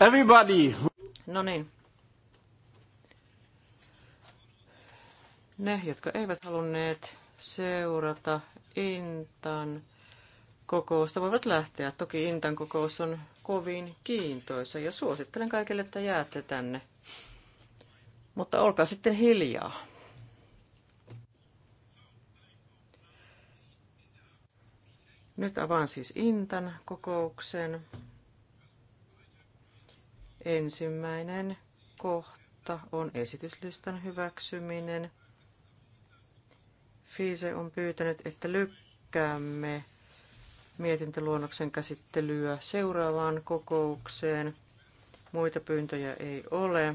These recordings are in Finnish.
Everybody. No niin. Ne, jotka eivät halunneet seurata Intan kokousta, voivat lähteä. Toki Intan kokous on kovin kiintoisa ja suosittelen kaikille, että jäätte tänne. Mutta olkaa sitten hiljaa. Nyt avaan siis Intan kokouksen. Ensimmäinen kohta on esityslistan hyväksyminen. Fiise on pyytänyt, että lykkäämme mietintöluonnoksen käsittelyä seuraavaan kokoukseen. Muita pyyntöjä ei ole,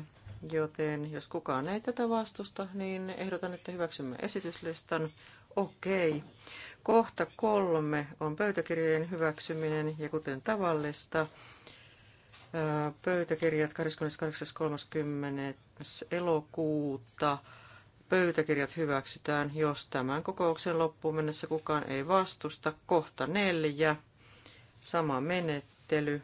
joten jos kukaan ei tätä vastusta, niin ehdotan, että hyväksymme esityslistan. Okei. Kohta kolme on pöytäkirjojen hyväksyminen ja kuten tavallista, Pöytäkirjat 28.30. elokuuta. Pöytäkirjat hyväksytään, jos tämän kokouksen loppuun mennessä kukaan ei vastusta. Kohta neljä. Sama menettely.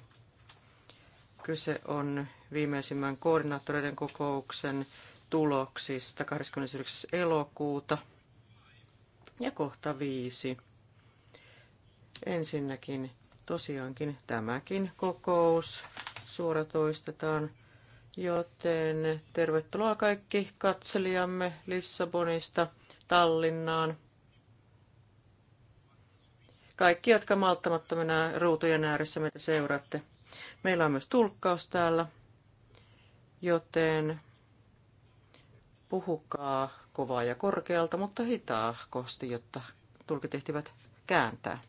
Kyse on viimeisimmän koordinaattoreiden kokouksen tuloksista 29. elokuuta. Ja kohta viisi. Ensinnäkin tosiaankin tämäkin kokous suoratoistetaan. Joten tervetuloa kaikki katselijamme Lissabonista Tallinnaan. Kaikki, jotka malttamattomina ruutujen ääressä meitä seuraatte. Meillä on myös tulkkaus täällä, joten puhukaa kovaa ja korkealta, mutta hitaahkosti, jotta tulkit ehtivät kääntää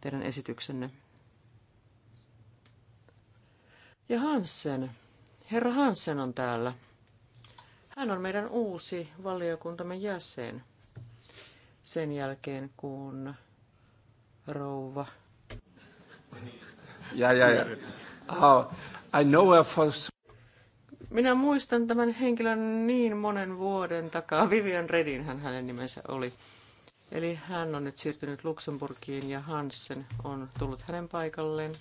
teidän esityksenne. Ja Hansen, herra Hansen on täällä. Hän on meidän uusi valiokuntamme jäsen sen jälkeen, kun rouva. Ja, ja, ja. Oh, I know her for... Minä muistan tämän henkilön niin monen vuoden takaa. Vivian Redin hän hänen nimensä oli. Eli hän on nyt siirtynyt Luxemburgiin ja Hansen on tullut hänen paikalleen.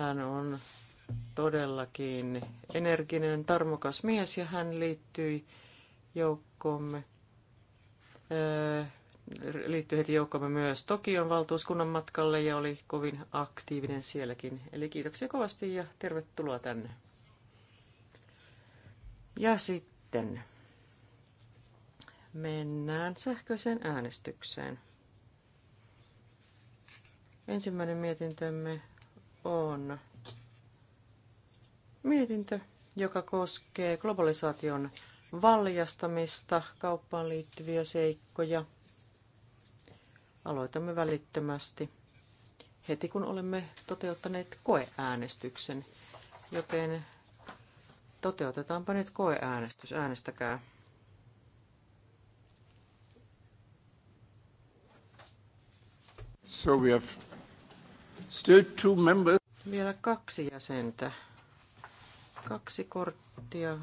Hän on todellakin energinen, tarmokas mies ja hän liittyi joukkoomme. Öö, liittyi heti joukkomme myös Tokion valtuuskunnan matkalle ja oli kovin aktiivinen sielläkin. Eli kiitoksia kovasti ja tervetuloa tänne. Ja sitten mennään sähköiseen äänestykseen. Ensimmäinen mietintömme on mietintö, joka koskee globalisaation valjastamista, kauppaan liittyviä seikkoja. Aloitamme välittömästi heti kun olemme toteuttaneet koeäänestyksen, joten toteutetaanpa nyt koeäänestys. Äänestäkää. So we have vielä kaksi jäsentä. Kaksi korttia.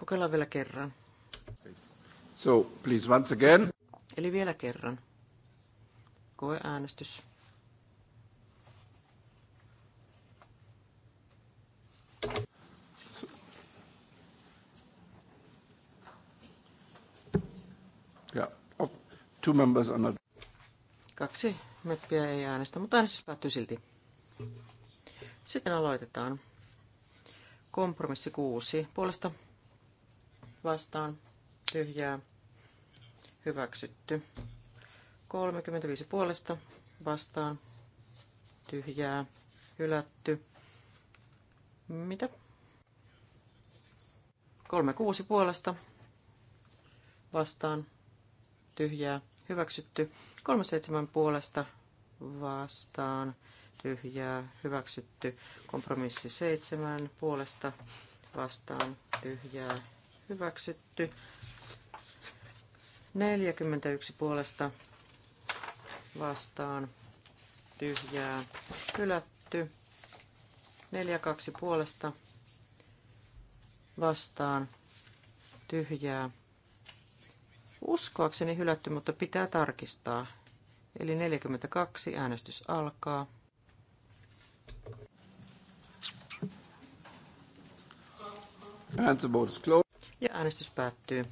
Kokeillaan vielä kerran. So, please once again. Eli vielä kerran. Koeäänestys. äänestys. Two members are not. Kaksi meppiä ei äänestä, mutta äänestys päättyy silti. Sitten aloitetaan. Kompromissi kuusi Puolesta vastaan tyhjää hyväksytty. 35 puolesta vastaan tyhjää hylätty. Mitä? 36 puolesta vastaan tyhjää hyväksytty. 37 puolesta vastaan tyhjää hyväksytty. Kompromissi 7 puolesta vastaan tyhjää hyväksytty. 41 puolesta vastaan tyhjää hylätty. 42 puolesta vastaan tyhjää Uskoakseni hylätty, mutta pitää tarkistaa. Eli 42 äänestys alkaa. Ja äänestys päättyy.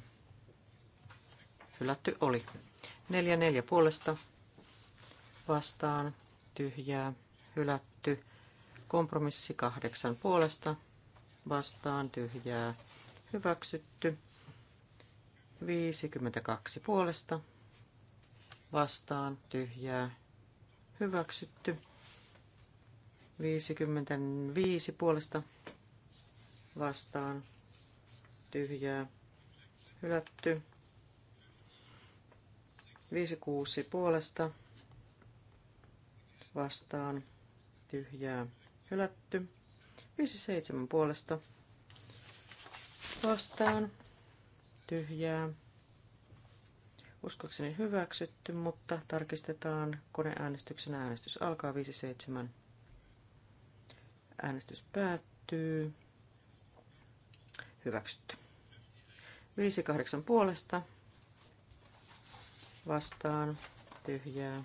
Hylätty oli. 4-4 puolesta vastaan tyhjää, hylätty. Kompromissi 8 puolesta vastaan tyhjää, hyväksytty. 52 puolesta vastaan tyhjää hyväksytty. 55 puolesta vastaan tyhjää hylätty. 56 puolesta vastaan tyhjää hylätty. 57 puolesta vastaan tyhjää. Uskokseni hyväksytty, mutta tarkistetaan koneäänestyksen äänestys. Alkaa 5.7. Äänestys päättyy. Hyväksytty. 5.8 puolesta. Vastaan. Tyhjää.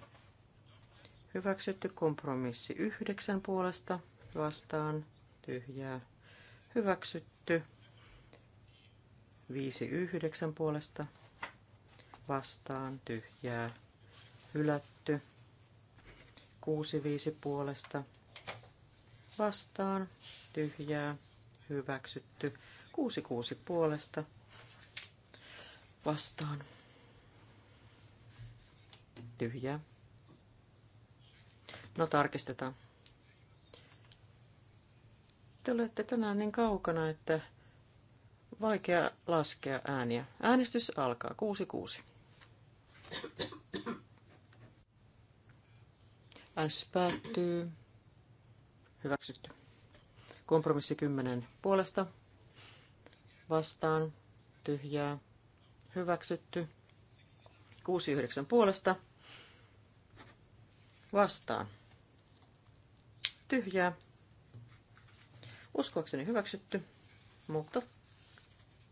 Hyväksytty kompromissi 9 puolesta. Vastaan. Tyhjää. Hyväksytty yhdeksän puolesta vastaan tyhjää hylätty. viisi puolesta vastaan tyhjää hyväksytty. kuusi puolesta vastaan tyhjää. No tarkistetaan. Te olette tänään niin kaukana, että vaikea laskea ääniä. Äänestys alkaa 6-6. Äänestys päättyy. Hyväksytty. Kompromissi 10 puolesta. Vastaan. Tyhjää. Hyväksytty. 6-9 puolesta. Vastaan. Tyhjää. Uskoakseni hyväksytty, mutta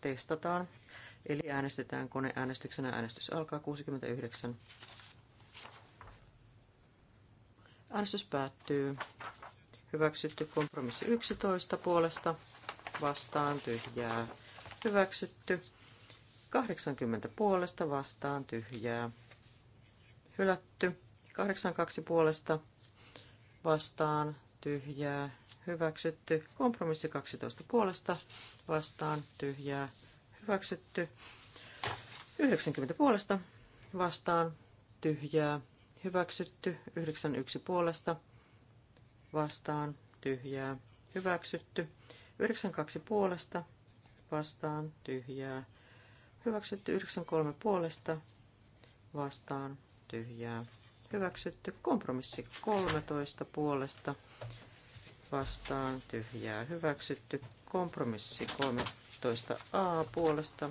testataan. Eli äänestetään koneäänestyksenä. Äänestys alkaa 69. Äänestys päättyy. Hyväksytty kompromissi 11 puolesta. Vastaan tyhjää. Hyväksytty. 80 puolesta vastaan tyhjää. Hylätty. 82 puolesta vastaan tyhjää, hyväksytty. Kompromissi 12 puolesta vastaan tyhjää, hyväksytty. 90 puolesta vastaan tyhjää, hyväksytty. 91 puolesta vastaan tyhjää, hyväksytty. 92 puolesta vastaan tyhjää, hyväksytty. 93 puolesta vastaan tyhjää, Hyväksytty kompromissi 13 puolesta vastaan tyhjää. Hyväksytty kompromissi 13a puolesta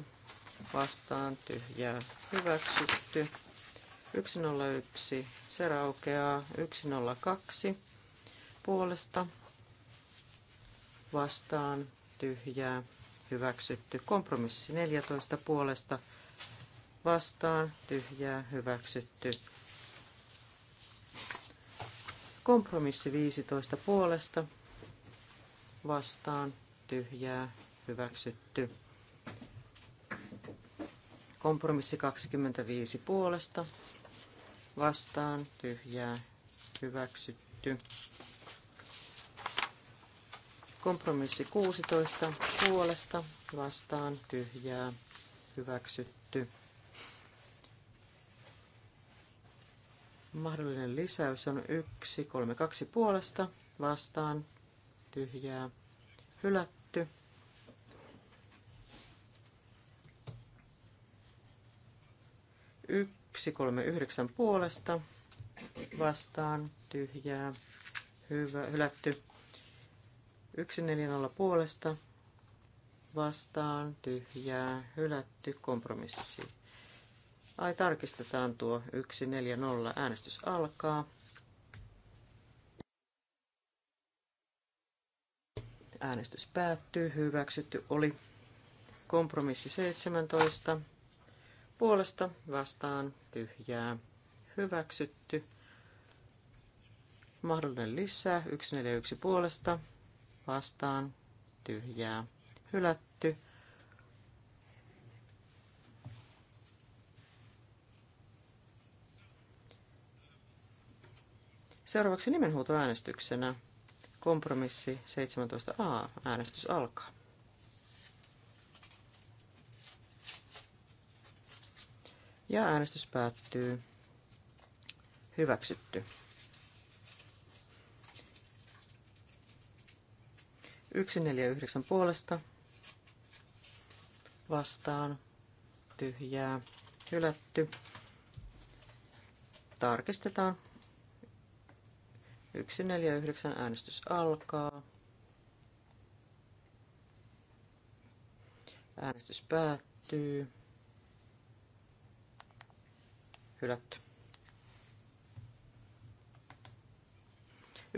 vastaan tyhjää. Hyväksytty 101. Se raukeaa 102 puolesta vastaan tyhjää. Hyväksytty kompromissi 14 puolesta vastaan tyhjää. Hyväksytty Kompromissi 15 puolesta vastaan tyhjää hyväksytty. Kompromissi 25 puolesta vastaan tyhjää hyväksytty. Kompromissi 16 puolesta vastaan tyhjää hyväksytty. Mahdollinen lisäys on 1, 3, 2 puolesta vastaan tyhjää hylätty. Yksi, kolme, yhdeksän puolesta vastaan tyhjää hyvä, hylätty. Yksi, neljän alla puolesta vastaan tyhjää hylätty kompromissi Ai tarkistetaan tuo 140. Äänestys alkaa. Äänestys päättyy. Hyväksytty oli kompromissi 17. Puolesta vastaan tyhjää. Hyväksytty. Mahdollinen lisää 141 puolesta vastaan tyhjää. Hylätty Seuraavaksi nimenhuutoäänestyksenä kompromissi 17a. Äänestys alkaa. Ja äänestys päättyy. Hyväksytty. Yksi neljä yhdeksän puolesta. Vastaan. Tyhjää. Hylätty. Tarkistetaan. 149 äänestys alkaa. Äänestys päättyy. Hylätty.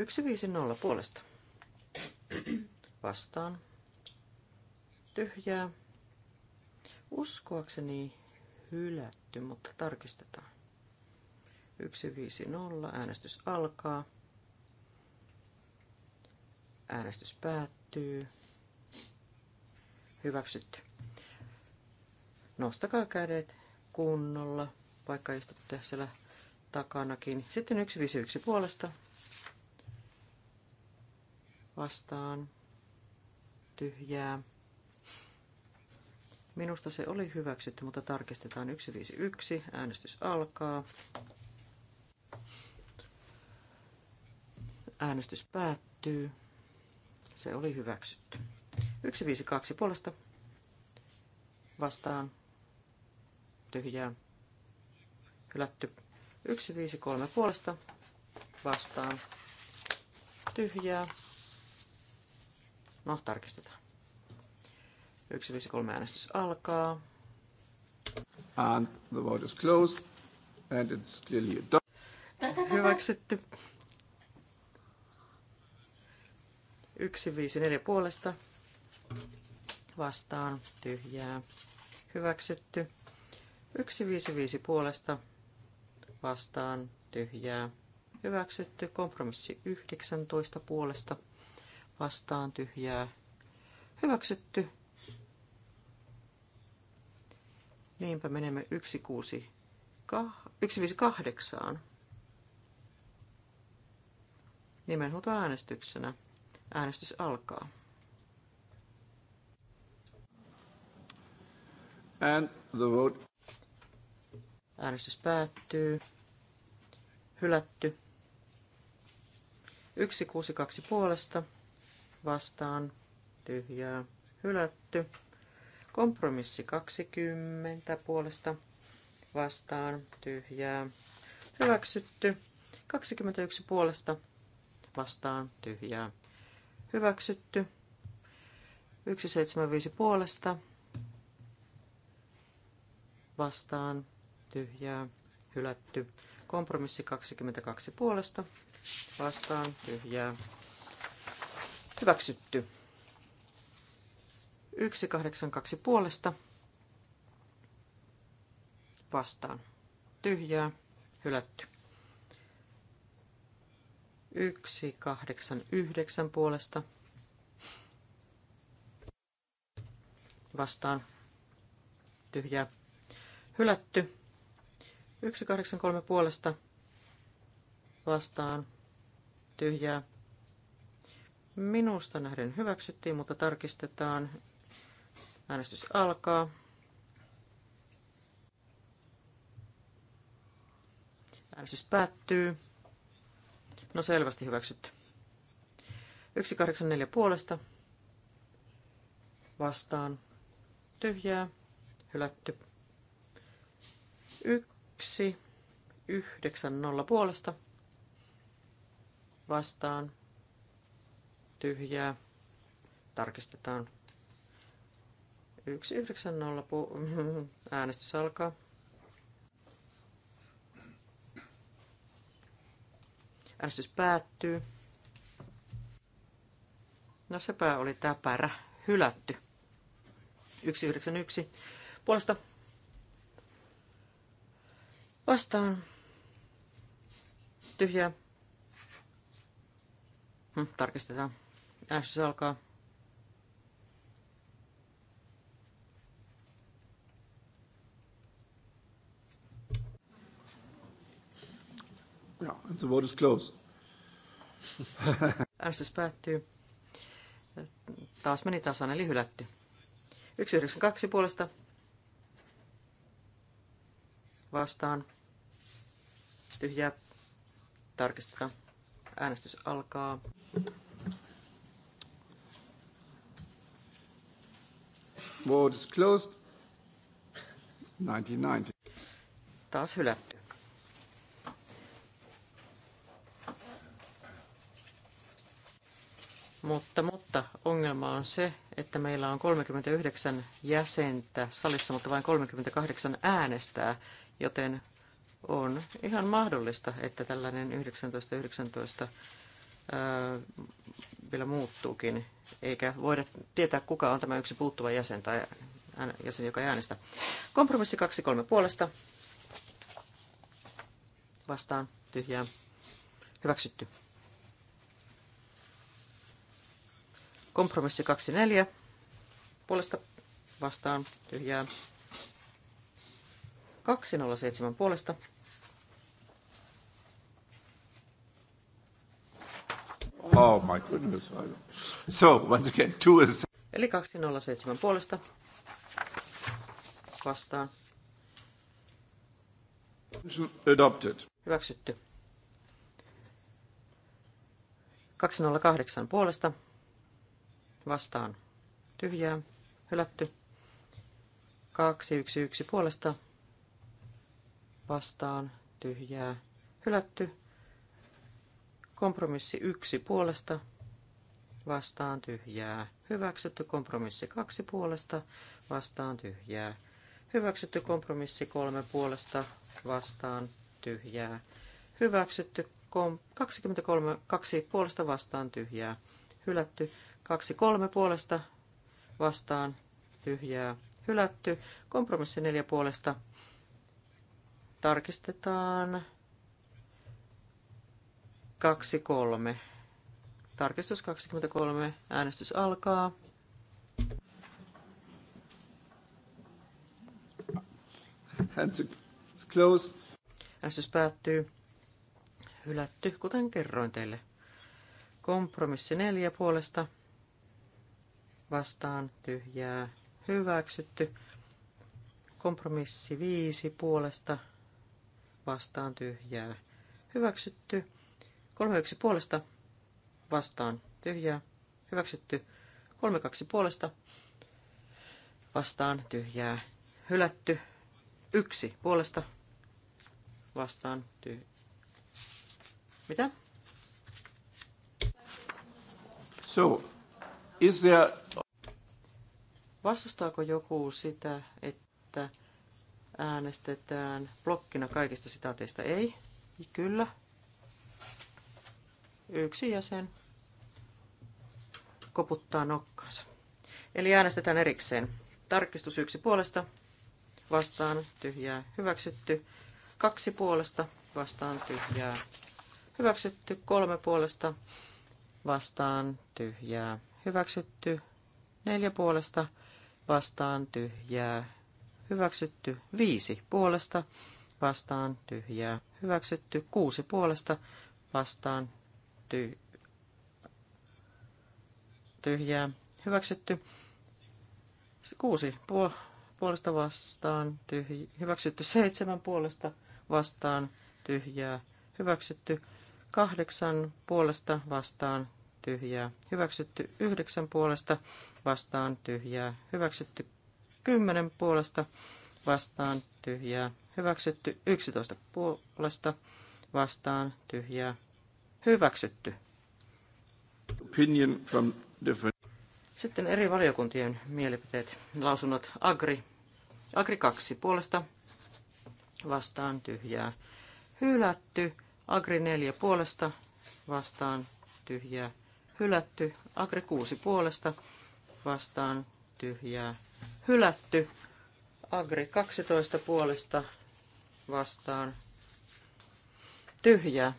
150 puolesta. Vastaan. Tyhjää. Uskoakseni hylätty, mutta tarkistetaan. 150 äänestys alkaa. Äänestys päättyy. Hyväksytty. Nostakaa kädet kunnolla, vaikka istutte siellä takanakin. Sitten 151 puolesta. Vastaan. Tyhjää. Minusta se oli hyväksytty, mutta tarkistetaan 151. Äänestys alkaa. Äänestys päättyy. Se oli hyväksytty. 152 puolesta vastaan tyhjää hylätty. 153 puolesta vastaan tyhjää. No, tarkistetaan. 153 äänestys alkaa. And the vote is closed. And it's clearly Hyväksytty. 154 puolesta vastaan tyhjää hyväksytty. 155 puolesta vastaan tyhjää hyväksytty. Kompromissi 19 puolesta vastaan tyhjää hyväksytty. Niinpä menemme 158 nimenhuutoäänestyksenä. äänestyksenä. Äänestys alkaa. And the vote. Äänestys päättyy. Hylätty. 162 puolesta vastaan tyhjää hylätty. Kompromissi 20 puolesta vastaan tyhjää hyväksytty. 21 puolesta vastaan tyhjää Hyväksytty. 175 puolesta. Vastaan. Tyhjää. Hylätty. Kompromissi 22 puolesta. Vastaan. Tyhjää. Hyväksytty. 182 puolesta. Vastaan. Tyhjää. Hylätty. Yksi, kahdeksan, yhdeksän puolesta. Vastaan. Tyhjää. Hylätty. Yksi, kahdeksan, kolme puolesta. Vastaan. Tyhjää. Minusta nähden hyväksyttiin, mutta tarkistetaan. Äänestys alkaa. Äänestys päättyy. No selvästi hyväksytty. 184 puolesta. Vastaan. Tyhjää. Hylätty. 1. 9 0 puolesta. Vastaan. Tyhjää. Tarkistetaan. 1 9 0 pu- äänestys alkaa. Äänestys päättyy. No sepä oli tämä päärä Hylätty. 191. Puolesta vastaan. Tyhjää. Hm, tarkistetaan. Äänestys alkaa. Yeah, and the vote is closed. Äänestys päättyy. Taas meni tasan, eli hylätty. 192 puolesta. Vastaan. Tyhjää. Tarkistetaan. Äänestys alkaa. Vote is closed. 1990. Taas hylätty. Mutta, mutta ongelma on se, että meillä on 39 jäsentä salissa, mutta vain 38 äänestää, joten on ihan mahdollista, että tällainen 1919 19, vielä muuttuukin, eikä voida tietää, kuka on tämä yksi puuttuva jäsen tai jäsen, joka ei äänestä. Kompromissi 2-3 puolesta. Vastaan tyhjää. Hyväksytty. Kompromissi 24 puolesta vastaan tyhjää. 207 puolesta. Oh my goodness. So, once again, two is... Eli 207 puolesta vastaan. Adopted. Hyväksytty. 208 puolesta vastaan tyhjää, hylätty. 211 puolesta vastaan tyhjää, hylätty. Kompromissi 1 puolesta vastaan tyhjää, hyväksytty. Kompromissi 2 puolesta vastaan tyhjää, hyväksytty. Kompromissi 3 puolesta vastaan tyhjää, hyväksytty. 23, 2 puolesta vastaan tyhjää, hylätty. 2-3 puolesta vastaan tyhjää hylätty. Kompromissi 4 puolesta tarkistetaan 2-3. Tarkistus 23. Äänestys alkaa. Äänestys päättyy. Hylätty, kuten kerroin teille. Kompromissi neljä puolesta vastaan tyhjää hyväksytty. Kompromissi viisi puolesta vastaan tyhjää hyväksytty. Kolme yksi puolesta vastaan tyhjää hyväksytty. Kolme kaksi puolesta vastaan tyhjää hylätty. Yksi puolesta vastaan tyhjää. Mitä? So, is there... Vastustaako joku sitä, että äänestetään blokkina kaikista sitaateista? Ei. Kyllä. Yksi jäsen koputtaa nokkaansa. Eli äänestetään erikseen. Tarkistus yksi puolesta, vastaan tyhjää, hyväksytty. Kaksi puolesta, vastaan tyhjää, hyväksytty. Kolme puolesta, vastaan tyhjää hyväksytty. Neljä puolesta vastaan tyhjää hyväksytty. Viisi puolesta vastaan tyhjää hyväksytty. Kuusi puolesta vastaan ty- tyhjää hyväksytty. Kuusi puol- puolesta vastaan tyhjää hyväksytty. Seitsemän puolesta vastaan tyhjää hyväksytty. Kahdeksan puolesta vastaan tyhjää. Hyväksytty yhdeksän puolesta vastaan tyhjää. Hyväksytty kymmenen puolesta vastaan tyhjää. Hyväksytty yksitoista puolesta vastaan tyhjää. Hyväksytty. Opinion from different... Sitten eri valiokuntien mielipiteet. Lausunnot Agri. Agri 2 puolesta vastaan tyhjää. Hylätty. Agri 4 puolesta vastaan tyhjää hylätty. Agri 6 puolesta vastaan tyhjää hylätty. Agri 12 puolesta vastaan tyhjää.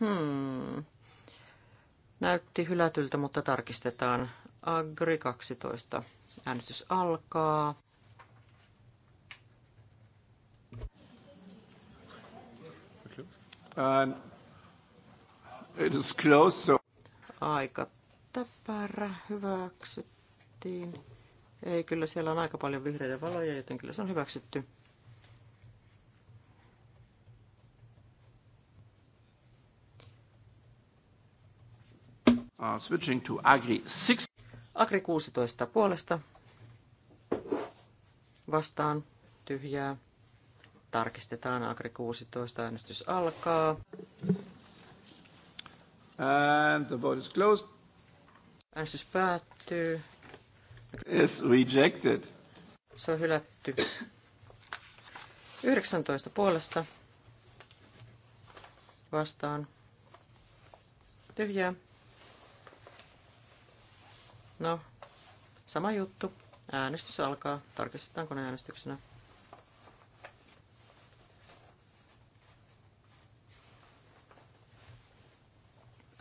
Hmm. Näytti hylätyltä, mutta tarkistetaan. Agri 12. Äänestys alkaa. Um, it is close, so... Aika täpärä hyväksyttiin. Ei, kyllä siellä on aika paljon vihreitä valoja, joten kyllä se on hyväksytty. Uh, switching to Agri 6. Agri 16 puolesta. Vastaan tyhjää Tarkistetaan Agri 16. Äänestys alkaa. And the vote is closed. Äänestys päättyy. Is rejected. Se on hylätty. 19 puolesta vastaan. Tyhjää. No, sama juttu. Äänestys alkaa. Tarkistetaanko äänestyksenä?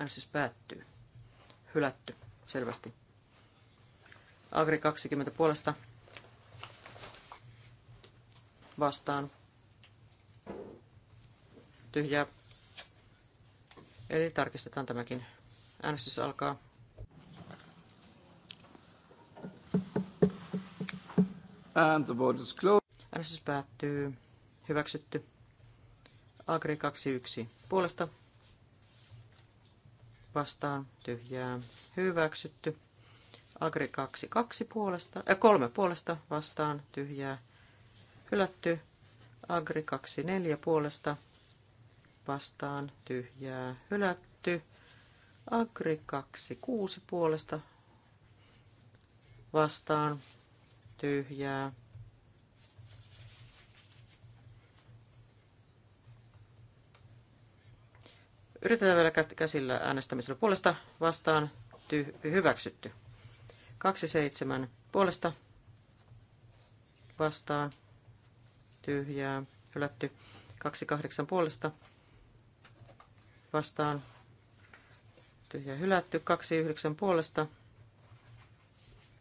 siis päättyy. Hylätty. Selvästi. Agri 20 puolesta. Vastaan. Tyhjää. Eli tarkistetaan tämäkin. Äänestys alkaa. And the vote is closed. Äänestys päättyy. Hyväksytty. Agri 21 puolesta vastaan tyhjää hyväksytty. Agri 2, 2 puolesta, äh, 3 puolesta vastaan tyhjää hylätty. Agri 2, 4 puolesta vastaan tyhjää hylätty. Agri 2, 6 puolesta vastaan tyhjää Yritetään vielä käsillä äänestämisellä puolesta vastaan ty- hyväksytty. 27 puolesta vastaan tyhjää hylätty. 28 puolesta vastaan tyhjä hylätty. 29 puolesta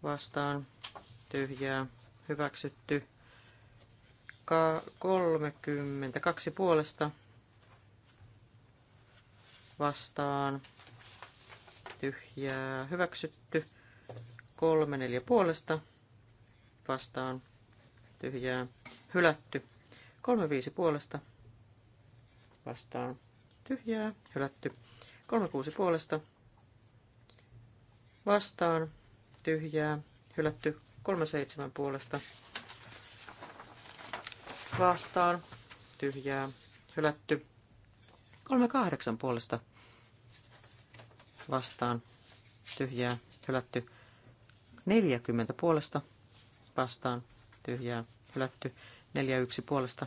vastaan tyhjää hyväksytty. 32 puolesta vastaan tyhjää hyväksytty. Kolme neljä puolesta vastaan tyhjää hylätty. Kolme viisi puolesta vastaan tyhjää hylätty. Kolme kuusi puolesta vastaan tyhjää hylätty. Kolme seitsemän puolesta vastaan tyhjää hylätty. 38 puolesta vastaan tyhjää hylätty. 40 puolesta vastaan tyhjää hylätty. 41 puolesta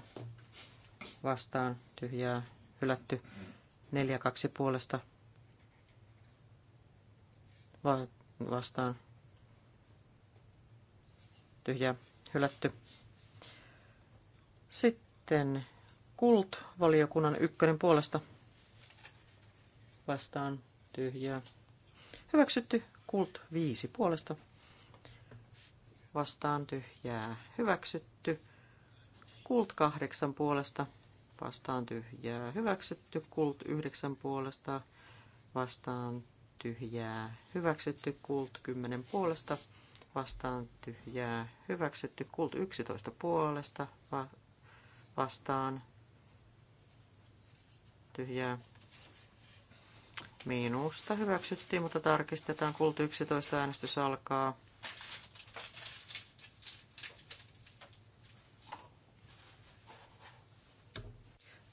vastaan tyhjää hylätty. 42 puolesta va- vastaan tyhjää hylätty. Sitten Kult-valiokunnan ykkönen puolesta vastaan tyhjää. Hyväksytty Kult 5 puolesta vastaan tyhjää. Hyväksytty Kult 8 puolesta vastaan tyhjää. Hyväksytty Kult 9 puolesta vastaan tyhjää. Hyväksytty Kult 10 puolesta vastaan tyhjää. Hyväksytty Kult 11 puolesta va- vastaan tyhjää. Miinusta hyväksyttiin, mutta tarkistetaan. Kulta 11 äänestys alkaa.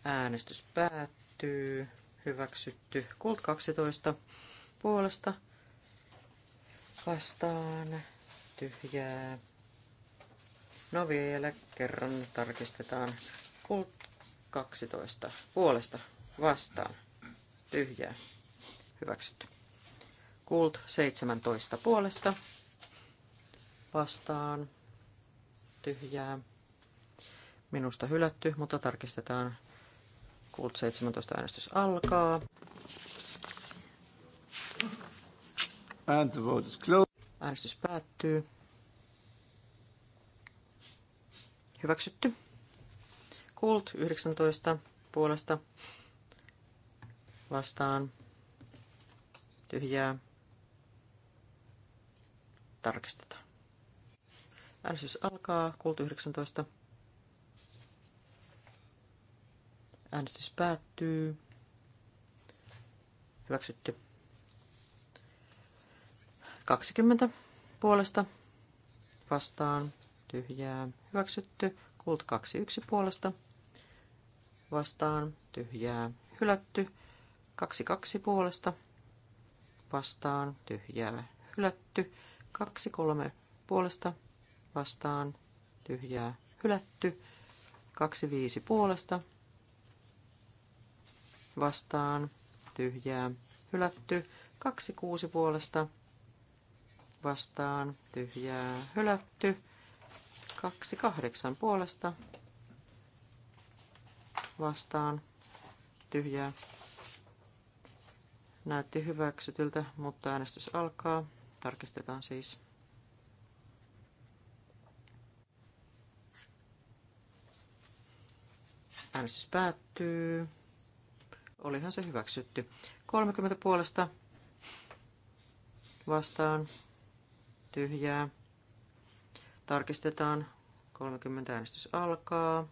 Äänestys päättyy. Hyväksytty. Kult 12 puolesta vastaan tyhjää. No vielä kerran tarkistetaan. Kult 12 puolesta vastaan. Tyhjää. Hyväksytty. Kult 17 puolesta vastaan. Tyhjää. Minusta hylätty, mutta tarkistetaan. Kult 17 äänestys alkaa. And the vote is closed. Äänestys päättyy. Hyväksytty. Kult 19 puolesta vastaan tyhjää tarkistetaan. Äänestys alkaa, kulta 19. Äänestys päättyy. Hyväksytty. 20 puolesta vastaan tyhjää hyväksytty. Kult 21 puolesta vastaan tyhjää hylätty. Kaksi kaksi puolesta vastaan tyhjää hylätty. Kaksi kolme puolesta vastaan tyhjää hylätty. Kaksi viisi puolesta vastaan tyhjää hylätty. Kaksi kuusi puolesta vastaan tyhjää hylätty. Kaksi kahdeksan puolesta vastaan tyhjää Näytti hyväksytyltä, mutta äänestys alkaa. Tarkistetaan siis. Äänestys päättyy. Olihan se hyväksytty. 30 puolesta vastaan tyhjää. Tarkistetaan. 30 äänestys alkaa.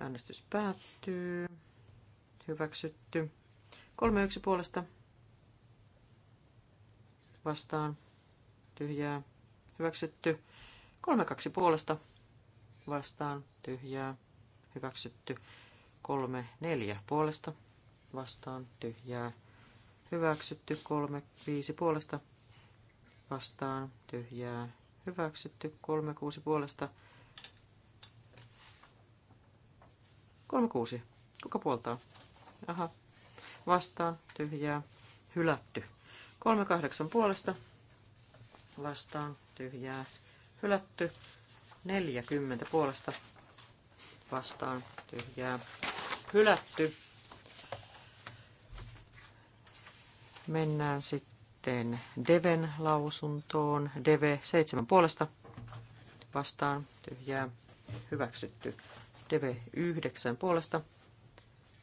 Äänestys päättyy hyväksytty. 3-1 puolesta vastaan tyhjää hyväksytty. 3-2 puolesta vastaan tyhjää hyväksytty. 3-4 puolesta vastaan tyhjää hyväksytty. 3-5 puolesta vastaan tyhjää hyväksytty. 3-6 puolesta 36. Kuka puoltaa? Aha. Vastaan. Tyhjää. Hylätty. 38 puolesta. Vastaan. Tyhjää. Hylätty. 40 puolesta. Vastaan. Tyhjää. Hylätty. Mennään sitten Deven lausuntoon. Deve 7 puolesta. Vastaan. Tyhjää. Hyväksytty. Deve 9 puolesta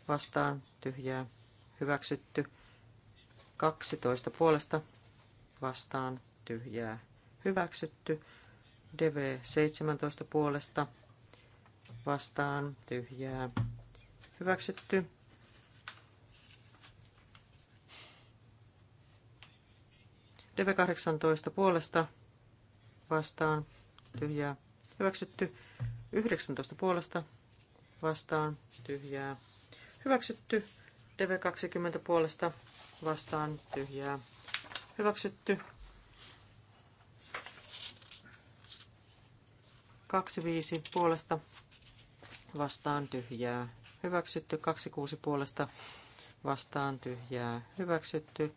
vastaan tyhjää hyväksytty. 12 puolesta vastaan tyhjää hyväksytty. DV 17 puolesta vastaan tyhjää hyväksytty. DV 18 puolesta vastaan tyhjää hyväksytty. 19 puolesta vastaan tyhjää Hyväksytty. DV20 puolesta vastaan tyhjää. Hyväksytty. 25 puolesta vastaan tyhjää. Hyväksytty. 26 puolesta vastaan tyhjää. Hyväksytty.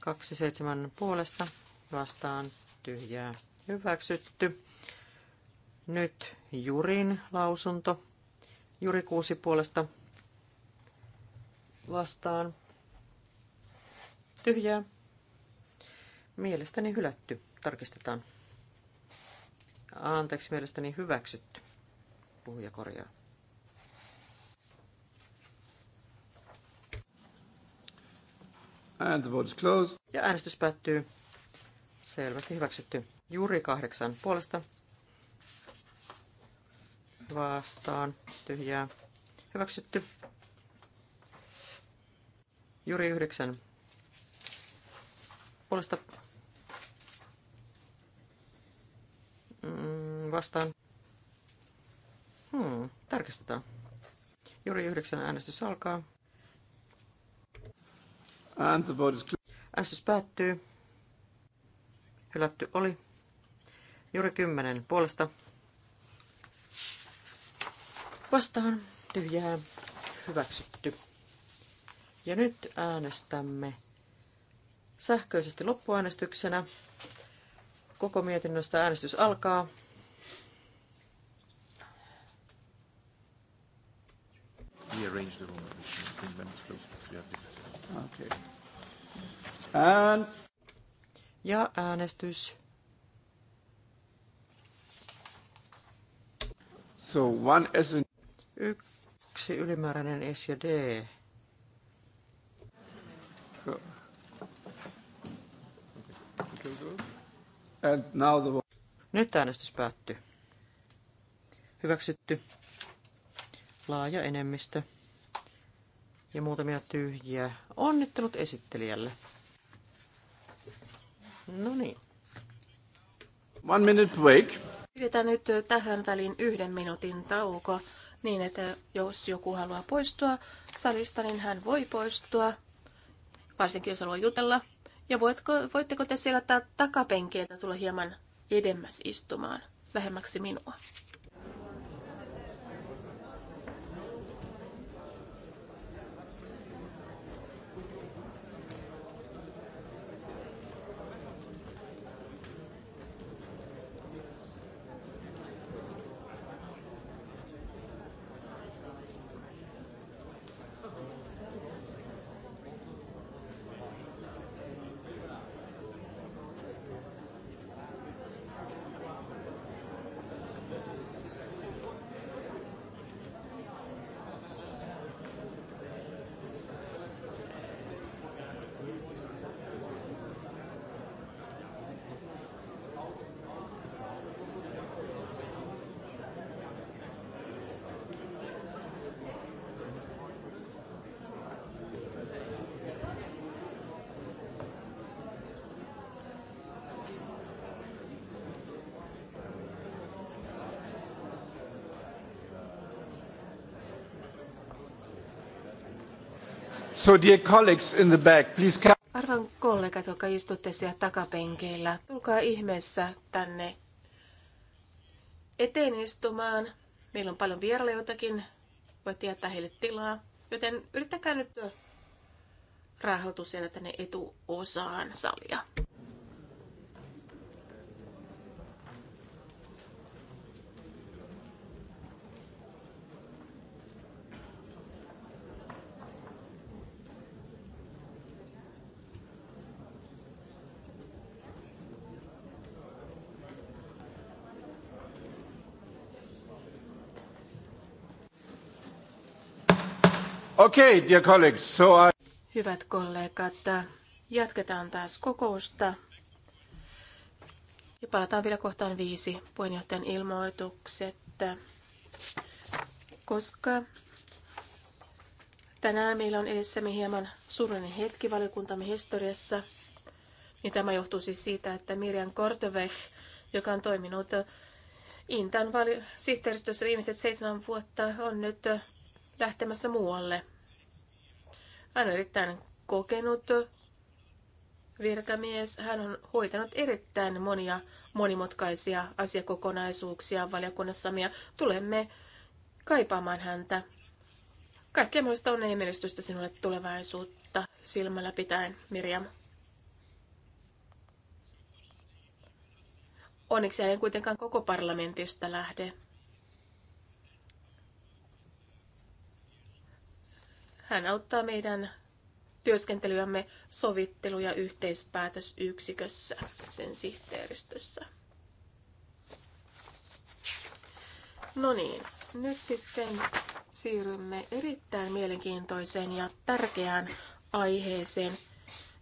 27 puolesta vastaan tyhjää. Hyväksytty. Nyt Jurin lausunto. Juri 6 puolesta vastaan. Tyhjää. Mielestäni hylätty. Tarkistetaan. Anteeksi, mielestäni hyväksytty. Puhuja korjaa. And the vote is closed. Ja äänestys päättyy. Selvästi hyväksytty. Juuri kahdeksan puolesta. Vastaan. Tyhjää. Hyväksytty. Juri 9. Puolesta mm, vastaan. Hmm, tarkistetaan. Juri 9 äänestys alkaa. Äänestys päättyy. Hylätty oli. Juri 10 puolesta. Vastaan tyhjää. Hyväksytty. Ja nyt äänestämme sähköisesti loppuäänestyksenä. Koko mietinnöstä äänestys alkaa. Ja äänestys. So one is Yksi ylimääräinen S ja D Nyt äänestys päättyy. Hyväksytty. Laaja enemmistö. Ja muutamia tyhjiä. Onnittelut esittelijälle. No niin. One minute break. Pidetään nyt tähän väliin yhden minuutin tauko, niin että jos joku haluaa poistua salista, niin hän voi poistua, varsinkin jos haluaa jutella. Ja voitko, voitteko te siellä takapenkeiltä tulla hieman edemmäs istumaan, lähemmäksi minua? So dear colleagues in the back, please come. Arvon kollegat, jotka istutte siellä takapenkeillä, tulkaa ihmeessä tänne eteen istumaan. Meillä on paljon vierailijoitakin, voitte jättää heille tilaa, joten yrittäkää nyt siellä tänne etuosaan salia. Okay, dear colleagues, so I... Hyvät kollegat, jatketaan taas kokousta. Ja palataan vielä kohtaan viisi puheenjohtajan ilmoitukset. Koska tänään meillä on edessämme hieman surullinen hetki valiokuntamme historiassa, niin tämä johtuu siis siitä, että Mirjan Korteveh, joka on toiminut Intan sihteeristössä viimeiset seitsemän vuotta, on nyt lähtemässä muualle. Hän on erittäin kokenut virkamies. Hän on hoitanut erittäin monia monimutkaisia asiakokonaisuuksia valiokunnassamme ja tulemme kaipaamaan häntä. Kaikkea muista on menestystä sinulle tulevaisuutta silmällä pitäen, Mirjam. Onneksi en kuitenkaan koko parlamentista lähde. Hän auttaa meidän työskentelyämme sovittelu- ja yhteispäätösyksikössä, sen sihteeristössä. No niin, nyt sitten siirrymme erittäin mielenkiintoiseen ja tärkeään aiheeseen,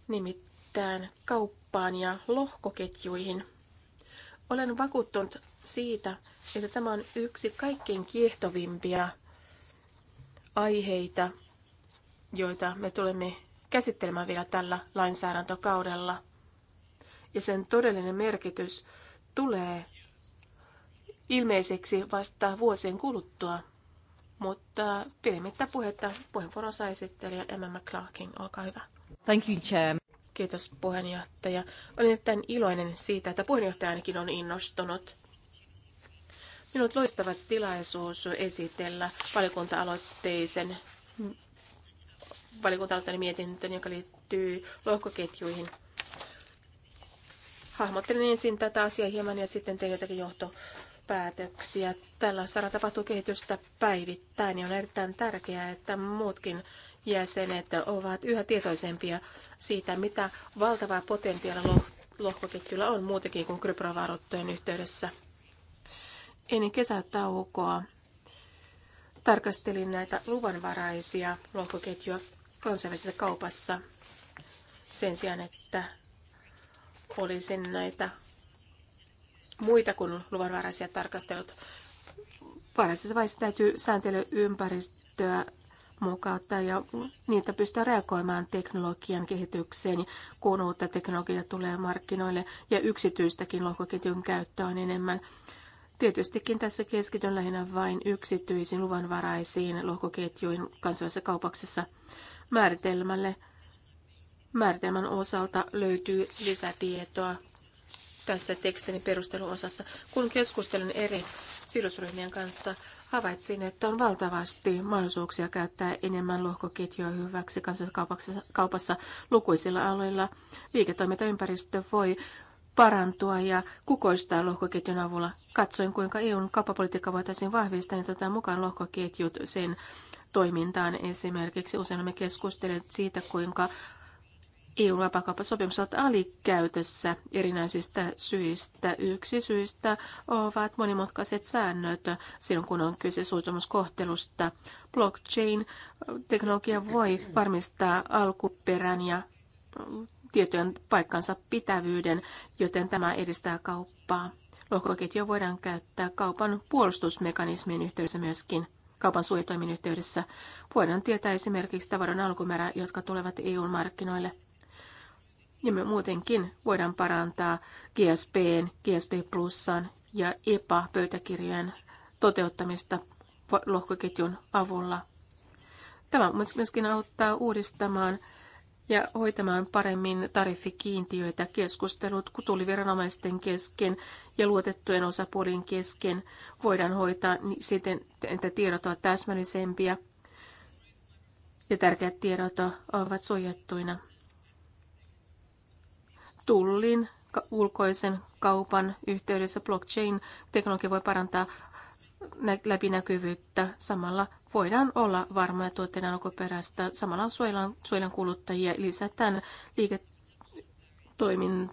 nimittäin kauppaan ja lohkoketjuihin. Olen vakuuttunut siitä, että tämä on yksi kaikkein kiehtovimpia aiheita joita me tulemme käsittelemään vielä tällä lainsäädäntökaudella. Ja sen todellinen merkitys tulee ilmeiseksi vasta vuosien kuluttua. Mutta pidemmittä puhetta puheenvuoron saa esittelijä Emma McClarkin. Olkaa hyvä. Thank you, Chair. Kiitos puheenjohtaja. Olen erittäin iloinen siitä, että puheenjohtaja ainakin on innostunut. Minut loistava tilaisuus esitellä valiokunta-aloitteisen valiokunta mietintöön, joka liittyy lohkoketjuihin. Hahmottelin ensin tätä asiaa hieman ja sitten tein jotakin johtopäätöksiä. Tällä saralla tapahtuu kehitystä päivittäin ja on erittäin tärkeää, että muutkin jäsenet ovat yhä tietoisempia siitä, mitä valtavaa potentiaalia lohkoketjulla on muutenkin kuin kryptovaroittojen yhteydessä. Ennen kesätaukoa tarkastelin näitä luvanvaraisia lohkoketjuja kansainvälisessä kaupassa sen sijaan, että olisin näitä muita kuin luvanvaraisia tarkastelut. Varaisessa vaiheessa täytyy sääntelyympäristöä mukauttaa ja niitä pystyy reagoimaan teknologian kehitykseen, kun uutta teknologiaa tulee markkinoille ja yksityistäkin lohkoketjun käyttöä on enemmän. Tietystikin tässä keskityn lähinnä vain yksityisiin luvanvaraisiin lohkoketjuihin kansallisessa kaupaksessa määritelmälle. Määritelmän osalta löytyy lisätietoa tässä tekstini perusteluosassa. Kun keskustelin eri sidosryhmien kanssa, havaitsin, että on valtavasti mahdollisuuksia käyttää enemmän lohkoketjua hyväksi kansalliskaupassa lukuisilla aloilla. Liiketoimintaympäristö voi parantua ja kukoistaa lohkoketjun avulla. Katsoin, kuinka EUn kauppapolitiikka voitaisiin vahvistaa niin tätä mukaan lohkoketjut sen toimintaan esimerkiksi. Usein me keskustelemme siitä, kuinka eu vapaakauppasopimukset on alikäytössä erinäisistä syistä. Yksi syistä ovat monimutkaiset säännöt silloin, kun on kyse suostumuskohtelusta. Blockchain-teknologia voi varmistaa alkuperän ja tietojen paikkansa pitävyyden, joten tämä edistää kauppaa. Lohkoketjua voidaan käyttää kaupan puolustusmekanismien yhteydessä myöskin kaupan suojatoimin yhteydessä. Voidaan tietää esimerkiksi tavaran alkumerä, jotka tulevat EUn markkinoille. Ja me muutenkin voidaan parantaa GSPn, GSP Plusan ja EPA-pöytäkirjojen toteuttamista lohkoketjun avulla. Tämä myöskin auttaa uudistamaan ja hoitamaan paremmin tariffikiintiöitä. Keskustelut kutuliviranomaisten kesken ja luotettujen osapuolien kesken voidaan hoitaa niin siten, että tiedot ovat täsmällisempiä ja tärkeät tiedot ovat suojattuina. Tullin ulkoisen kaupan yhteydessä blockchain-teknologia voi parantaa läpinäkyvyyttä samalla voidaan olla varmoja tuotteiden alkuperästä. Samalla suojellaan, suojellaan kuluttajia lisätään liiketoimin,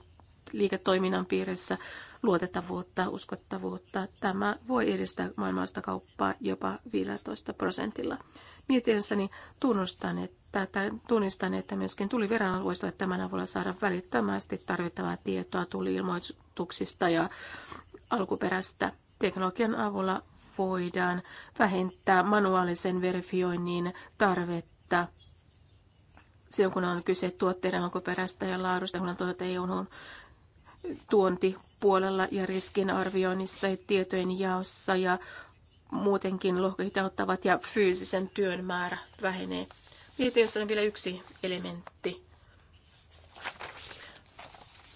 liiketoiminnan piirissä luotettavuutta, uskottavuutta. Tämä voi edistää maailmasta kauppaa jopa 15 prosentilla. Mietinnässäni tunnustan, että, tai tunnistan, että myöskin tuli voisivat tämän avulla saada välittömästi tarvittavaa tietoa tuli-ilmoituksista ja alkuperästä. Teknologian avulla voidaan vähentää manuaalisen verifioinnin tarvetta silloin, kun on kyse tuotteiden alkuperästä ja laadusta, kun on tuota EUn tuontipuolella ja riskinarvioinnissa ja tietojen jaossa ja muutenkin lohkohita ottavat ja fyysisen työn määrä vähenee. Mietinnössä on vielä yksi elementti.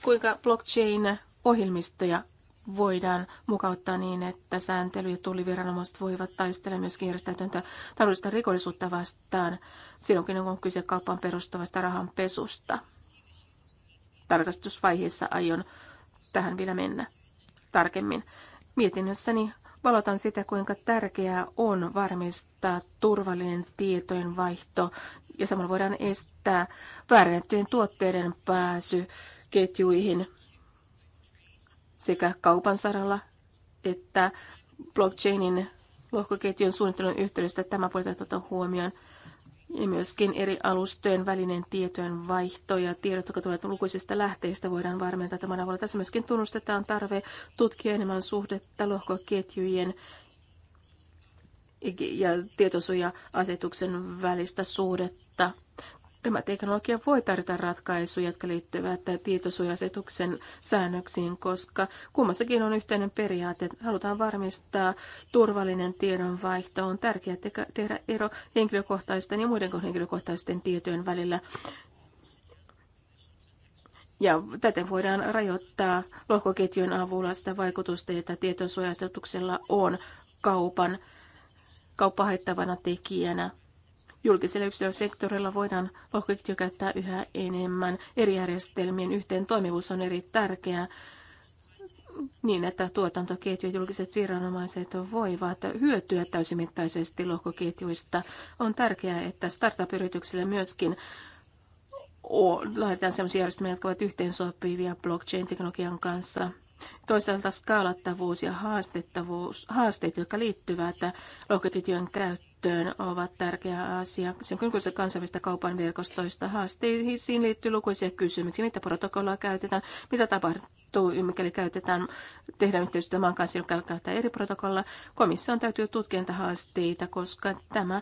Kuinka blockchain-ohjelmistoja voidaan mukauttaa niin, että sääntely- ja tulliviranomaiset voivat taistella myös järjestäytyntä taloudellista rikollisuutta vastaan silloinkin, on kyse kaupan perustuvasta rahanpesusta. Tarkastusvaiheessa aion tähän vielä mennä tarkemmin. Mietinnössäni valotan sitä, kuinka tärkeää on varmistaa turvallinen tietojen vaihto ja samalla voidaan estää väärennettyjen tuotteiden pääsy ketjuihin – sekä kaupan saralla että blockchainin lohkoketjun suunnittelun yhteydessä tämä puoli ottaa huomioon. Ja myöskin eri alustojen välinen tietojen vaihto ja tiedot, jotka tulevat lukuisista lähteistä, voidaan varmentaa tämän avulla. Tässä myöskin tunnustetaan tarve tutkia enemmän suhdetta lohkoketjujen ja tietosuoja-asetuksen välistä suhdetta Tämä teknologia voi tarjota ratkaisuja, jotka liittyvät tietosuojasetuksen säännöksiin, koska kummassakin on yhteinen periaate, että halutaan varmistaa turvallinen tiedonvaihto. On tärkeää tehdä ero henkilökohtaisten ja muiden kuin henkilökohtaisten tietojen välillä. Ja täten voidaan rajoittaa lohkoketjun avulla sitä vaikutusta, jota tietosuojasetuksella on kaupan kauppahaittavana tekijänä. Julkisella yksityisellä sektorilla voidaan lohkoketju käyttää yhä enemmän. Eri järjestelmien yhteen toimivuus on eri tärkeää niin, että ja julkiset viranomaiset voivat hyötyä täysimittaisesti lohkoketjuista. On tärkeää, että startup-yrityksille myöskin laitetaan sellaisia järjestelmiä, jotka ovat yhteensopivia blockchain-teknologian kanssa. Toisaalta skaalattavuus ja haastettavuus, haasteet, jotka liittyvät lohkoketjujen käyttöön käyttöön ovat tärkeä asia. Se on se kansainvälistä kaupan verkostoista. Haasteisiin liittyy lukuisia kysymyksiä, mitä protokollaa käytetään, mitä tapahtuu, mikäli käytetään, tehdään yhteistyötä maan kanssa, joka käyttää eri protokollaa. Komission täytyy tutkia haasteita, koska tämä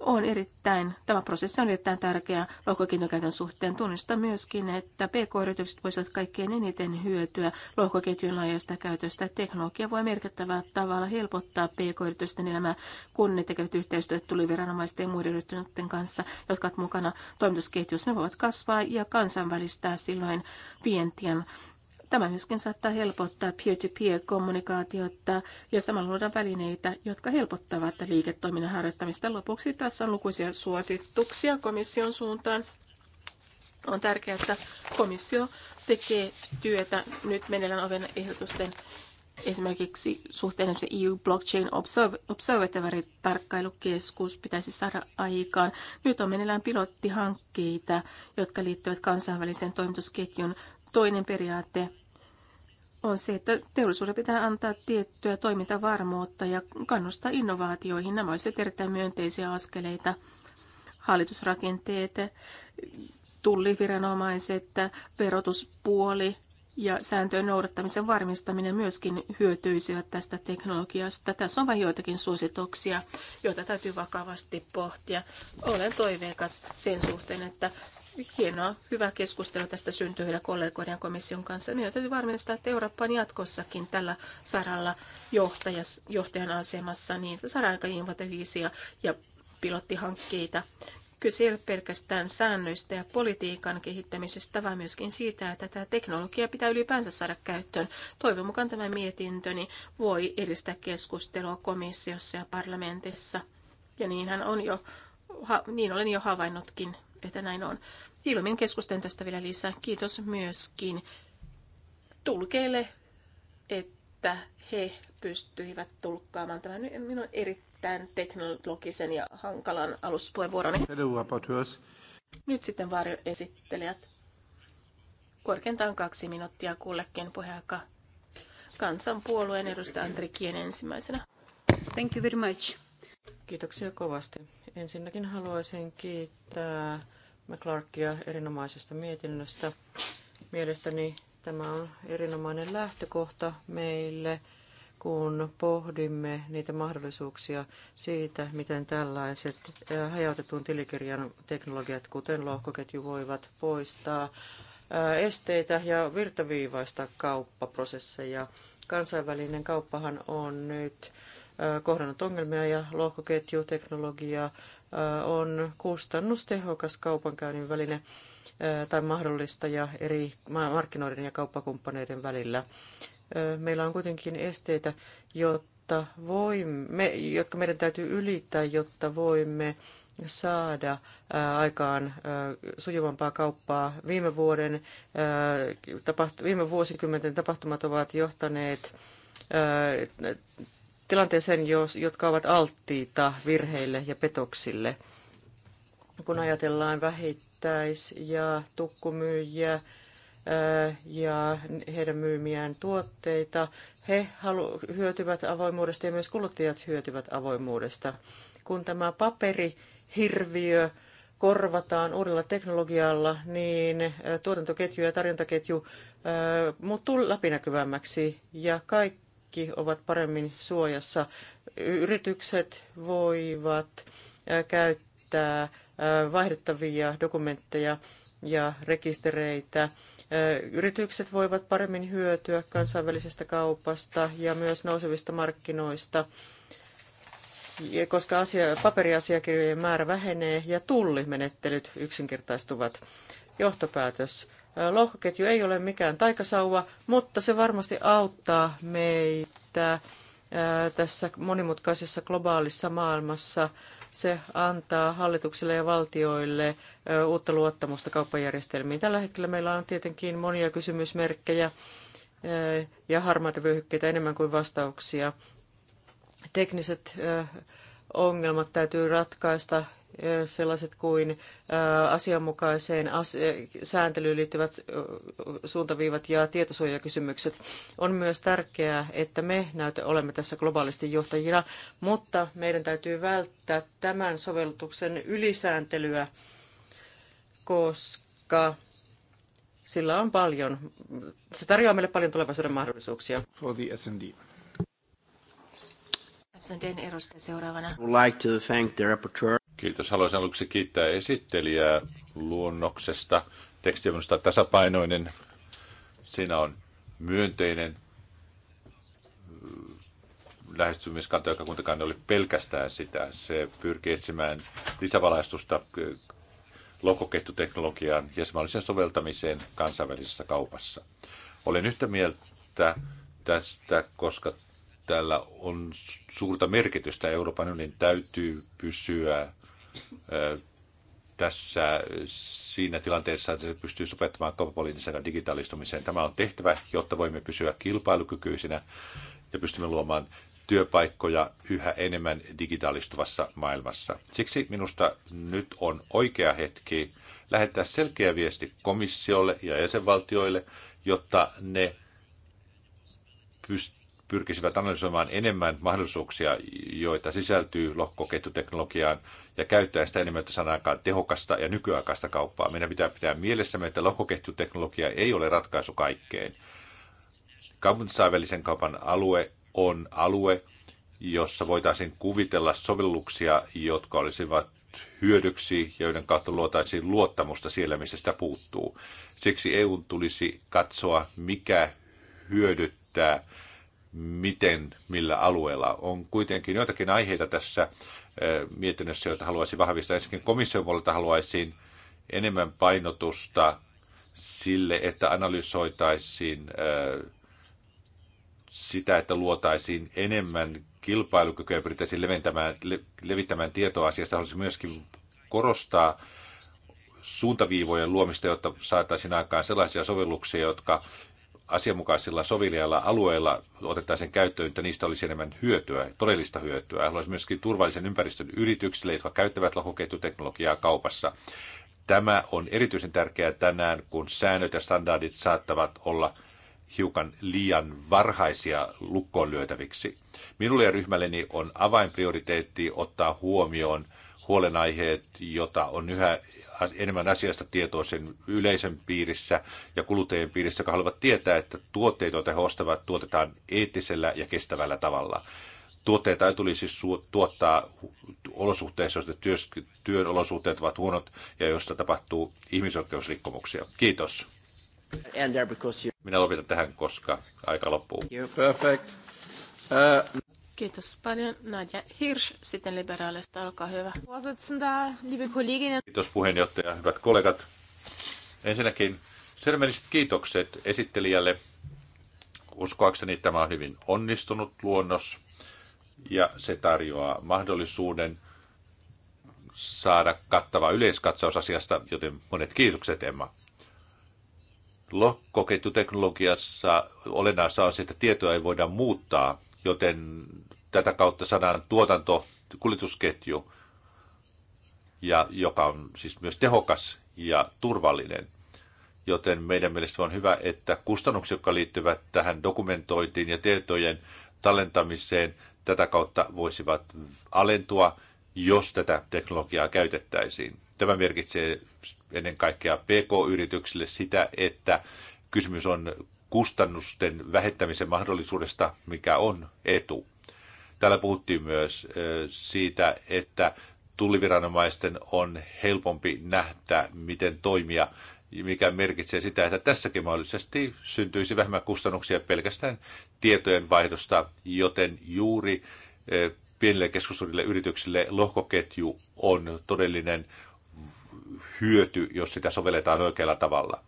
on erittäin, tämä prosessi on erittäin tärkeä lohkoketjun suhteen. Tunnistaa myöskin, että PK-yritykset voisivat kaikkein eniten hyötyä lohkoketjun laajasta käytöstä. Teknologia voi merkittävällä tavalla helpottaa PK-yritysten elämää, kun ne tekevät yhteistyötä viranomaisten ja muiden yritysten kanssa, jotka ovat mukana toimitusketjussa. Ne voivat kasvaa ja kansainvälistää silloin vientien Tämä myöskin saattaa helpottaa peer-to-peer-kommunikaatiota ja samalla luoda välineitä, jotka helpottavat liiketoiminnan harjoittamista. Lopuksi tässä on lukuisia suosituksia komission suuntaan. On tärkeää, että komissio tekee työtä nyt meneillään oven ehdotusten esimerkiksi suhteen se EU Blockchain Observatory tarkkailukeskus pitäisi saada aikaan. Nyt on meneillään pilottihankkeita, jotka liittyvät kansainvälisen toimitusketjun. Toinen periaate on se, että teollisuuden pitää antaa tiettyä toimintavarmuutta ja kannustaa innovaatioihin. Nämä olisivat erittäin myönteisiä askeleita. Hallitusrakenteet, tulliviranomaiset, verotuspuoli ja sääntöjen noudattamisen varmistaminen myöskin hyötyisivät tästä teknologiasta. Tässä on vain joitakin suosituksia, joita täytyy vakavasti pohtia. Olen toiveikas sen suhteen, että hienoa, hyvä keskustelu tästä syntyvillä kollegoiden ja komission kanssa. Meidän täytyy varmistaa, että Eurooppa on jatkossakin tällä saralla johtajas, johtajan asemassa, niin että saadaan aika innovatiivisia ja pilottihankkeita. Kyse ei ole pelkästään säännöistä ja politiikan kehittämisestä, vaan myöskin siitä, että tämä teknologia pitää ylipäänsä saada käyttöön. Toivon mukaan tämä mietintöni voi edistää keskustelua komissiossa ja parlamentissa. Ja niinhän on jo, niin olen jo havainnutkin että näin on. Ilmin keskustelen tästä vielä lisää. Kiitos myöskin tulkeille, että he pystyivät tulkkaamaan tämän minun erittäin teknologisen ja hankalan aluspuheenvuoroni. Nyt sitten varjoesittelijät. Korkeintaan kaksi minuuttia kullekin puheaika. Kansanpuolueen edustaja Andri Kien ensimmäisenä. Thank you very much. Kiitoksia kovasti. Ensinnäkin haluaisin kiittää McClarkia erinomaisesta mietinnöstä. Mielestäni tämä on erinomainen lähtökohta meille, kun pohdimme niitä mahdollisuuksia siitä, miten tällaiset äh, hajautetun tilikirjan teknologiat, kuten lohkoketju, voivat poistaa äh, esteitä ja virtaviivaista kauppaprosesseja. Kansainvälinen kauppahan on nyt kohdannut ongelmia ja lohkoketjuteknologia on kustannustehokas kaupankäynnin väline tai mahdollistaja eri markkinoiden ja kauppakumppaneiden välillä. Meillä on kuitenkin esteitä, jotta voimme, jotka meidän täytyy ylittää, jotta voimme saada aikaan sujuvampaa kauppaa. Viime, vuoden, viime vuosikymmenten tapahtumat ovat johtaneet tilanteeseen, jotka ovat alttiita virheille ja petoksille. Kun ajatellaan vähittäis- ja tukkumyyjiä ja heidän myymiään tuotteita, he hyötyvät avoimuudesta ja myös kuluttajat hyötyvät avoimuudesta. Kun tämä paperihirviö korvataan uudella teknologialla, niin tuotantoketju ja tarjontaketju muuttuu läpinäkyvämmäksi ja kaikki kaikki ovat paremmin suojassa. Yritykset voivat käyttää vaihdettavia dokumentteja ja rekistereitä. Yritykset voivat paremmin hyötyä kansainvälisestä kaupasta ja myös nousevista markkinoista, koska asia, paperiasiakirjojen määrä vähenee ja tullimenettelyt yksinkertaistuvat. Johtopäätös lohkoketju ei ole mikään taikasauva, mutta se varmasti auttaa meitä tässä monimutkaisessa globaalissa maailmassa. Se antaa hallituksille ja valtioille uutta luottamusta kauppajärjestelmiin. Tällä hetkellä meillä on tietenkin monia kysymysmerkkejä ja harmaita vyöhykkeitä enemmän kuin vastauksia. Tekniset ongelmat täytyy ratkaista sellaiset kuin asianmukaiseen sääntelyyn liittyvät suuntaviivat ja tietosuojakysymykset. On myös tärkeää, että me näytä olemme tässä globaalisti johtajina, mutta meidän täytyy välttää tämän sovellutuksen ylisääntelyä, koska sillä on paljon, se tarjoaa meille paljon tulevaisuuden mahdollisuuksia. For the seuraavana. Like to thank the Kiitos. Haluaisin aluksi kiittää esittelijää luonnoksesta. Teksti on minusta tasapainoinen. Siinä on myönteinen mm, lähestymiskanta, joka kuitenkaan ei ole pelkästään sitä. Se pyrkii etsimään lisävalaistusta lokoketjuteknologiaan ja sen soveltamiseen kansainvälisessä kaupassa. Olen yhtä mieltä tästä, koska tällä on suurta merkitystä. Euroopan unionin täytyy pysyä tässä siinä tilanteessa, että se pystyy sopettamaan kauppapoliittisen digitalistumiseen. Tämä on tehtävä, jotta voimme pysyä kilpailukykyisinä ja pystymme luomaan työpaikkoja yhä enemmän digitaalistuvassa maailmassa. Siksi minusta nyt on oikea hetki lähettää selkeä viesti komissiolle ja jäsenvaltioille, jotta ne pystyvät pyrkisivät analysoimaan enemmän mahdollisuuksia, joita sisältyy lohkoketjuteknologiaan ja käyttää sitä enemmän, että tehokasta ja nykyaikaista kauppaa. Meidän pitää pitää mielessämme, että lohkoketjuteknologia ei ole ratkaisu kaikkeen. Kansainvälisen kaupan alue on alue, jossa voitaisiin kuvitella sovelluksia, jotka olisivat hyödyksi ja joiden kautta luotaisiin luottamusta siellä, missä sitä puuttuu. Siksi EU tulisi katsoa, mikä hyödyttää miten, millä alueella. On kuitenkin joitakin aiheita tässä eh, mietinnössä, joita haluaisin vahvistaa. Ensinnäkin komission puolelta haluaisin enemmän painotusta sille, että analysoitaisiin eh, sitä, että luotaisiin enemmän kilpailukykyä ja pyrittäisiin le, levittämään tietoa asiasta. Haluaisin myöskin korostaa suuntaviivojen luomista, jotta saataisiin aikaan sellaisia sovelluksia, jotka asianmukaisilla sovilijalla alueilla otettaisiin käyttöön, että niistä olisi enemmän hyötyä, todellista hyötyä. Haluaisin myöskin turvallisen ympäristön yrityksille, jotka käyttävät lohkoketjuteknologiaa kaupassa. Tämä on erityisen tärkeää tänään, kun säännöt ja standardit saattavat olla hiukan liian varhaisia lukkoon lyötäviksi. Minulle ja ryhmälleni on avainprioriteetti ottaa huomioon huolenaiheet, jota on yhä enemmän asiasta tietoa sen yleisen piirissä ja kuluttajien piirissä, jotka haluavat tietää, että tuotteet, joita he ostavat, tuotetaan eettisellä ja kestävällä tavalla. Tuotteita ei tulisi tuottaa olosuhteissa, joissa työn olosuhteet ovat huonot ja joista tapahtuu ihmisoikeusrikkomuksia. Kiitos. Minä lopetan tähän, koska aika loppuu. Perfect. Uh... Kiitos paljon. Nadja Hirsch, sitten liberaalista, olkaa hyvä. Kiitos puheenjohtaja, hyvät kollegat. Ensinnäkin sydämelliset kiitokset esittelijälle. Uskoakseni tämä on hyvin onnistunut luonnos ja se tarjoaa mahdollisuuden saada kattava yleiskatsaus asiasta, joten monet kiitokset Emma. Lohkoketjuteknologiassa olennaista on se, että tietoa ei voida muuttaa joten tätä kautta saadaan tuotanto, kuljetusketju, ja joka on siis myös tehokas ja turvallinen. Joten meidän mielestä on hyvä, että kustannukset, jotka liittyvät tähän dokumentointiin ja tietojen tallentamiseen, tätä kautta voisivat alentua, jos tätä teknologiaa käytettäisiin. Tämä merkitsee ennen kaikkea PK-yrityksille sitä, että kysymys on kustannusten vähettämisen mahdollisuudesta, mikä on etu. Täällä puhuttiin myös siitä, että tulliviranomaisten on helpompi nähdä, miten toimia, mikä merkitsee sitä, että tässäkin mahdollisesti syntyisi vähemmän kustannuksia pelkästään tietojen vaihdosta, joten juuri pienille keskusteluille yrityksille lohkoketju on todellinen hyöty, jos sitä sovelletaan oikealla tavalla.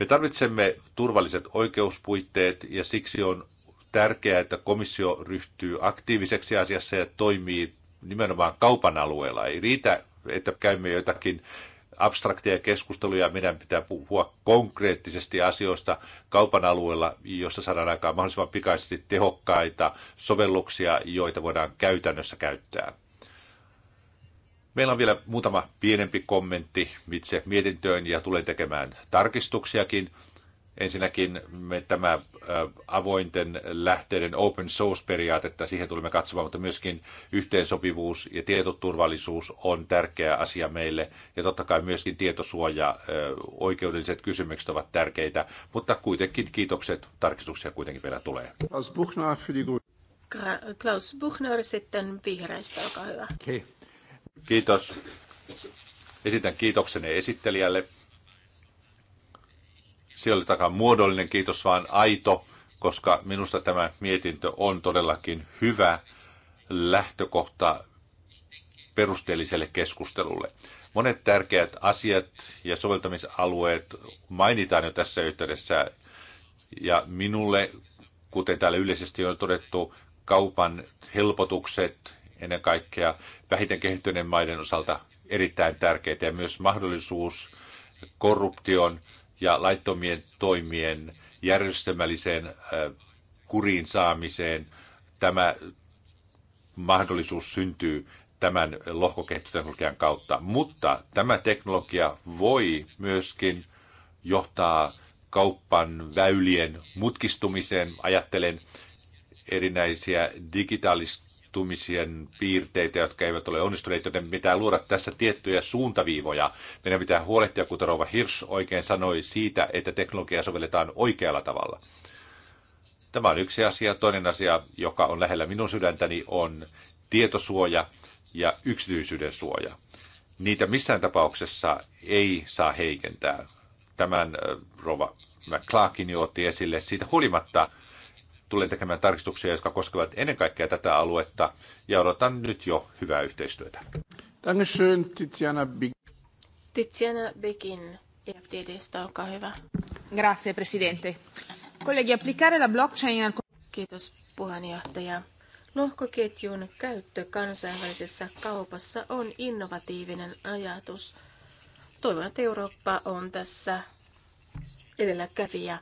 Me tarvitsemme turvalliset oikeuspuitteet ja siksi on tärkeää, että komissio ryhtyy aktiiviseksi asiassa ja toimii nimenomaan kaupan alueella. Ei riitä, että käymme jotakin abstrakteja keskusteluja. Meidän pitää puhua konkreettisesti asioista kaupan alueella, jossa saadaan aikaan mahdollisimman pikaisesti tehokkaita sovelluksia, joita voidaan käytännössä käyttää. Meillä on vielä muutama pienempi kommentti itse mietintöön ja tulen tekemään tarkistuksiakin. Ensinnäkin me tämä avointen lähteiden open source-periaatetta, siihen tulemme katsomaan, mutta myöskin yhteensopivuus ja tietoturvallisuus on tärkeä asia meille. Ja totta kai myöskin tietosuoja, oikeudelliset kysymykset ovat tärkeitä, mutta kuitenkin kiitokset, tarkistuksia kuitenkin vielä tulee. Klaus Buchner sitten vihreistä, olkaa hyvä. Okay. Kiitos. Esitän kiitokseni esittelijälle. Se oli takaa muodollinen kiitos, vaan aito, koska minusta tämä mietintö on todellakin hyvä lähtökohta perusteelliselle keskustelulle. Monet tärkeät asiat ja soveltamisalueet mainitaan jo tässä yhteydessä. Ja minulle, kuten täällä yleisesti on todettu, kaupan helpotukset ennen kaikkea vähiten kehittyneiden maiden osalta erittäin tärkeitä ja myös mahdollisuus korruption ja laittomien toimien järjestelmälliseen kuriin saamiseen. Tämä mahdollisuus syntyy tämän lohkoketjuteknologian kautta, mutta tämä teknologia voi myöskin johtaa kauppan väylien mutkistumiseen. Ajattelen erinäisiä digitaalis- onnistumisien piirteitä, jotka eivät ole onnistuneet, joten pitää luoda tässä tiettyjä suuntaviivoja. Meidän pitää huolehtia, kuten Rova Hirsch oikein sanoi, siitä, että teknologiaa sovelletaan oikealla tavalla. Tämä on yksi asia. Toinen asia, joka on lähellä minun sydäntäni, on tietosuoja ja yksityisyyden suoja. Niitä missään tapauksessa ei saa heikentää. Tämän äh, Rova McClarkin jo otti esille. Siitä huolimatta tulen tekemään tarkistuksia, jotka koskevat ennen kaikkea tätä aluetta, ja odotan nyt jo hyvää yhteistyötä. Dankeschön, Tiziana begin. Tiziana Begin, EFDDstä, olkaa hyvä. Grazie, Presidente. Kollegi, applicare la blockchain Kiitos, puheenjohtaja. Lohkoketjun käyttö kansainvälisessä kaupassa on innovatiivinen ajatus. Toivon, että Eurooppa on tässä edelläkävijä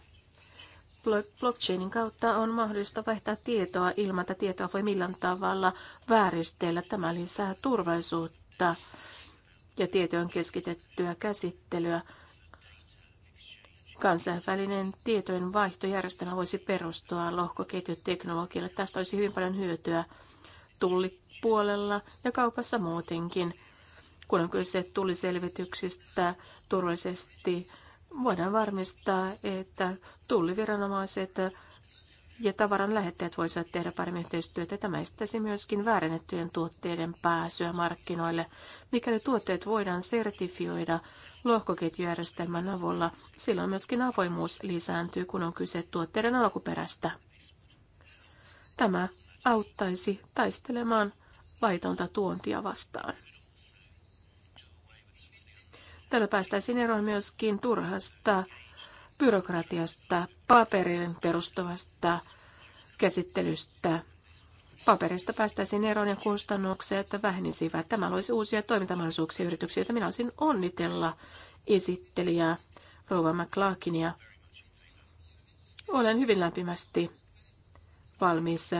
blockchainin kautta on mahdollista vaihtaa tietoa ilman, että tietoa voi millään tavalla vääristellä. Tämä lisää turvallisuutta ja tietojen keskitettyä käsittelyä. Kansainvälinen tietojen vaihtojärjestelmä voisi perustua lohkoketjuteknologialle. Tästä olisi hyvin paljon hyötyä tullipuolella ja kaupassa muutenkin, kun on kyse tuliselvityksistä, turvallisesti voidaan varmistaa, että tulliviranomaiset ja tavaran lähettäjät voisivat tehdä paremmin yhteistyötä. Tämä estäisi myöskin väärennettyjen tuotteiden pääsyä markkinoille. Mikäli tuotteet voidaan sertifioida lohkoketjujärjestelmän avulla, silloin myöskin avoimuus lisääntyy, kun on kyse tuotteiden alkuperästä. Tämä auttaisi taistelemaan laitonta tuontia vastaan. Tällä päästäisiin eroon myöskin turhasta byrokratiasta, paperille perustuvasta käsittelystä. Paperista päästäisiin eroon ja kustannukset vähenisivät. Tämä olisi uusia toimintamahdollisuuksia yrityksiä, joita minä olisin onnitella esittelijää Rova McLaakinia. Olen hyvin lämpimästi valmis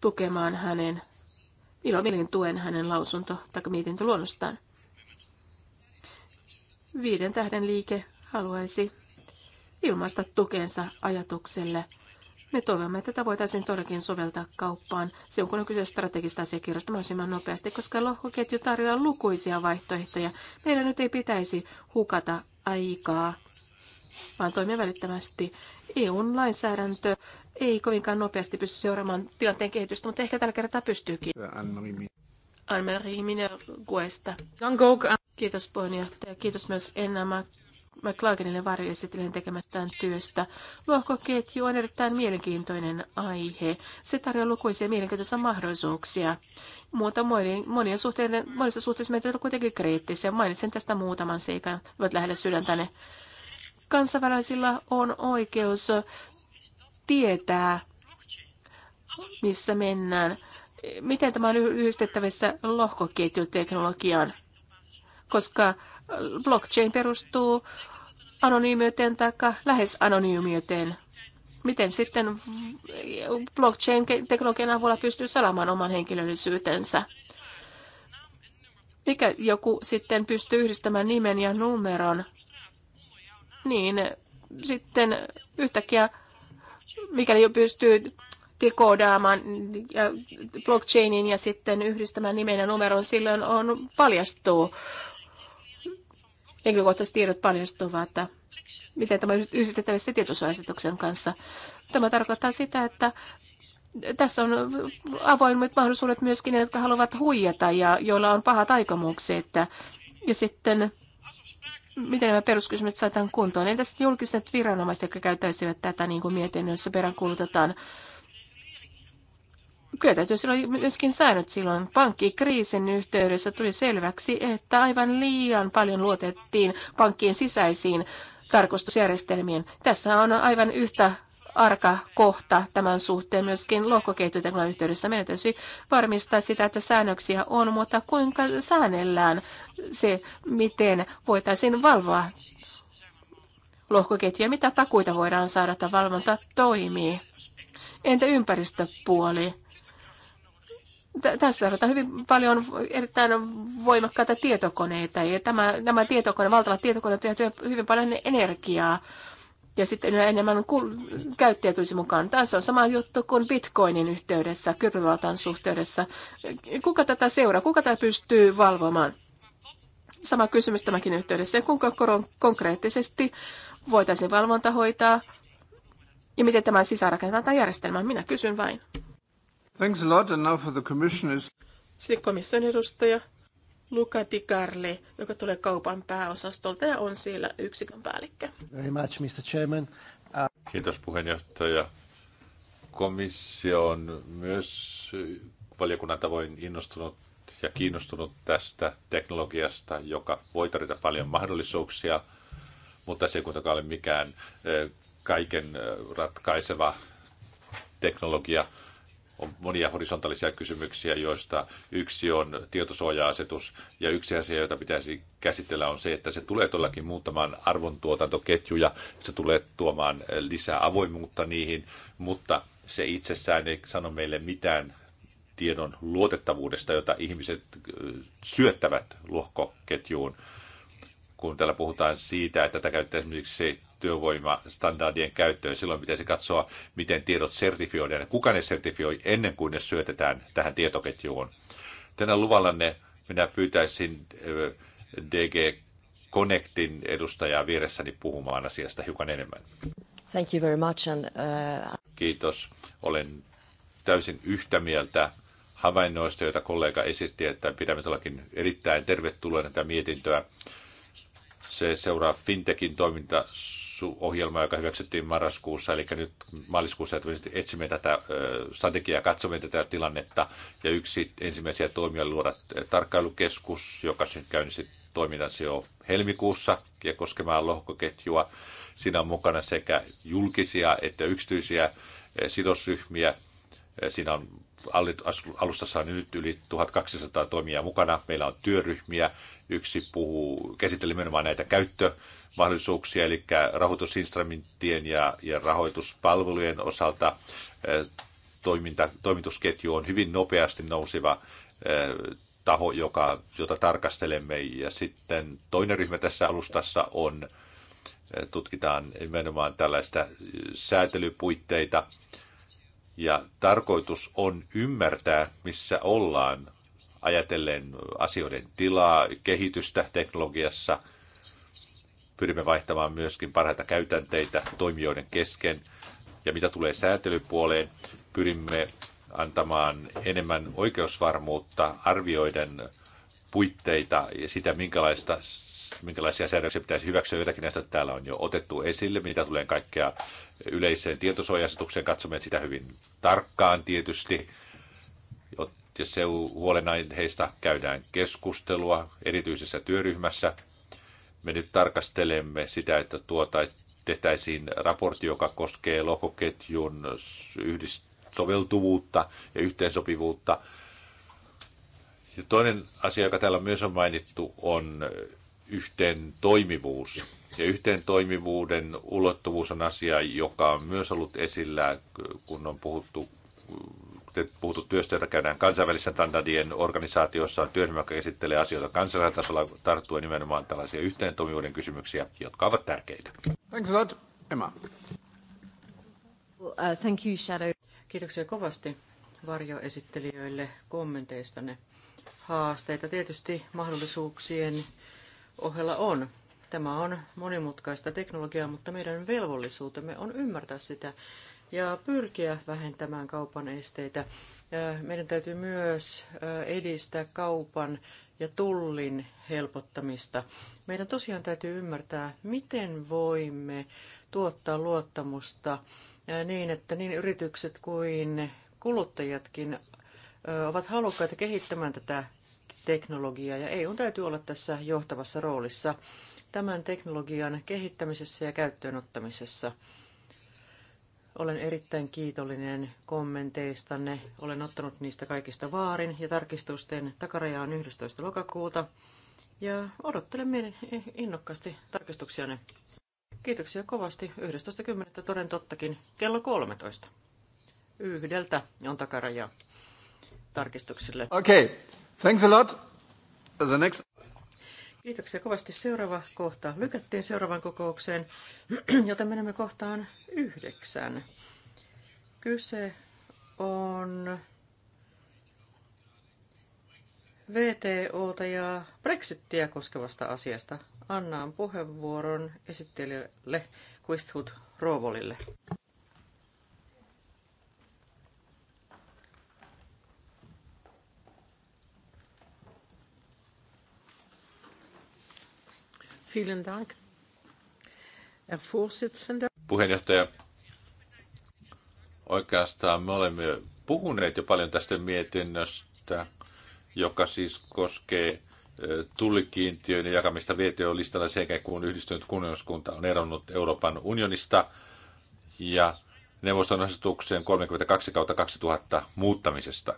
tukemaan hänen, ilomielin tuen hänen lausunto- tai mietintöluonnostaan. Viiden tähden liike haluaisi ilmaista tukensa ajatukselle. Me toivomme, että tätä voitaisiin todellakin soveltaa kauppaan silloin, kun on kyse strategista asiakirjoista mahdollisimman nopeasti, koska lohkoketju tarjoaa lukuisia vaihtoehtoja. Meidän nyt ei pitäisi hukata aikaa, vaan toimia välittömästi. EUn lainsäädäntö ei kovinkaan nopeasti pysty seuraamaan tilanteen kehitystä, mutta ehkä tällä kertaa pystyykin. Anne-Marie minor Kiitos puheenjohtaja. Kiitos myös Enna McLaughlinille varjoesittelijän tekemästään työstä. Lohkoketju on erittäin mielenkiintoinen aihe. Se tarjoaa lukuisia mielenkiintoisia mahdollisuuksia, mutta monien suhteiden, monissa suhteissa meitä on kuitenkin kriittisiä. Mainitsen tästä muutaman seikan, voit lähellä sydäntäne. Kansainvälisillä on oikeus tietää, missä mennään miten tämä on yhdistettävissä lohkoketjuteknologiaan, koska äh, blockchain perustuu anonyymiyteen tai lähes anonyymiyteen. Miten sitten blockchain-teknologian avulla pystyy salamaan oman henkilöllisyytensä? Mikä joku sitten pystyy yhdistämään nimen ja numeron, niin sitten yhtäkkiä, mikäli jo pystyy dekoodaamaan ja blockchainin ja sitten yhdistämään nimen ja numeron, silloin on paljastuu. Henkilökohtaiset tiedot paljastuvat, miten tämä yhdistettävissä tietosuojasetuksen kanssa. Tämä tarkoittaa sitä, että tässä on avoimet mahdollisuudet myöskin ne, jotka haluavat huijata ja joilla on pahat aikomukset. Ja sitten miten nämä peruskysymykset saadaan kuntoon? sitten julkiset viranomaiset, jotka käyttäisivät tätä niin kuin mietinnössä peräänkuulutetaan? Kyllä täytyy silloin myöskin säännöt silloin. Pankkikriisin yhteydessä tuli selväksi, että aivan liian paljon luotettiin pankkien sisäisiin tarkastusjärjestelmiin. Tässä on aivan yhtä arka kohta tämän suhteen myöskin lohkoketjuteknologian yhteydessä. Meidän täytyy varmistaa sitä, että säännöksiä on, mutta kuinka säännellään se, miten voitaisiin valvoa lohkoketjuja, mitä takuita voidaan saada, että valvonta toimii. Entä ympäristöpuoli? tässä tarvitaan hyvin paljon erittäin voimakkaita tietokoneita ja tämä, nämä tietokone, valtavat tietokoneet vievät hyvin paljon energiaa ja sitten yhä enemmän kul- käyttäjä tulisi mukaan. Tässä on sama juttu kuin bitcoinin yhteydessä, kryptovaluutan suhteudessa. Kuka tätä seuraa, kuka tätä pystyy valvomaan? Sama kysymys tämäkin yhteydessä, kuinka koron konkreettisesti voitaisiin valvonta hoitaa ja miten tämä sisäänrakennetaan tämä järjestelmä. Minä kysyn vain. Thanks a lot and now for the commissioners. Sitten komission edustaja Luca Di Carli, joka tulee kaupan pääosastolta ja on siellä yksikön päällikkö. Very much, Mr. Chairman. Uh... Kiitos puheenjohtaja. Komissio on myös valiokunnan tavoin innostunut ja kiinnostunut tästä teknologiasta, joka voi tarjota paljon mahdollisuuksia, mutta se ei kuitenkaan ole mikään eh, kaiken eh, ratkaiseva teknologia on monia horisontaalisia kysymyksiä, joista yksi on tietosuoja-asetus ja yksi asia, jota pitäisi käsitellä on se, että se tulee todellakin muuttamaan arvontuotantoketjuja, se tulee tuomaan lisää avoimuutta niihin, mutta se itsessään ei sano meille mitään tiedon luotettavuudesta, jota ihmiset syöttävät lohkoketjuun kun täällä puhutaan siitä, että tätä käyttää esimerkiksi työvoimastandardien käyttöön, silloin pitäisi katsoa, miten tiedot sertifioidaan ja kuka ne sertifioi ennen kuin ne syötetään tähän tietoketjuun. Tänä luvallanne minä pyytäisin DG Connectin edustajaa vieressäni puhumaan asiasta hiukan enemmän. Thank you very much and, uh... Kiitos. Olen täysin yhtä mieltä havainnoista, joita kollega esitti, että pidämme tuollakin erittäin tervetulleena tätä mietintöä. Se seuraa Fintekin toimintaohjelma, joka hyväksyttiin marraskuussa, eli nyt maaliskuussa että etsimme tätä strategiaa, katsomme tätä tilannetta. Ja yksi ensimmäisiä toimia luoda tarkkailukeskus, joka käynnisti toiminnassa jo helmikuussa ja koskemaan lohkoketjua. Siinä on mukana sekä julkisia että yksityisiä sidosryhmiä. Siinä on alustassa on nyt yli 1200 toimijaa mukana. Meillä on työryhmiä, Yksi puhuu, käsitteli nimenomaan näitä käyttömahdollisuuksia, eli rahoitusinstrumenttien ja, ja rahoituspalvelujen osalta toiminta, toimitusketju on hyvin nopeasti nouseva taho, joka, jota tarkastelemme. Ja sitten toinen ryhmä tässä alustassa on, tutkitaan nimenomaan tällaista säätelypuitteita. Ja tarkoitus on ymmärtää, missä ollaan ajatellen asioiden tilaa, kehitystä teknologiassa. Pyrimme vaihtamaan myöskin parhaita käytänteitä toimijoiden kesken. Ja mitä tulee säätelypuoleen, pyrimme antamaan enemmän oikeusvarmuutta arvioiden puitteita ja sitä, minkälaista, minkälaisia säädöksiä pitäisi hyväksyä. Joitakin näistä täällä on jo otettu esille, mitä tulee kaikkea yleiseen tietosuojasetukseen. Katsomme sitä hyvin tarkkaan tietysti ja se huolenaiheista käydään keskustelua erityisessä työryhmässä. Me nyt tarkastelemme sitä, että tuota, tehtäisiin raportti, joka koskee lohkoketjun soveltuvuutta ja yhteensopivuutta. Ja toinen asia, joka täällä myös on mainittu, on yhteen toimivuus. Ja yhteen toimivuuden ulottuvuus on asia, joka on myös ollut esillä, kun on puhuttu puhuttu työstä, jota käydään kansainvälisen standardien organisaatiossa, työryhmä, joka käsittelee asioita kansainvälisellä tasolla, tarttuen nimenomaan tällaisia yhteen toimijuuden kysymyksiä, jotka ovat tärkeitä. Thanks a lot, Emma. Uh, thank you, Shadow. Kiitoksia kovasti varjoesittelijöille kommenteistanne. Haasteita tietysti mahdollisuuksien ohella on. Tämä on monimutkaista teknologiaa, mutta meidän velvollisuutemme on ymmärtää sitä ja pyrkiä vähentämään kaupan esteitä. Meidän täytyy myös edistää kaupan ja tullin helpottamista. Meidän tosiaan täytyy ymmärtää, miten voimme tuottaa luottamusta niin, että niin yritykset kuin kuluttajatkin ovat halukkaita kehittämään tätä teknologiaa ja EU täytyy olla tässä johtavassa roolissa tämän teknologian kehittämisessä ja käyttöönottamisessa. ottamisessa. Olen erittäin kiitollinen kommenteistanne. Olen ottanut niistä kaikista vaarin ja tarkistusten takaraja on 11. lokakuuta. Ja odottelen innokkaasti tarkistuksianne. Kiitoksia kovasti. 11.10. toden tottakin kello 13. Yhdeltä on takaraja tarkistuksille. Okei, okay. thanks a lot. The next... Kiitoksia kovasti. Seuraava kohta lykättiin seuraavaan kokoukseen, joten menemme kohtaan yhdeksän. Kyse on VTOta ja Brexittiä koskevasta asiasta. Annaan puheenvuoron esittelijälle Quisthut Roovolille. Vielen Puheenjohtaja, oikeastaan me olemme puhuneet jo paljon tästä mietinnöstä, joka siis koskee tullikiintiöiden jakamista VTO-listalla sekä kun yhdistynyt kuningaskunta on eronnut Euroopan unionista ja neuvoston asetuksen 32 kautta 2000 muuttamisesta.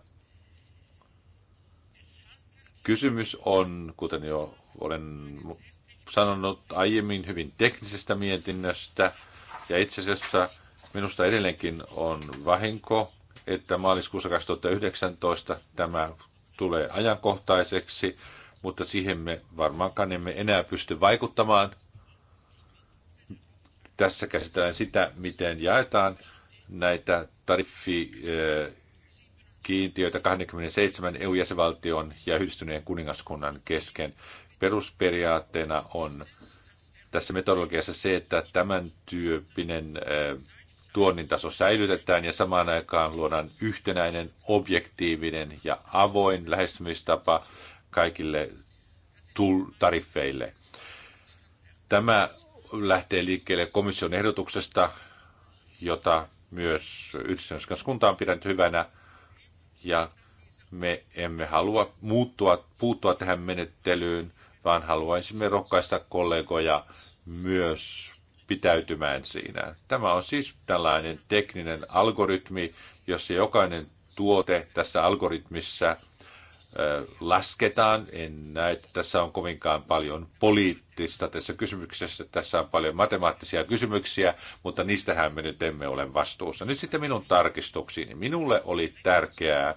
Kysymys on, kuten jo olen sanonut aiemmin hyvin teknisestä mietinnöstä, ja itse asiassa minusta edelleenkin on vahinko, että maaliskuussa 2019 tämä tulee ajankohtaiseksi, mutta siihen me varmaankaan emme enää pysty vaikuttamaan. Tässä käsitellään sitä, miten jaetaan näitä tariffikiintiöitä 27 EU-jäsenvaltion ja yhdistyneen kuningaskunnan kesken perusperiaatteena on tässä metodologiassa se, että tämän tyyppinen tuonnin taso säilytetään ja samaan aikaan luodaan yhtenäinen, objektiivinen ja avoin lähestymistapa kaikille tariffeille. Tämä lähtee liikkeelle komission ehdotuksesta, jota myös yhdistyskanskunta on pidänyt hyvänä, ja me emme halua muuttua, puuttua tähän menettelyyn, vaan haluaisimme rohkaista kollegoja myös pitäytymään siinä. Tämä on siis tällainen tekninen algoritmi, jossa jokainen tuote tässä algoritmissa lasketaan. En näe, että tässä on kovinkaan paljon poliittista tässä kysymyksessä. Tässä on paljon matemaattisia kysymyksiä, mutta niistähän me nyt emme ole vastuussa. Nyt sitten minun tarkistuksiini. Minulle oli tärkeää,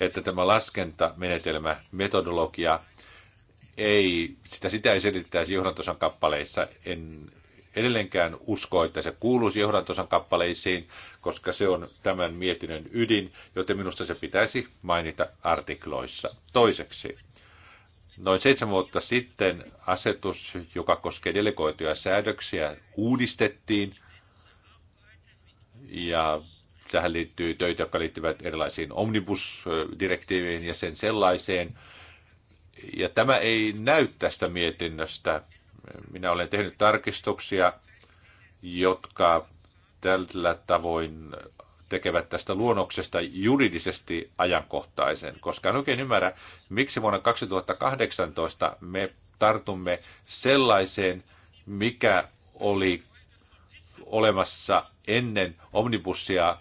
että tämä laskentamenetelmä, metodologia ei, sitä, sitä ei selitettäisi johdantosan kappaleissa. En edelleenkään usko, että se kuuluisi johdantosan kappaleisiin, koska se on tämän mietinnön ydin, joten minusta se pitäisi mainita artikloissa. Toiseksi, noin seitsemän vuotta sitten asetus, joka koskee delegoituja säädöksiä, uudistettiin ja tähän liittyy töitä, jotka liittyvät erilaisiin omnibusdirektiiveihin ja sen sellaiseen – ja tämä ei näy tästä mietinnöstä. Minä olen tehnyt tarkistuksia, jotka tällä tavoin tekevät tästä luonnoksesta juridisesti ajankohtaisen, koska en oikein ymmärrä, miksi vuonna 2018 me tartumme sellaiseen, mikä oli olemassa ennen omnibussia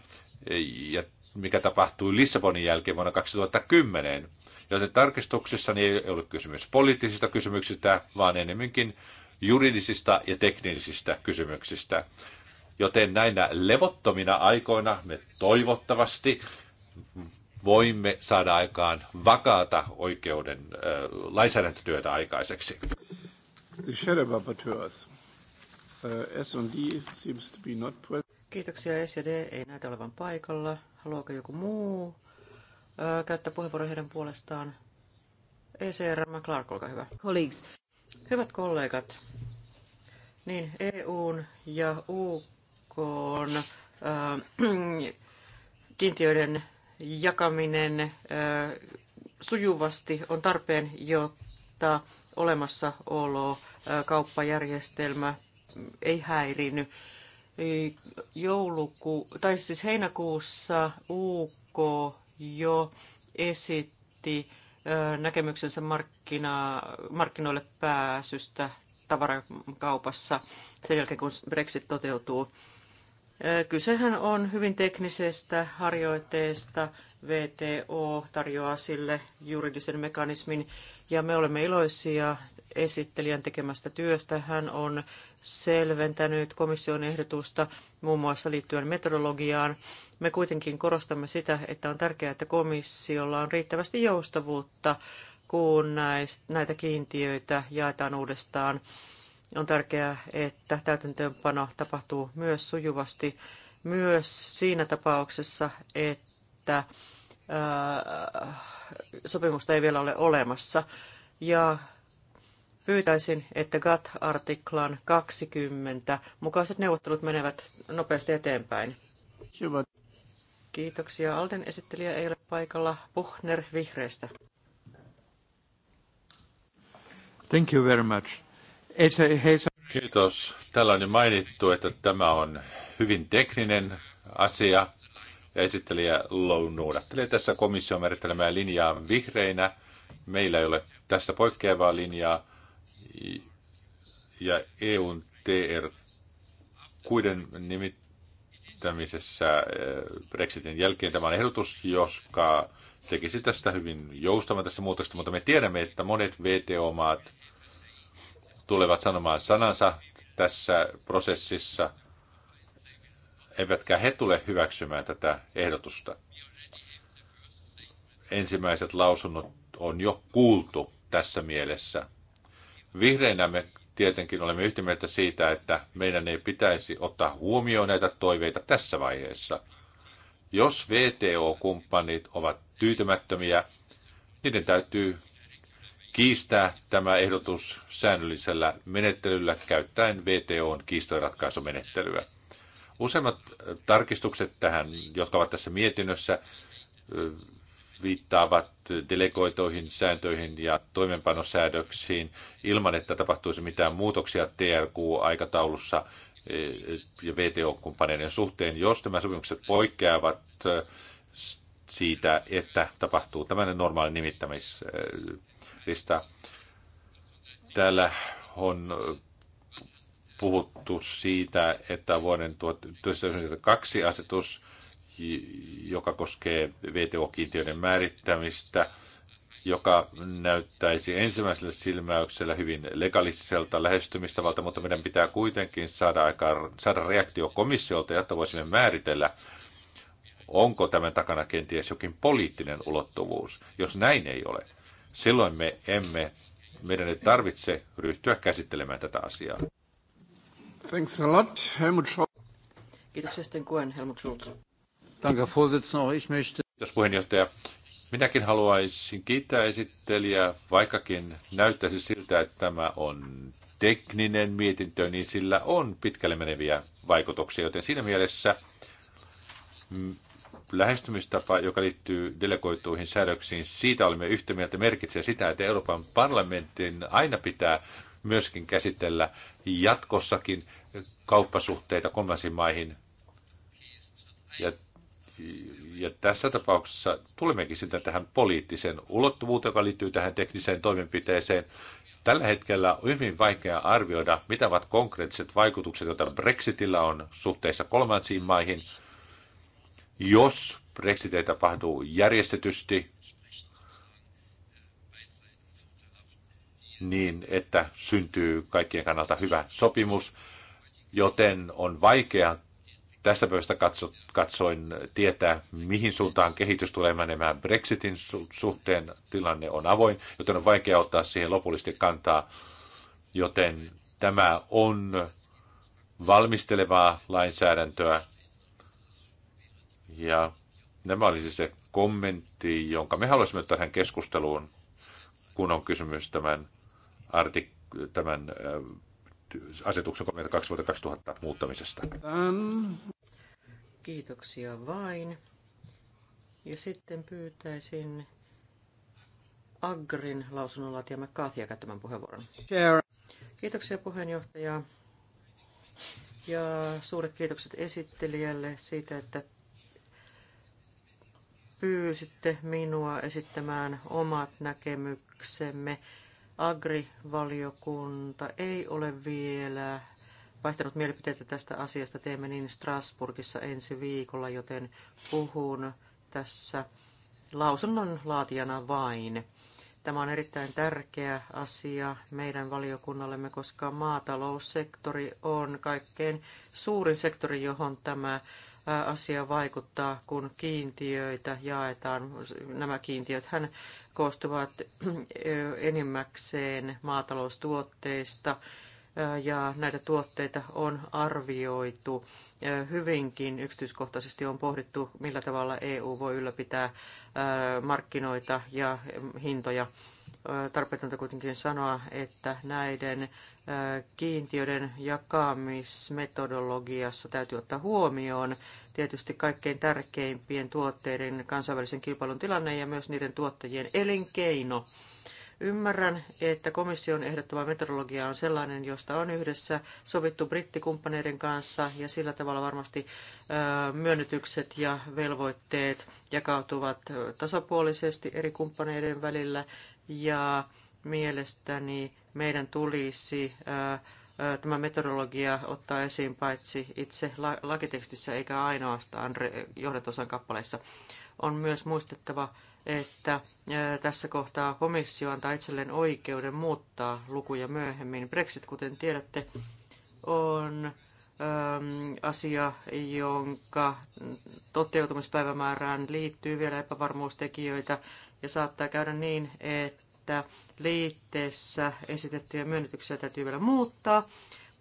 ja mikä tapahtui Lissabonin jälkeen vuonna 2010. Joten tarkistuksessa niin ei ole kysymys poliittisista kysymyksistä, vaan enemmänkin juridisista ja teknisistä kysymyksistä. Joten näinä levottomina aikoina me toivottavasti voimme saada aikaan vakaata oikeuden äh, lainsäädäntötyötä aikaiseksi. Kiitoksia SD ei näytä olevan paikalla. Haluaako joku muu käyttää puheenvuoron heidän puolestaan. ECR Clark, olkaa hyvä. Colleagues. Hyvät kollegat, niin EUn ja UKn äh, kiintiöiden jakaminen äh, sujuvasti on tarpeen, jotta olemassaolo äh, kauppajärjestelmä ei häirinny. Jouluku, tai siis heinäkuussa UK jo esitti näkemyksensä markkina, markkinoille pääsystä tavarakaupassa sen jälkeen, kun Brexit toteutuu. Kysehän on hyvin teknisestä harjoitteesta. VTO tarjoaa sille juridisen mekanismin ja me olemme iloisia esittelijän tekemästä työstä. Hän on selventänyt komission ehdotusta muun muassa liittyen metodologiaan me kuitenkin korostamme sitä, että on tärkeää, että komissiolla on riittävästi joustavuutta, kun näitä kiintiöitä jaetaan uudestaan. On tärkeää, että täytäntöönpano tapahtuu myös sujuvasti, myös siinä tapauksessa, että ää, äh, sopimusta ei vielä ole olemassa. Ja pyytäisin, että GATT-artiklan 20 mukaiset neuvottelut menevät nopeasti eteenpäin. Kiitoksia. Alden esittelijä ei ole paikalla. Buchner vihreistä. Thank you very much. Kiitos. Täällä on jo mainittu, että tämä on hyvin tekninen asia ja esittelijä Lou noudattelee tässä komission määrittelemää linjaa vihreinä. Meillä ei ole tästä poikkeavaa linjaa ja EUn TR kuiden nimittäin kehittämisessä eh, Brexitin jälkeen. Tämä on ehdotus, joska tekisi tästä hyvin joustavan tästä muutoksesta, mutta me tiedämme, että monet VTO-maat tulevat sanomaan sanansa tässä prosessissa, eivätkä he tule hyväksymään tätä ehdotusta. Ensimmäiset lausunnot on jo kuultu tässä mielessä. Vihreinä me tietenkin olemme yhtä mieltä siitä, että meidän ei pitäisi ottaa huomioon näitä toiveita tässä vaiheessa. Jos VTO-kumppanit ovat tyytymättömiä, niiden täytyy kiistää tämä ehdotus säännöllisellä menettelyllä käyttäen VTOn kiistoratkaisumenettelyä. Useimmat äh, tarkistukset tähän, jotka ovat tässä mietinnössä, äh, viittaavat delegoitoihin sääntöihin ja toimenpanosäädöksiin ilman, että tapahtuisi mitään muutoksia TRQ-aikataulussa eh, ja VTO-kumppaneiden suhteen, jos nämä sopimukset poikkeavat eh, siitä, että tapahtuu tämmöinen normaali nimittämislista. Täällä on puhuttu siitä, että vuoden 1992 asetus joka koskee VTO-kiintiöiden määrittämistä, joka näyttäisi ensimmäisellä silmäyksellä hyvin legalistiselta lähestymistavalta, mutta meidän pitää kuitenkin saada, aika, saada reaktio komissiolta, jotta voisimme määritellä, onko tämän takana kenties jokin poliittinen ulottuvuus. Jos näin ei ole, silloin me emme, meidän ei tarvitse ryhtyä käsittelemään tätä asiaa. Thanks a lot, Helmut Scholz. Kiitoksia sitten kuen Helmut Schultz. Kiitos puheenjohtaja. Minäkin haluaisin kiittää esittelijää, vaikkakin näyttäisi siltä, että tämä on tekninen mietintö, niin sillä on pitkälle meneviä vaikutuksia, joten siinä mielessä lähestymistapa, joka liittyy delegoituihin säädöksiin, siitä olemme yhtä mieltä, merkitsee sitä, että Euroopan parlamentin aina pitää myöskin käsitellä jatkossakin kauppasuhteita kolmansiin maihin. Ja ja tässä tapauksessa tulemmekin sitten tähän poliittiseen ulottuvuuteen, joka liittyy tähän tekniseen toimenpiteeseen. Tällä hetkellä on hyvin vaikea arvioida, mitä ovat konkreettiset vaikutukset, joita Brexitillä on suhteessa kolmansiin maihin. Jos Brexit ei tapahdu järjestetysti, niin että syntyy kaikkien kannalta hyvä sopimus, joten on vaikea tästä pöydästä katso, katsoin tietää, mihin suuntaan kehitys tulee menemään Brexitin su- suhteen. Tilanne on avoin, joten on vaikea ottaa siihen lopullisesti kantaa. Joten tämä on valmistelevaa lainsäädäntöä. Ja nämä olisi siis se kommentti, jonka me haluaisimme tähän keskusteluun, kun on kysymys tämän, artik- tämän asetuksen 32 2000 muuttamisesta. Kiitoksia vain. Ja sitten pyytäisin Agrin lausunnonlaatija McCarthyä käyttämään puheenvuoron. Kiitoksia puheenjohtaja. Ja suuret kiitokset esittelijälle siitä, että pyysitte minua esittämään omat näkemyksemme. Agrivaliokunta ei ole vielä vaihtanut mielipiteitä tästä asiasta. Teemme niin Strasburgissa ensi viikolla, joten puhun tässä lausunnon laatijana vain. Tämä on erittäin tärkeä asia meidän valiokunnallemme, koska maataloussektori on kaikkein suurin sektori, johon tämä asia vaikuttaa, kun kiintiöitä jaetaan. Nämä kiintiöt hän koostuvat enimmäkseen maataloustuotteista, ja näitä tuotteita on arvioitu hyvinkin yksityiskohtaisesti. On pohdittu, millä tavalla EU voi ylläpitää markkinoita ja hintoja. Tarpeetonta kuitenkin sanoa, että näiden kiintiöiden jakamismetodologiassa täytyy ottaa huomioon tietysti kaikkein tärkeimpien tuotteiden kansainvälisen kilpailun tilanne ja myös niiden tuottajien elinkeino Ymmärrän, että komission ehdottama metodologia on sellainen, josta on yhdessä sovittu brittikumppaneiden kanssa ja sillä tavalla varmasti myönnytykset ja velvoitteet jakautuvat tasapuolisesti eri kumppaneiden välillä ja mielestäni meidän tulisi tämä metodologia ottaa esiin paitsi itse lakitekstissä eikä ainoastaan johdatosan kappaleissa. On myös muistettava että tässä kohtaa komissio antaa itselleen oikeuden muuttaa lukuja myöhemmin. Brexit, kuten tiedätte, on asia, jonka toteutumispäivämäärään liittyy vielä epävarmuustekijöitä ja saattaa käydä niin, että liitteessä esitettyjä myönnytyksiä täytyy vielä muuttaa.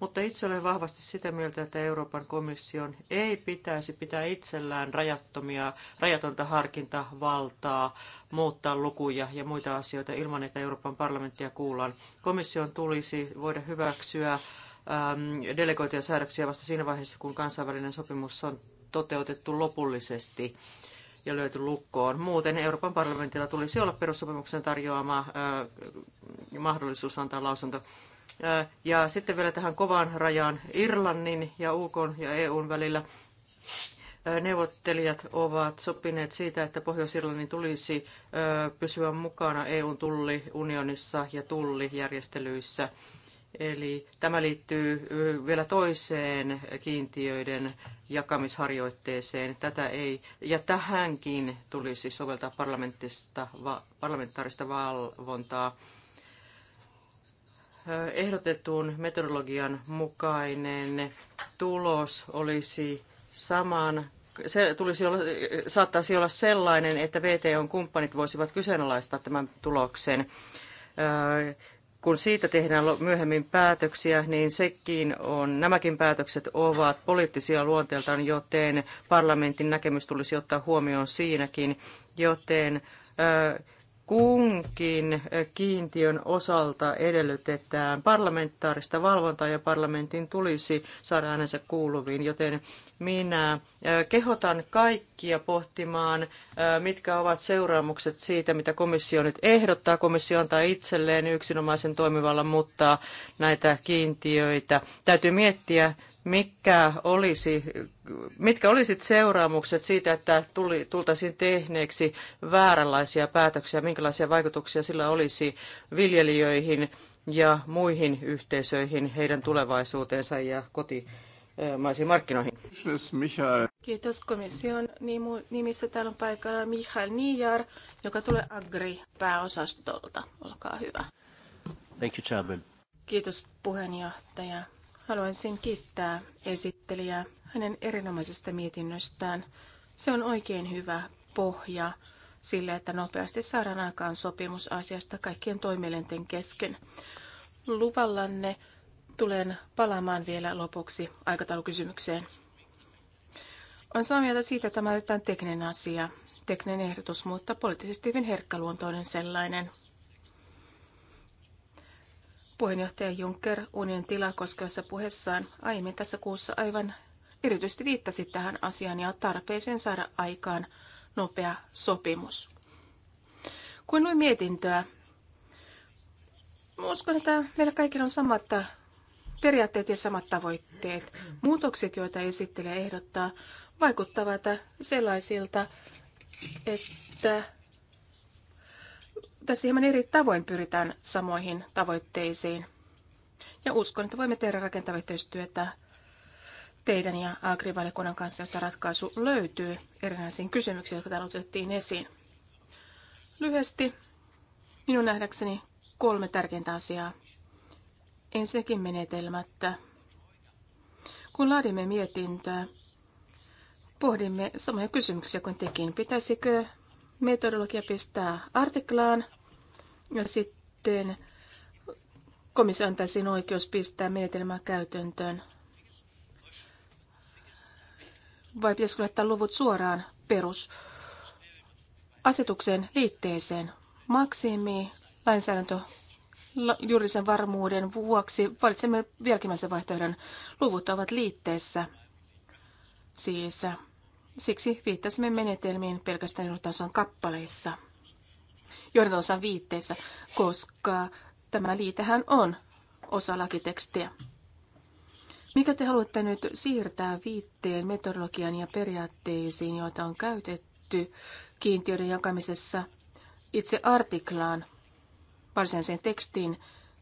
Mutta itse olen vahvasti sitä mieltä, että Euroopan komission ei pitäisi pitää itsellään rajattomia, rajatonta harkintavaltaa muuttaa lukuja ja muita asioita ilman, että Euroopan parlamenttia kuullaan. Komission tulisi voida hyväksyä ähm, delegoituja säädöksiä vasta siinä vaiheessa, kun kansainvälinen sopimus on toteutettu lopullisesti ja löyty lukkoon. Muuten Euroopan parlamentilla tulisi olla perussopimuksen tarjoama äh, mahdollisuus antaa lausunto ja sitten vielä tähän kovaan rajaan Irlannin ja UK ja EUn välillä neuvottelijat ovat sopineet siitä, että Pohjois-Irlannin tulisi pysyä mukana EUn tulliunionissa ja tullijärjestelyissä. Eli tämä liittyy vielä toiseen kiintiöiden jakamisharjoitteeseen. Tätä ei, ja tähänkin tulisi soveltaa parlamentista, parlamentaarista valvontaa ehdotetun meteorologian mukainen tulos olisi saman se tulisi olla, saattaisi olla sellainen, että VTOn kumppanit voisivat kyseenalaistaa tämän tuloksen. Kun siitä tehdään myöhemmin päätöksiä, niin sekin on, nämäkin päätökset ovat poliittisia luonteeltaan, joten parlamentin näkemys tulisi ottaa huomioon siinäkin, joten kunkin eh, kiintiön osalta edellytetään parlamentaarista valvontaa ja parlamentin tulisi saada äänensä kuuluviin, joten minä eh, kehotan kaikkia pohtimaan, eh, mitkä ovat seuraamukset siitä, mitä komissio nyt ehdottaa. Komissio antaa itselleen yksinomaisen toimivallan, mutta näitä kiintiöitä täytyy miettiä mikä olisi, mitkä olisit seuraamukset siitä, että tuli, tultaisiin tehneeksi vääränlaisia päätöksiä, minkälaisia vaikutuksia sillä olisi viljelijöihin ja muihin yhteisöihin, heidän tulevaisuuteensa ja kotimaisiin markkinoihin. Kiitos komission nimissä. Täällä on paikalla Mihail Nijar, joka tulee Agri-pääosastolta. Olkaa hyvä. Thank you, Chairman. Kiitos puheenjohtaja. Haluaisin kiittää esittelijää hänen erinomaisesta mietinnöstään. Se on oikein hyvä pohja sille, että nopeasti saadaan aikaan sopimus asiasta kaikkien toimielinten kesken. Luvallanne tulen palaamaan vielä lopuksi aikataulukysymykseen. On samaa mieltä siitä, että tämä on tekninen asia, tekninen ehdotus, mutta poliittisesti hyvin herkkäluontoinen sellainen – Puheenjohtaja Juncker unionin tilaa koskevassa puheessaan aiemmin tässä kuussa aivan erityisesti viittasi tähän asiaan ja tarpeeseen saada aikaan nopea sopimus. Kun luin mietintöä, uskon, että meillä kaikilla on samat periaatteet ja samat tavoitteet. Muutokset, joita esittelee ehdottaa, vaikuttavat sellaisilta, että tässä hieman eri tavoin pyritään samoihin tavoitteisiin. Ja uskon, että voimme tehdä rakentavaa yhteistyötä teidän ja agrivalikunnan kanssa, jotta ratkaisu löytyy erinäisiin kysymyksiin, jotka täällä otettiin esiin. Lyhyesti minun nähdäkseni kolme tärkeintä asiaa. Ensinnäkin menetelmättä. Kun laadimme mietintöä, pohdimme samoja kysymyksiä kuin tekin. Pitäisikö metodologia pistää artiklaan ja sitten komissio antaisi oikeus pistää menetelmää käytäntöön. Vai pitäisikö laittaa luvut suoraan perus liitteeseen? Maksimi lainsäädäntö juridisen varmuuden vuoksi valitsemme jälkimmäisen vaihtoehdon. Luvut ovat liitteessä. Siis siksi viittasimme menetelmiin pelkästään tason kappaleissa johdantonsa viitteissä, koska tämä liitehän on osa lakitekstiä. Mikä te haluatte nyt siirtää viitteen metodologian ja periaatteisiin, joita on käytetty kiintiöiden jakamisessa itse artiklaan, varsinaiseen tekstiin,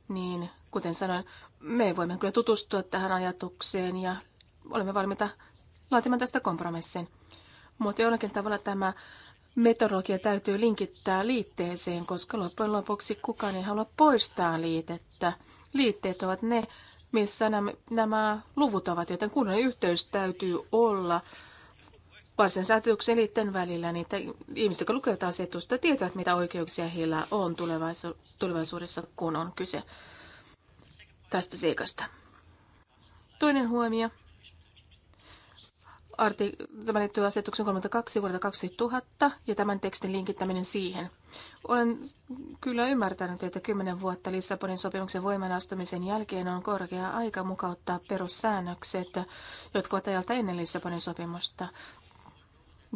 niin kuten sanoin, me voimme kyllä tutustua tähän ajatukseen ja olemme valmiita laatimaan tästä kompromissin. Mutta jollakin tavalla tämä metodologia täytyy linkittää liitteeseen, koska loppujen lopuksi kukaan ei halua poistaa liitettä. Liitteet ovat ne, missä nämä, nämä luvut ovat, joten kunnan yhteys täytyy olla varsin säätöksen liitteen välillä. Niitä ihmiset, jotka lukevat asetusta, tietävät, mitä oikeuksia heillä on tulevaisuudessa, kun on kyse tästä seikasta. Toinen huomio Arti, tämä liittyy asetuksen 32 vuodelta 2000 ja tämän tekstin linkittäminen siihen. Olen kyllä ymmärtänyt, että kymmenen vuotta Lissabonin sopimuksen voimanastumisen jälkeen on korkea aika mukauttaa perussäännökset, jotka ovat ajalta ennen Lissabonin sopimusta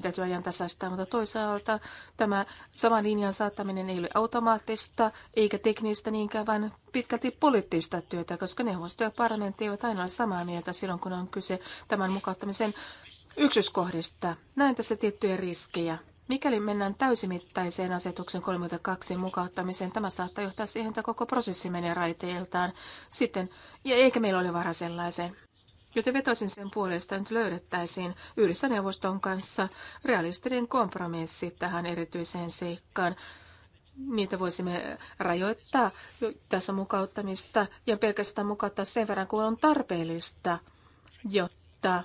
täytyy ajan tasaistaa, mutta toisaalta tämä saman linjan saattaminen ei ole automaattista eikä teknistä niinkään, vaan pitkälti poliittista työtä, koska neuvosto ja parlamentti eivät aina ole samaa mieltä silloin, kun on kyse tämän mukauttamisen yksityiskohdista. Näen tässä tiettyjä riskejä. Mikäli mennään täysimittaiseen asetuksen 32 mukauttamiseen, tämä saattaa johtaa siihen, että koko prosessi menee raiteiltaan sitten, ja eikä meillä ole varaa sellaiseen. Joten vetoisin sen puolesta, nyt löydettäisiin yhdessä neuvoston kanssa realistinen kompromissi tähän erityiseen seikkaan. Niitä voisimme rajoittaa tässä mukauttamista ja pelkästään mukauttaa sen verran, kun on tarpeellista, jotta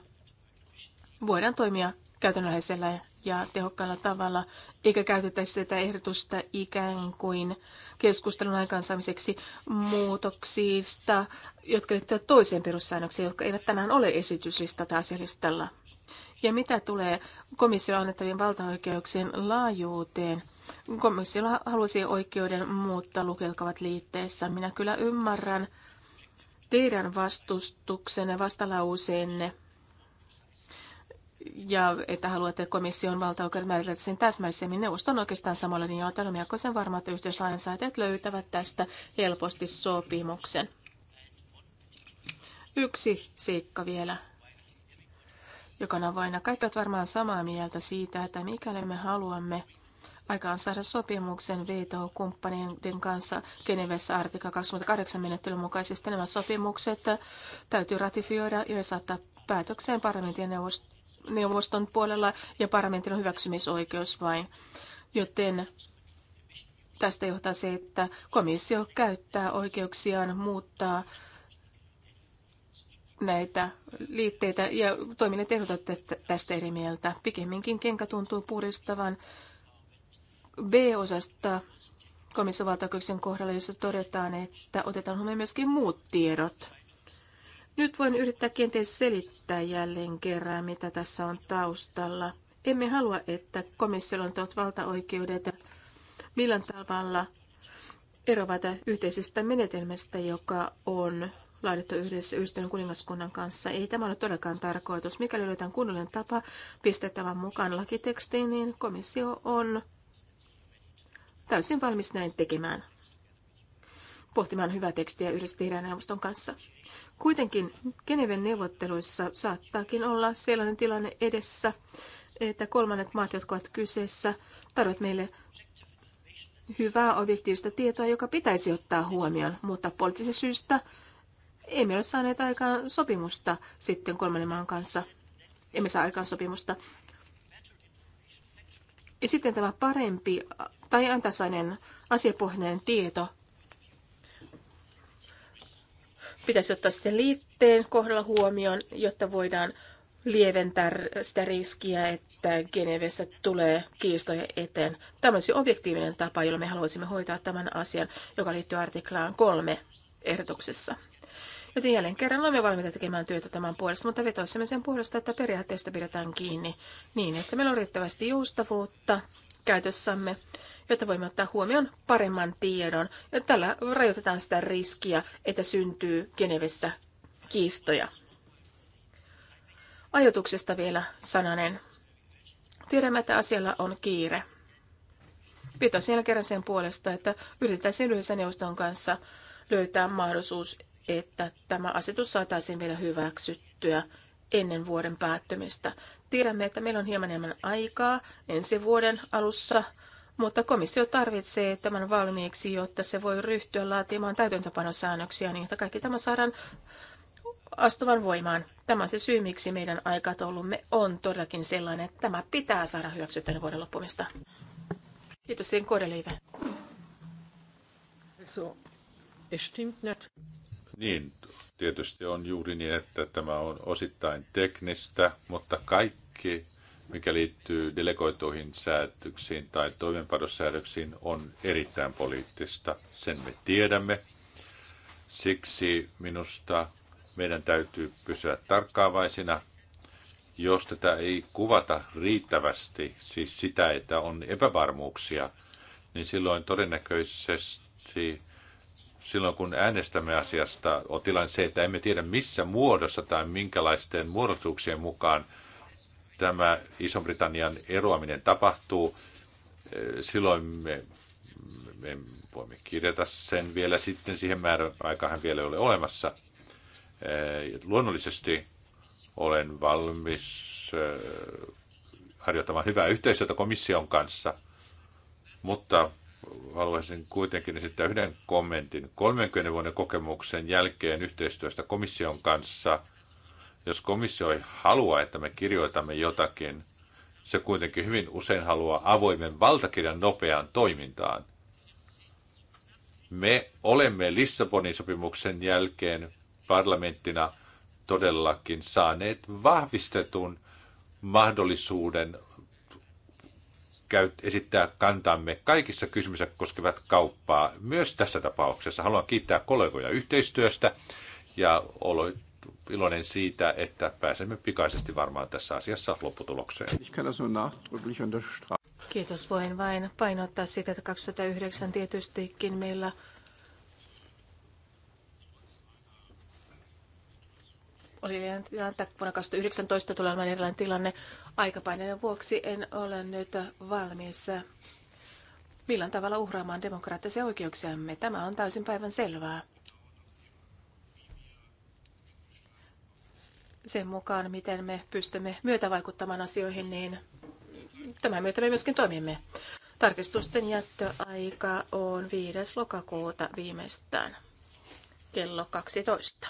voidaan toimia käytännöllisellä ja tehokkaalla tavalla, eikä käytettäisi tätä ehdotusta ikään kuin keskustelun aikaansaamiseksi muutoksista, jotka liittyvät toiseen perussäännökseen, jotka eivät tänään ole esityslista tai asialistalla. Ja mitä tulee komission annettavien valtaoikeuksien laajuuteen, komissio halusi oikeuden muuttaa lukuja, jotka ovat liitteessä. Minä kyllä ymmärrän teidän vastustuksenne vastalauseenne – ja että haluatte komission valtaoikeuden määritellä sen täsmällisemmin. Neuvosto on oikeastaan samalla niin Tämä on sen varma, että yhteislainsäätäjät löytävät tästä helposti sopimuksen. Yksi seikka vielä, joka on vaina. Kaikki ovat varmaan samaa mieltä siitä, että mikäli me haluamme aikaan saada sopimuksen VTO-kumppaneiden kanssa Genevessä artikla 28 menettelyn mukaisesti nämä sopimukset täytyy ratifioida ja saattaa päätökseen parlamentin neuvosto neuvoston puolella ja parlamentin on hyväksymisoikeus vain. Joten tästä johtaa se, että komissio käyttää oikeuksiaan muuttaa näitä liitteitä ja toiminnat ehdotat tästä eri mieltä. Pikemminkin kenkä tuntuu puristavan B-osasta komissiovaltaoikeuksien kohdalla, jossa todetaan, että otetaan huomioon myöskin muut tiedot. Nyt voin yrittää kenties selittää jälleen kerran, mitä tässä on taustalla. Emme halua, että komissiolla on valtaoikeudet millään tavalla erovat yhteisestä menetelmästä, joka on laadittu yhdessä yhdistyneen kuningaskunnan kanssa. Ei tämä ole todellakaan tarkoitus. Mikäli löydetään kunnollinen tapa pistettävän mukaan lakitekstiin, niin komissio on täysin valmis näin tekemään. Pohtimaan hyvää tekstiä yhdessä tehdään neuvoston kanssa. Kuitenkin Geneven neuvotteluissa saattaakin olla sellainen tilanne edessä, että kolmannet maat, jotka ovat kyseessä, tarvitsevat meille hyvää objektiivista tietoa, joka pitäisi ottaa huomioon, mutta poliittisesta syystä emme ole saaneet aikaan sopimusta sitten kolmannen maan kanssa. Emme saa aikaan sopimusta. Ja sitten tämä parempi tai antasainen asiapohjainen tieto pitäisi ottaa sitten liitteen kohdalla huomioon, jotta voidaan lieventää sitä riskiä, että Genevessä tulee kiistoja eteen. Tämä olisi objektiivinen tapa, jolla me haluaisimme hoitaa tämän asian, joka liittyy artiklaan kolme ehdotuksessa. Joten jälleen kerran olemme valmiita tekemään työtä tämän puolesta, mutta vetoisimme sen puolesta, että periaatteesta pidetään kiinni niin, että meillä on riittävästi joustavuutta käytössämme, jotta voimme ottaa huomioon paremman tiedon. Ja tällä rajoitetaan sitä riskiä, että syntyy Genevessä kiistoja. Ajoituksesta vielä sananen. Tiedämme, että asialla on kiire. Pito siellä kerran sen puolesta, että yritettäisiin yhdessä neuvoston kanssa löytää mahdollisuus, että tämä asetus saataisiin vielä hyväksyttyä ennen vuoden päättymistä. Tiedämme, että meillä on hieman enemmän aikaa ensi vuoden alussa, mutta komissio tarvitsee tämän valmiiksi, jotta se voi ryhtyä laatimaan täytäntöpanosäännöksiä niin, että kaikki tämä saadaan astuvan voimaan. Tämä on se syy, miksi meidän aikataulumme on todellakin sellainen, että tämä pitää saada hyväksyttyä vuoden loppumista. Kiitos, sen Kodeliive. So, es stimmt nicht. Niin, tietysti on juuri niin, että tämä on osittain teknistä, mutta kaikki, mikä liittyy delegoituihin säädöksiin tai toimenpanosäädöksiin, on erittäin poliittista. Sen me tiedämme. Siksi minusta meidän täytyy pysyä tarkkaavaisina. Jos tätä ei kuvata riittävästi, siis sitä, että on epävarmuuksia, niin silloin todennäköisesti silloin kun äänestämme asiasta, on tilanne se, että emme tiedä missä muodossa tai minkälaisten muodostuksien mukaan tämä Iso-Britannian eroaminen tapahtuu. Eh, silloin me, me voimme kirjata sen vielä sitten, siihen määräaikahan vielä ei ole olemassa. Eh, luonnollisesti olen valmis eh, harjoittamaan hyvää yhteistyötä komission kanssa, mutta haluaisin kuitenkin esittää yhden kommentin. 30 vuoden kokemuksen jälkeen yhteistyöstä komission kanssa, jos komissio ei halua, että me kirjoitamme jotakin, se kuitenkin hyvin usein haluaa avoimen valtakirjan nopeaan toimintaan. Me olemme Lissabonin sopimuksen jälkeen parlamenttina todellakin saaneet vahvistetun mahdollisuuden käyt, esittää kantamme kaikissa kysymyksissä koskevat kauppaa. Myös tässä tapauksessa haluan kiittää kollegoja yhteistyöstä ja olo iloinen siitä, että pääsemme pikaisesti varmaan tässä asiassa lopputulokseen. Kiitos. Voin vain painottaa sitä, että 2009 tietystikin meillä oli erilainen tilanne. Vuonna 2019 tulee olemaan erilainen tilanne. Aikapaineen vuoksi en ole nyt valmis millään tavalla uhraamaan demokraattisia oikeuksiamme. Tämä on täysin päivän selvää. Sen mukaan, miten me pystymme myötävaikuttamaan asioihin, niin tämän myötä me myöskin toimimme. Tarkistusten jättöaika on 5. lokakuuta viimeistään kello 12.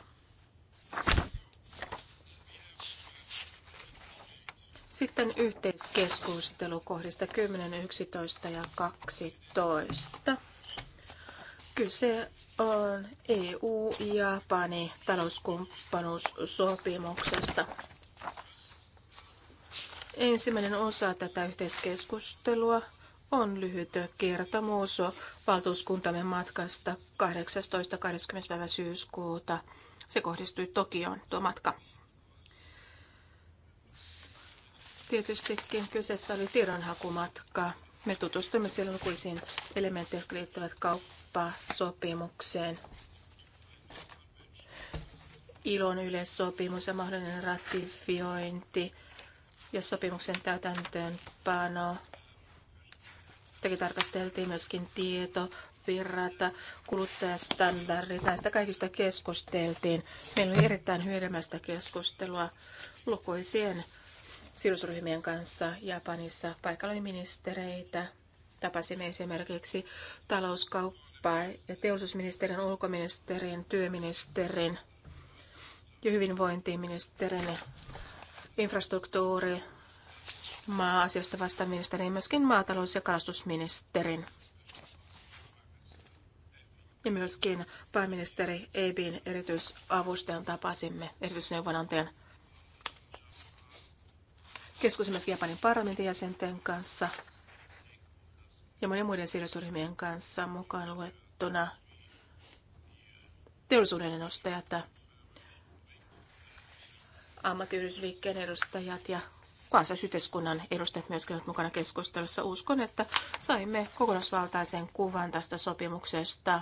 Sitten yhteiskeskustelu kohdista 10, 11 ja 12. Kyse on EU-Japani talouskumppanuussopimuksesta. Ensimmäinen osa tätä yhteiskeskustelua on lyhyt kertomus valtuuskuntamme matkasta 18.20. syyskuuta. Se kohdistui Tokioon tuo matka. Tietystikin kyseessä oli tiedonhakumatka. Me tutustuimme silloin lukuisiin elementteihin, jotka liittyvät kauppasopimukseen. Ilon yleissopimus ja mahdollinen ratifiointi ja sopimuksen täytäntöönpano. Sitäkin tarkasteltiin myöskin tieto, virrata, kuluttajastandardit, näistä kaikista keskusteltiin. Meillä oli erittäin hyödymästä keskustelua lukuisien sidosryhmien kanssa Japanissa paikalla ministereitä. Tapasimme esimerkiksi talouskauppaa ja teollisuusministerin, ulkoministerin, työministerin ja hyvinvointiministerin, infrastruktuuri, maa-asioista vastaan ministerin, myöskin maatalous- ja kalastusministerin. Ja myöskin pääministeri Ebin erityisavustajan tapasimme, erityisneuvonantajan Keskustelimme myös Japanin parlamentin jäsenten kanssa ja monen muiden sidosryhmien kanssa mukaan luettuna teollisuuden edustajat, ammattiyhdysliikkeen edustajat ja kansallisyhteiskunnan edustajat myöskin ovat mukana keskustelussa. Uskon, että saimme kokonaisvaltaisen kuvan tästä sopimuksesta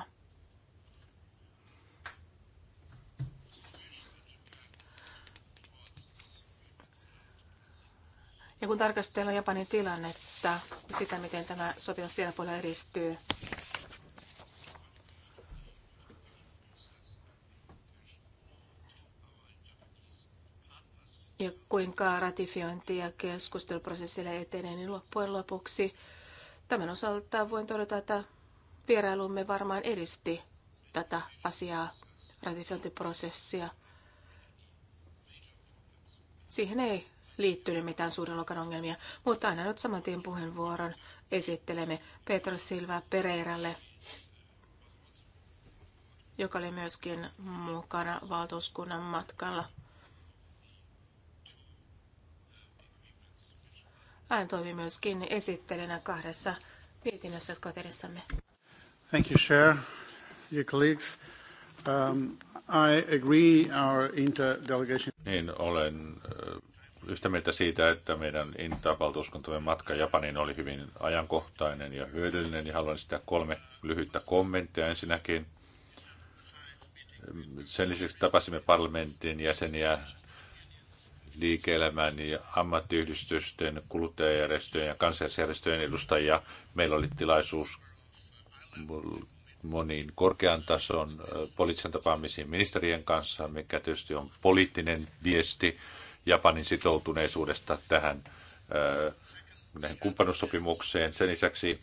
Ja kun tarkastellaan Japanin tilannetta, sitä miten tämä sopimus siellä puolella edistyy, ja kuinka ratifiointi ja keskusteluprosessille etenee, niin loppujen lopuksi tämän osalta voin todeta, että vierailumme varmaan edisti tätä asiaa, ratifiointiprosessia. Siihen ei liittynyt niin mitään suuren luokan ongelmia, mutta aina nyt saman tien puheenvuoron esittelemme Petro Silva Pereiralle, joka oli myöskin mukana valtuuskunnan matkalla. Hän toimi myöskin esittelenä kahdessa mietinnössä, jotka edessämme. Thank you, Chair. Your colleagues. Um, I agree our inter-delegation. Niin, olen yhtä mieltä siitä, että meidän Inta-valtuuskuntamme matka Japaniin oli hyvin ajankohtainen ja hyödyllinen, ja niin haluan sitä kolme lyhyttä kommenttia ensinnäkin. Sen lisäksi tapasimme parlamentin jäseniä liike-elämän ja ammattiyhdistysten, kuluttajajärjestöjen ja kansalaisjärjestöjen edustajia. Meillä oli tilaisuus moniin korkean tason poliittisen tapaamisiin ministerien kanssa, mikä tietysti on poliittinen viesti Japanin sitoutuneisuudesta tähän äh, näihin kumppanussopimukseen. Sen lisäksi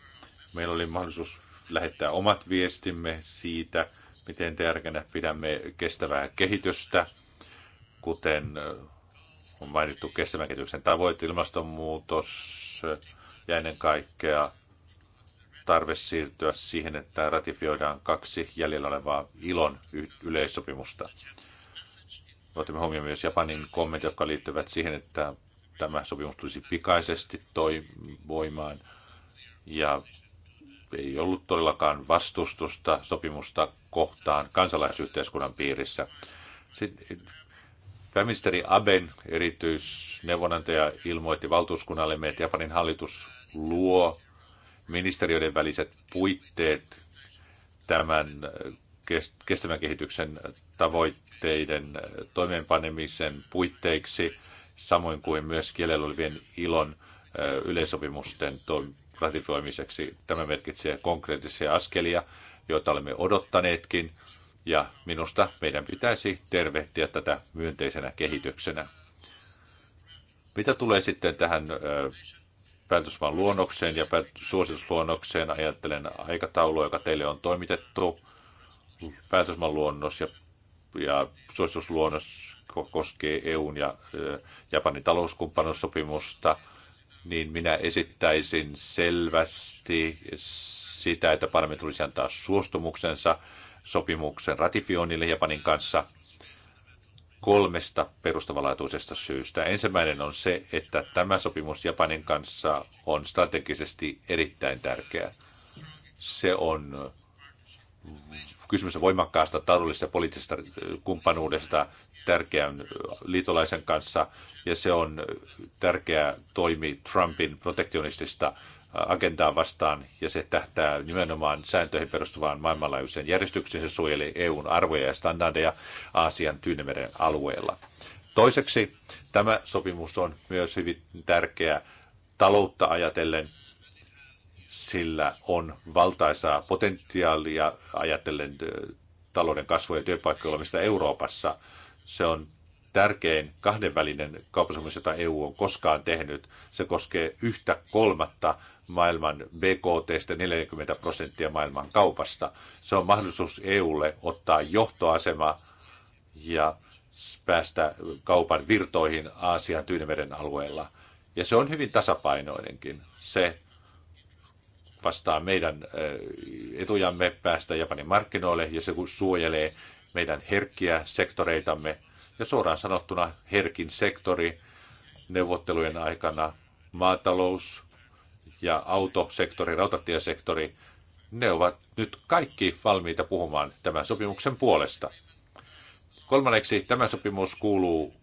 meillä oli mahdollisuus lähettää omat viestimme siitä, miten tärkeänä pidämme kestävää kehitystä, kuten äh, on mainittu kestävän kehityksen tavoite, ilmastonmuutos äh, ja ennen kaikkea tarve siirtyä siihen, että ratifioidaan kaksi jäljellä olevaa ilon yleissopimusta. Otimme huomioon myös Japanin kommentit, jotka liittyvät siihen, että tämä sopimus tulisi pikaisesti toi voimaan. Ja ei ollut todellakaan vastustusta sopimusta kohtaan kansalaisyhteiskunnan piirissä. Sitten pääministeri Aben erityisneuvonantaja ilmoitti valtuuskunnalle, että Japanin hallitus luo ministeriöiden väliset puitteet tämän äh, kestävän kehityksen tavoitteen teiden äh, toimeenpanemisen puitteiksi, samoin kuin myös kielellä olevien ilon äh, yleisopimusten ratifioimiseksi. Tämä merkitsee konkreettisia askelia, joita olemme odottaneetkin, ja minusta meidän pitäisi tervehtiä tätä myönteisenä kehityksenä. Mitä tulee sitten tähän äh, päätösmaan luonnokseen ja suositusluonnokseen, ajattelen aikataulua, joka teille on toimitettu, päätösmaan luonnos ja ja suositusluonnos koskee EUn ja Japanin talouskumppanuussopimusta, niin minä esittäisin selvästi sitä, että parlamentti tulisi antaa suostumuksensa sopimuksen ratifioinnille Japanin kanssa kolmesta perustavanlaatuisesta syystä. Ensimmäinen on se, että tämä sopimus Japanin kanssa on strategisesti erittäin tärkeä. Se on Kysymys on voimakkaasta taloudellisesta ja poliittisesta äh, kumppanuudesta tärkeän äh, liitolaisen kanssa, ja se on äh, tärkeä toimi Trumpin protektionistista agendaa vastaan, ja se tähtää nimenomaan sääntöihin perustuvaan maailmanlaajuiseen järjestykseen. Se suojeli EUn arvoja ja standardeja Aasian Tyynemeren alueella. Toiseksi tämä sopimus on myös hyvin tärkeä taloutta ajatellen – sillä on valtaisaa potentiaalia ajatellen talouden kasvua ja työpaikkojen olemista Euroopassa. Se on tärkein kahdenvälinen kauppasopimus, jota EU on koskaan tehnyt. Se koskee yhtä kolmatta maailman BKTstä 40 prosenttia maailman kaupasta. Se on mahdollisuus EUlle ottaa johtoasema ja päästä kaupan virtoihin Aasian Tyynemeren alueella. Ja se on hyvin tasapainoinenkin. Se vastaa meidän etujamme päästä Japanin markkinoille ja se suojelee meidän herkkiä sektoreitamme. Ja suoraan sanottuna herkin sektori neuvottelujen aikana maatalous ja autosektori, rautatiesektori, ne ovat nyt kaikki valmiita puhumaan tämän sopimuksen puolesta. Kolmanneksi tämä sopimus kuuluu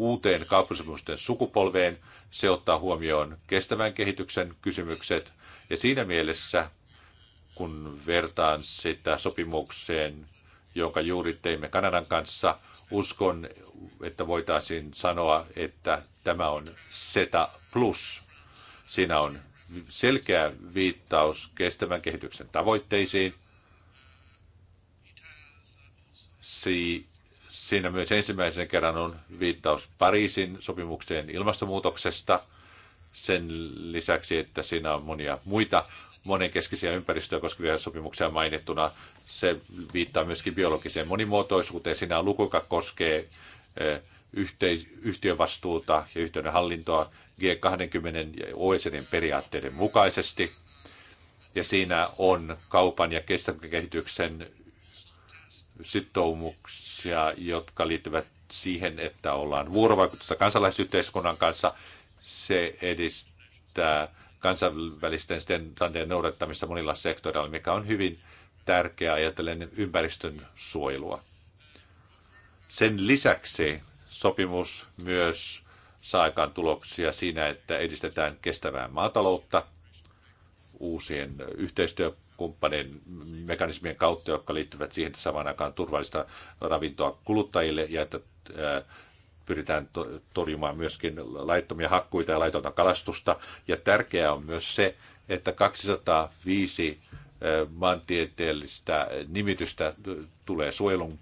uuteen kauppasopimusten sukupolveen. Se ottaa huomioon kestävän kehityksen kysymykset. Ja siinä mielessä, kun vertaan sitä sopimukseen, jonka juuri teimme Kanadan kanssa, uskon, että voitaisiin sanoa, että tämä on SETA plus. Siinä on selkeä viittaus kestävän kehityksen tavoitteisiin. Si- Siinä myös ensimmäisen kerran on viittaus Pariisin sopimukseen ilmastonmuutoksesta. Sen lisäksi, että siinä on monia muita monenkeskisiä ympäristöä koskevia sopimuksia mainittuna. Se viittaa myöskin biologiseen monimuotoisuuteen. Siinä on luku, joka koskee yhtiön vastuuta ja yhteyden hallintoa G20 ja OECDn periaatteiden mukaisesti. Ja siinä on kaupan ja kestävän kehityksen sitoumuksia, jotka liittyvät siihen, että ollaan vuorovaikutusta kansalaisyhteiskunnan kanssa. Se edistää kansainvälisten standardien noudattamista monilla sektoreilla, mikä on hyvin tärkeää ajatellen ympäristön suojelua. Sen lisäksi sopimus myös saa aikaan tuloksia siinä, että edistetään kestävää maataloutta uusien yhteistyö kumppaneen mekanismien kautta, jotka liittyvät siihen, että samaan aikaan turvallista ravintoa kuluttajille ja että äh, pyritään torjumaan myöskin laittomia hakkuita ja laitonta kalastusta. Ja tärkeää on myös se, että 205 äh, maantieteellistä nimitystä äh, tulee suojelun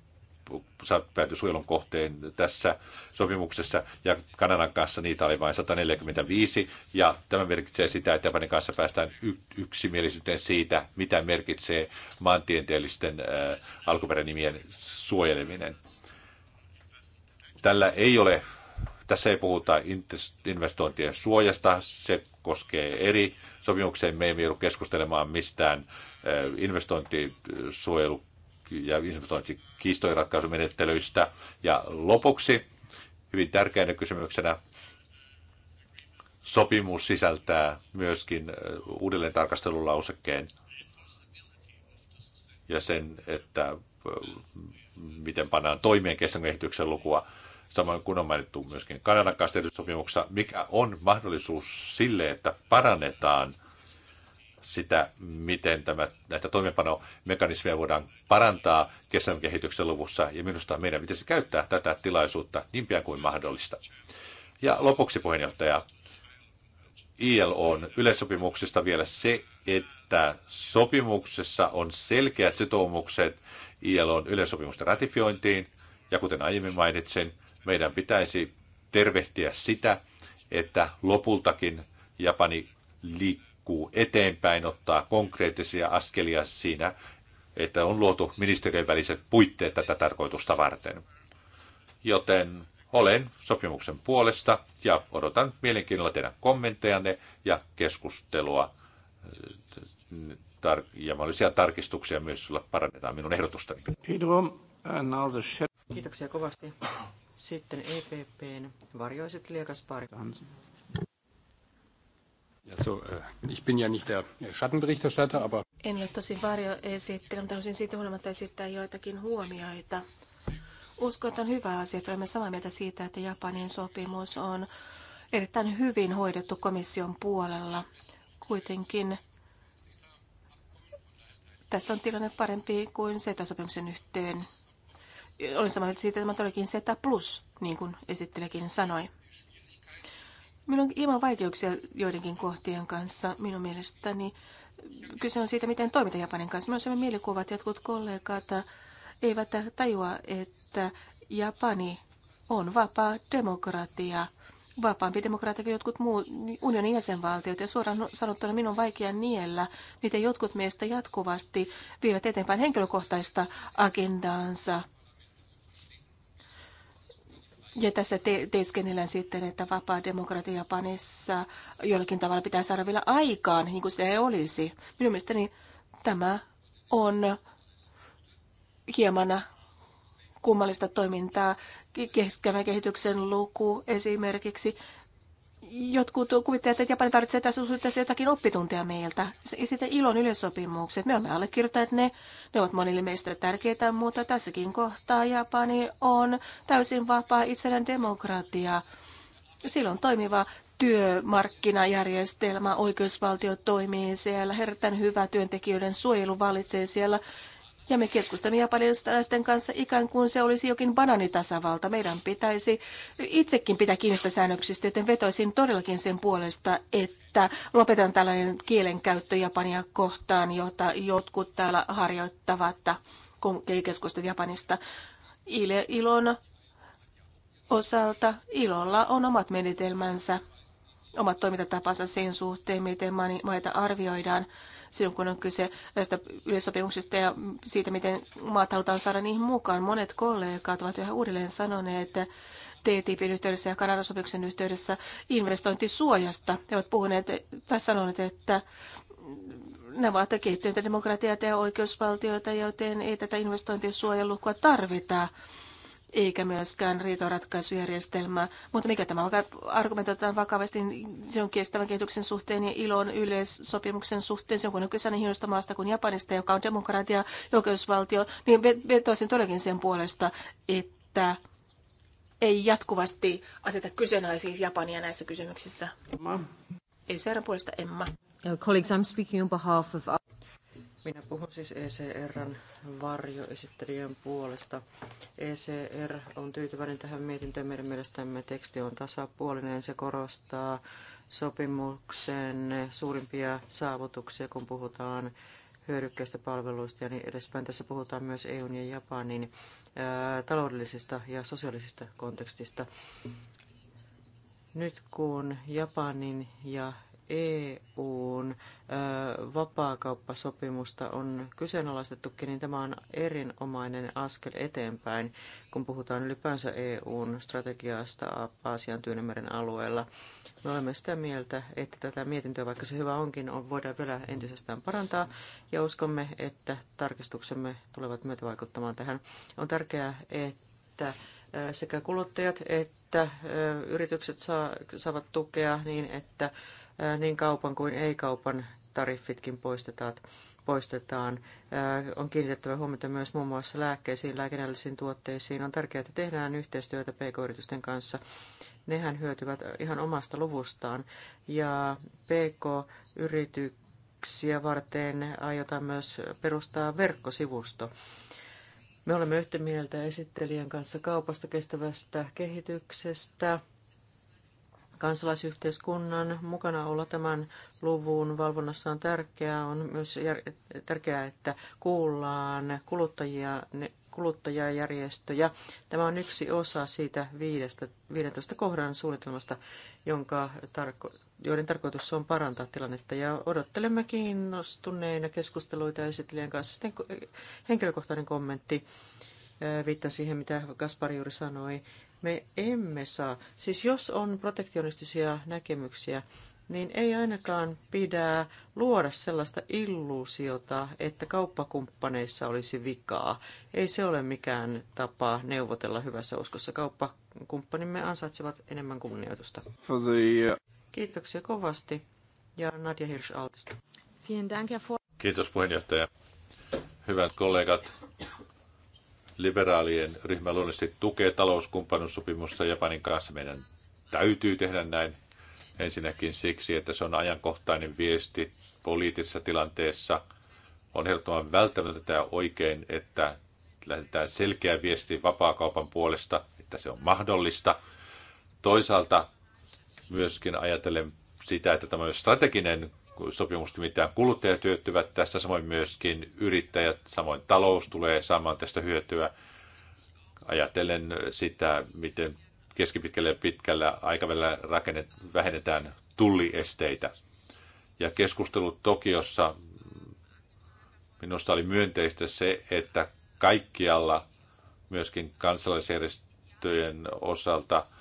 päätyi suojelun kohteen tässä sopimuksessa, ja Kanadan kanssa niitä oli vain 145, ja tämä merkitsee sitä, että Japanin kanssa päästään yksimielisyyteen siitä, mitä merkitsee maantieteellisten äh, alkuperänimien suojeleminen. Tällä ei ole, tässä ei puhuta investointien suojasta, se koskee eri sopimukseen. Me ei joudu keskustelemaan mistään äh, investointisuojelu ja kiistojen ratkaisumenettelyistä. Ja lopuksi hyvin tärkeänä kysymyksenä sopimus sisältää myöskin uudelleen tarkastelulausekkeen ja sen, että miten pannaan toimien kestävän kehityksen lukua. Samoin kun on mainittu myöskin Kanadan kanssa sopimuksessa, mikä on mahdollisuus sille, että parannetaan – sitä, miten tämä, näitä toimeenpanomekanismeja voidaan parantaa kestävän kehityksen luvussa, ja minusta meidän pitäisi käyttää tätä tilaisuutta niin pian kuin mahdollista. Ja lopuksi puheenjohtaja, ILOn yleissopimuksista vielä se, että sopimuksessa on selkeät sitoumukset ILOn yleissopimusten ratifiointiin, ja kuten aiemmin mainitsin, meidän pitäisi tervehtiä sitä, että lopultakin Japani liikkuu liikkuu eteenpäin, ottaa konkreettisia askelia siinä, että on luotu ministeriön väliset puitteet tätä tarkoitusta varten. Joten olen sopimuksen puolesta ja odotan mielenkiinnolla teidän kommenttejanne ja keskustelua tar- ja mahdollisia tarkistuksia myös, joilla parannetaan minun ehdotustani. Kiitoksia kovasti. Sitten EPPn varjoiset liekas pari. Äh, en ole tosi varjoesittelijä, mutta haluaisin siitä huolimatta esittää joitakin huomioita. Uskon, että on hyvä asia, että olemme samaa mieltä siitä, että Japanin sopimus on erittäin hyvin hoidettu komission puolella. Kuitenkin tässä on tilanne parempi kuin SETA-sopimuksen yhteen. Olen samaa mieltä siitä, että tämä olikin SETA Plus, niin kuin esittelijäkin sanoi. Minun on ilman vaikeuksia joidenkin kohtien kanssa minun mielestäni. Kyse on siitä, miten toimita Japanin kanssa. Minulla on mielikuva, että jotkut kollegat eivät tajua, että Japani on vapaa demokratia. Vapaampi demokratia kuin jotkut muut unionin jäsenvaltiot. Ja suoraan sanottuna minun on vaikea niellä, miten jotkut meistä jatkuvasti vievät eteenpäin henkilökohtaista agendaansa – ja tässä te- teeskennellään sitten, että vapaa demokratia Japanissa jollakin tavalla pitää saada vielä aikaan, niin kuin se ei olisi. Minun mielestäni tämä on hieman kummallista toimintaa. Keskävän kehityksen luku esimerkiksi jotkut kuvittelevat, että Japani tarvitsee tässä suhteessa jotakin oppituntia meiltä. Ja sitten ilon yleissopimukset, me olemme allekirjoittaneet ne, ne ovat monille meistä tärkeitä, mutta tässäkin kohtaa Japani on täysin vapaa itsenäinen demokratia. on toimiva työmarkkinajärjestelmä, oikeusvaltio toimii siellä, herättäen hyvä työntekijöiden suojelu valitsee siellä ja me keskustamme japanilaisten kanssa ikään kuin se olisi jokin bananitasavalta. Meidän pitäisi itsekin pitää kiinni säännöksistä, joten vetoisin todellakin sen puolesta, että lopetan tällainen kielenkäyttö Japania kohtaan, jota jotkut täällä harjoittavat, kun keskustelut Japanista. Ilon osalta ilolla on omat menetelmänsä, omat toimintatapansa sen suhteen, miten maita arvioidaan silloin, kun on kyse näistä yleissopimuksista ja siitä, miten maat halutaan saada niihin mukaan. Monet kollegat ovat yhä uudelleen sanoneet, että TTIPin yhteydessä ja Kanadan sopimuksen yhteydessä investointisuojasta. He ovat puhuneet tai sanoneet, että ne ovat kehittyneitä demokratiaa ja oikeusvaltioita, joten ei tätä investointisuojelukua tarvita eikä myöskään riitoratkaisujärjestelmää. Mutta mikä tämä argumentoidaan vakavasti, niin se on kestävän kehityksen suhteen ja ilon yleissopimuksen suhteen. Se on kuitenkin kyse hienosta maasta kuin Japanista, joka on demokratia ja oikeusvaltio. Niin vetoisin todellakin sen puolesta, että ei jatkuvasti aseta kyseenalaisia Japania näissä kysymyksissä. Emma. Ei puolesta Emma. Colleagues, I'm speaking on behalf of... Minä puhun siis ECRn varjoesittelijän puolesta. ECR on tyytyväinen tähän mietintöön. Meidän mielestämme teksti on tasapuolinen. Se korostaa sopimuksen suurimpia saavutuksia, kun puhutaan hyödykkeistä palveluista ja niin edespäin. Tässä puhutaan myös EUn ja Japanin ää, ja sosiaalisista kontekstista. Nyt kun Japanin ja EUn vapaakauppasopimusta on kyseenalaistettukin, niin tämä on erinomainen askel eteenpäin, kun puhutaan ylipäänsä EUn strategiasta Aasian Tyynemeren alueella. Me olemme sitä mieltä, että tätä mietintöä, vaikka se hyvä onkin, on, voidaan vielä entisestään parantaa, ja uskomme, että tarkistuksemme tulevat myötä vaikuttamaan tähän. On tärkeää, että sekä kuluttajat että yritykset saavat tukea niin, että niin kaupan kuin ei-kaupan tariffitkin poistetaan. poistetaan. On kiinnitettävä huomiota myös muun muassa lääkkeisiin, lääkinnällisiin tuotteisiin. On tärkeää, että tehdään yhteistyötä pk-yritysten kanssa. Nehän hyötyvät ihan omasta luvustaan. Ja pk-yrityksiä varten aiotaan myös perustaa verkkosivusto. Me olemme yhtä mieltä esittelijän kanssa kaupasta kestävästä kehityksestä. Kansalaisyhteiskunnan olla tämän luvun valvonnassa on tärkeää. On myös tärkeää, että kuullaan kuluttajia, ne, kuluttajajärjestöjä. Tämä on yksi osa siitä 15 kohdan suunnitelmasta, jonka tarko- joiden tarkoitus on parantaa tilannetta. Ja odottelemme kiinnostuneina keskusteluita esittelijän kanssa. Sitten henkilökohtainen kommentti viittaan siihen, mitä Kaspari juuri sanoi me emme saa. Siis jos on protektionistisia näkemyksiä, niin ei ainakaan pidä luoda sellaista illuusiota, että kauppakumppaneissa olisi vikaa. Ei se ole mikään tapa neuvotella hyvässä uskossa. Kauppakumppanimme ansaitsevat enemmän kunnioitusta. Uh, Kiitoksia kovasti ja Nadja Hirsch Altista. Kiitos puheenjohtaja. Hyvät kollegat, Liberaalien ryhmä luonnollisesti tukee talouskumppanuussopimusta Japanin kanssa. Meidän täytyy tehdä näin ensinnäkin siksi, että se on ajankohtainen viesti poliittisessa tilanteessa. On ehdottoman välttämätöntä ja oikein, että lähdetään selkeä viesti vapaakaupan puolesta, että se on mahdollista. Toisaalta myöskin ajatellen sitä, että tämä on strateginen sopimusta, mitä kuluttajat hyötyvät tästä, samoin myöskin yrittäjät, samoin talous tulee saamaan tästä hyötyä. Ajatellen sitä, miten keskipitkällä ja pitkällä aikavälillä rakennet, vähennetään tulliesteitä. Ja keskustelut Tokiossa minusta oli myönteistä se, että kaikkialla myöskin kansalaisjärjestöjen osalta –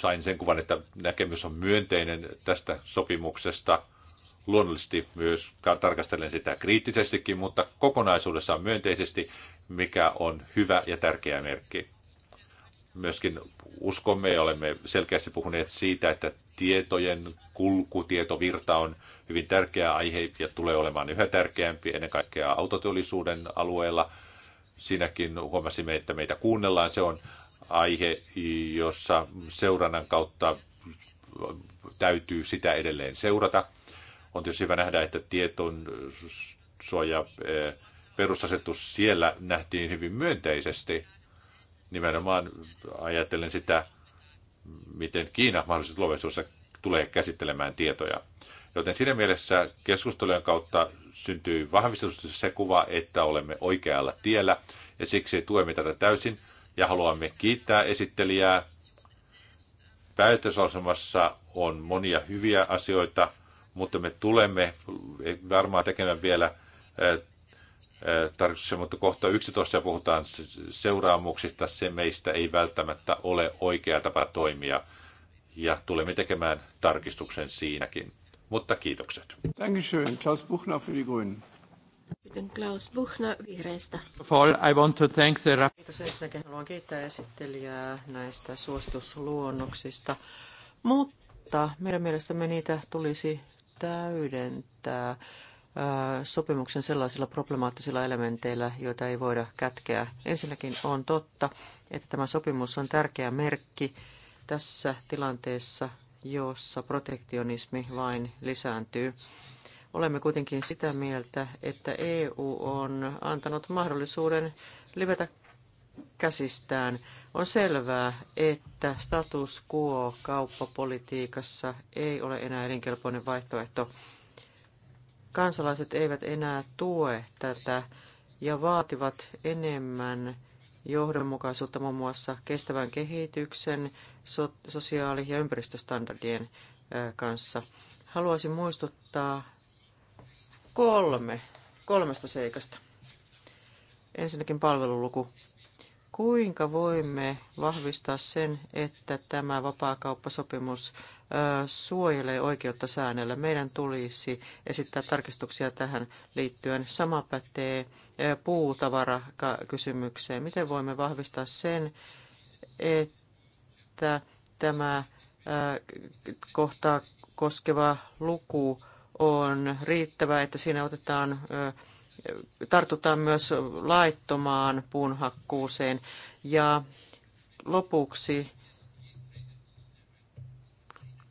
sain sen kuvan, että näkemys on myönteinen tästä sopimuksesta. Luonnollisesti myös tarkastelen sitä kriittisestikin, mutta kokonaisuudessaan myönteisesti, mikä on hyvä ja tärkeä merkki. Myöskin uskomme ja olemme selkeästi puhuneet siitä, että tietojen kulku, tietovirta on hyvin tärkeä aihe ja tulee olemaan yhä tärkeämpi ennen kaikkea autoteollisuuden alueella. Siinäkin huomasimme, että meitä kuunnellaan. Se on aihe, jossa seurannan kautta täytyy sitä edelleen seurata. On tietysti hyvä nähdä, että tieton suoja eh, perusasetus siellä nähtiin hyvin myönteisesti. Nimenomaan ajatellen sitä, miten Kiina mahdollisesti tulevaisuudessa tulee käsittelemään tietoja. Joten siinä mielessä keskustelujen kautta syntyy vahvistetusti se kuva, että olemme oikealla tiellä ja siksi tuemme tätä täysin ja haluamme kiittää esittelijää. Päätösasemassa on monia hyviä asioita, mutta me tulemme varmaan tekemään vielä tarkistuksia, mutta kohta 11 puhutaan seuraamuksista. Se meistä ei välttämättä ole oikea tapa toimia ja tulemme tekemään tarkistuksen siinäkin. Mutta kiitokset. Dankeschön, Klaus Buchner für die Grünen. Sitten Klaus Buchner vihreistä. I want to thank the... Kiitos ensinnäkin. Haluan kiittää esittelijää näistä suositusluonnoksista, mutta meidän mielestämme niitä tulisi täydentää äh, sopimuksen sellaisilla problemaattisilla elementeillä, joita ei voida kätkeä. Ensinnäkin on totta, että tämä sopimus on tärkeä merkki tässä tilanteessa, jossa protektionismi lain lisääntyy. Olemme kuitenkin sitä mieltä, että EU on antanut mahdollisuuden livetä käsistään. On selvää, että status quo kauppapolitiikassa ei ole enää elinkelpoinen vaihtoehto. Kansalaiset eivät enää tue tätä ja vaativat enemmän johdonmukaisuutta muun muassa kestävän kehityksen, so- sosiaali- ja ympäristöstandardien kanssa. Haluaisin muistuttaa kolme, kolmesta seikasta. Ensinnäkin palveluluku. Kuinka voimme vahvistaa sen, että tämä vapaakauppasopimus suojelee oikeutta säännellä. Meidän tulisi esittää tarkistuksia tähän liittyen. Sama pätee puutavarakysymykseen. Miten voimme vahvistaa sen, että tämä kohtaa koskeva luku on riittävä, että siinä otetaan, tartutaan myös laittomaan puunhakkuuseen. Ja lopuksi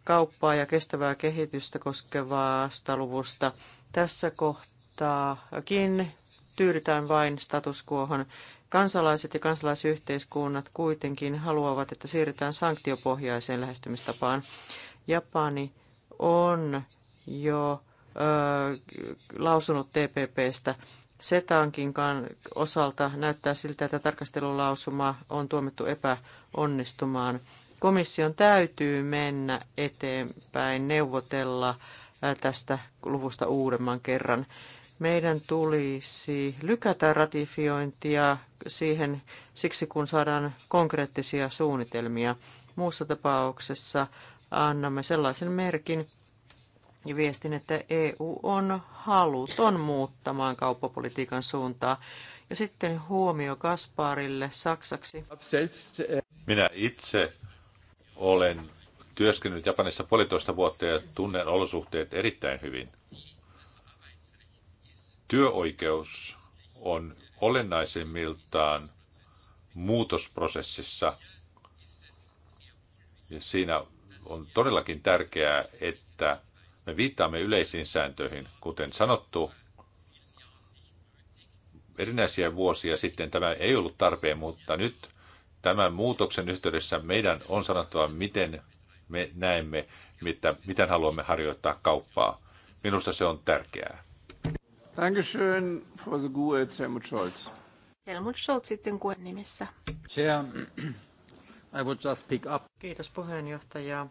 kauppaa ja kestävää kehitystä koskevaa luvusta. Tässä kohtaakin tyydytään vain status quohon. Kansalaiset ja kansalaisyhteiskunnat kuitenkin haluavat, että siirrytään sanktiopohjaiseen lähestymistapaan. Japani on jo ö, lausunut TPPstä. Setankinkaan osalta näyttää siltä, että tarkastelulausuma on tuomittu epäonnistumaan. Komission täytyy mennä eteenpäin, neuvotella tästä luvusta uudemman kerran. Meidän tulisi lykätä ratifiointia siihen siksi, kun saadaan konkreettisia suunnitelmia. Muussa tapauksessa annamme sellaisen merkin, ja viestin, että EU on haluton muuttamaan kauppapolitiikan suuntaa. Ja sitten huomio Kasparille saksaksi. Minä itse olen työskennellyt Japanissa puolitoista vuotta ja tunnen olosuhteet erittäin hyvin. Työoikeus on olennaisimmiltaan muutosprosessissa ja siinä on todellakin tärkeää, että me viittaamme yleisiin sääntöihin. Kuten sanottu, erinäisiä vuosia sitten tämä ei ollut tarpeen, mutta nyt tämän muutoksen yhteydessä meidän on sanottava, miten me näemme, mitä, miten haluamme harjoittaa kauppaa. Minusta se on tärkeää. Dankeschön for the good, Helmut Scholz. Helmut Scholz sitten kuin nimessä. Chair, I would just pick up. Kiitos puheenjohtaja.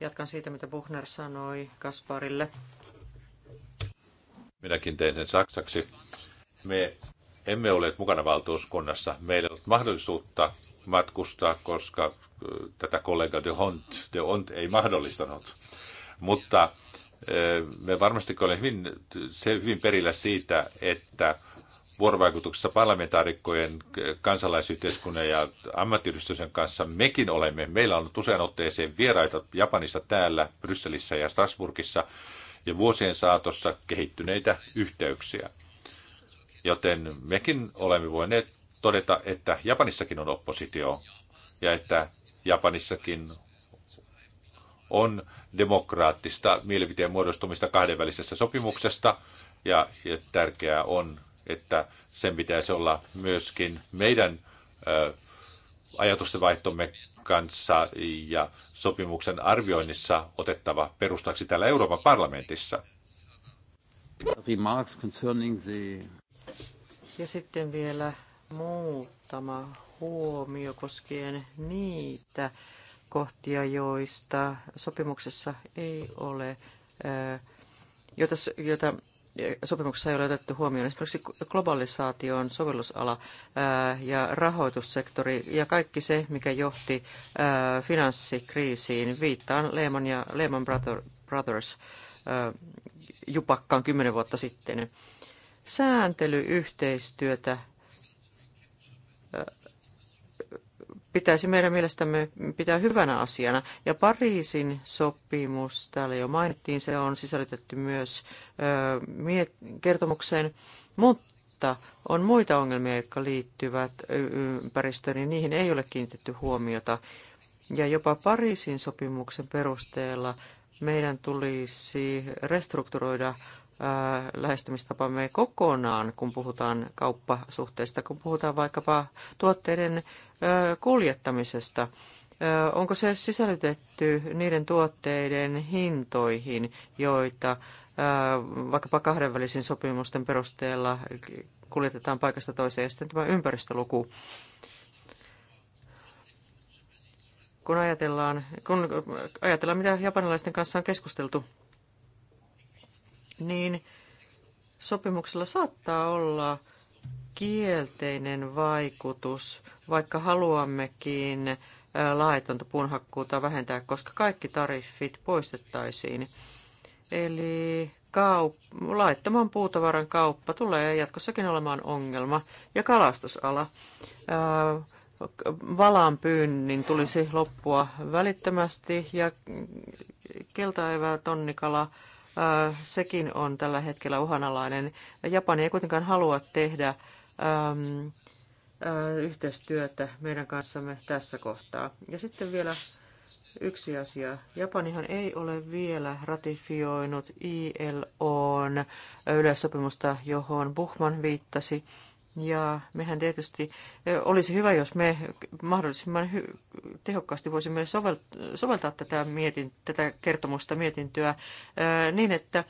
Jatkan siitä, mitä Buchner sanoi Kasparille. Minäkin tein sen saksaksi. Me emme olleet mukana valtuuskunnassa. Meillä ei ollut mahdollisuutta matkustaa, koska tätä kollega de Hont, de Hont ei mahdollistanut. Mutta me varmasti olemme hyvin, hyvin perillä siitä, että vuorovaikutuksessa parlamentaarikkojen, kansalaisyhteiskunnan ja ammattiyhdistysten kanssa mekin olemme. Meillä on usein otteeseen vieraita Japanissa täällä, Brysselissä ja Strasburgissa ja vuosien saatossa kehittyneitä yhteyksiä. Joten mekin olemme voineet todeta, että Japanissakin on oppositio ja että Japanissakin on demokraattista mielipiteen muodostumista kahdenvälisestä sopimuksesta ja, ja tärkeää on että sen pitäisi olla myöskin meidän ajatustenvaihtomme kanssa ja sopimuksen arvioinnissa otettava perustaksi täällä Euroopan parlamentissa. Ja sitten vielä muutama huomio koskien niitä kohtia, joista sopimuksessa ei ole, joita, joita sopimuksessa ei ole otettu huomioon esimerkiksi globalisaation sovellusala ja rahoitussektori ja kaikki se, mikä johti finanssikriisiin. Viittaan Lehman ja Lehman Brothers jupakkaan kymmenen vuotta sitten. Sääntelyyhteistyötä pitäisi meidän mielestämme pitää hyvänä asiana. Ja Pariisin sopimus, täällä jo mainittiin, se on sisällytetty myös kertomukseen, mutta on muita ongelmia, jotka liittyvät ympäristöön, niin niihin ei ole kiinnitetty huomiota. Ja jopa Pariisin sopimuksen perusteella meidän tulisi restrukturoida Äh, lähestymistapamme kokonaan, kun puhutaan kauppasuhteista, kun puhutaan vaikkapa tuotteiden äh, kuljettamisesta. Äh, onko se sisällytetty niiden tuotteiden hintoihin, joita vaikkapa kahdenvälisen sopimusten perusteella kuljetetaan paikasta toiseen? Ja sitten tämä ympäristöluku. Kun ajatellaan, kun ajatellaan, mitä japanilaisten kanssa on keskusteltu niin sopimuksella saattaa olla kielteinen vaikutus, vaikka haluammekin laitonta puunhakkuuta vähentää, koska kaikki tariffit poistettaisiin. Eli kaup- laittoman puutavaran kauppa tulee jatkossakin olemaan ongelma. Ja kalastusala. Ää, valan pyynnin tulisi loppua välittömästi ja keltaevä tonnikala sekin on tällä hetkellä uhanalainen. Japani ei kuitenkaan halua tehdä yhteistyötä meidän kanssamme tässä kohtaa. Ja sitten vielä yksi asia. Japanihan ei ole vielä ratifioinut ILOn yleissopimusta, johon Buchman viittasi. Ja mehän tietysti olisi hyvä, jos me mahdollisimman tehokkaasti voisimme soveltaa tätä, mietin- tätä kertomusta mietintöä niin, että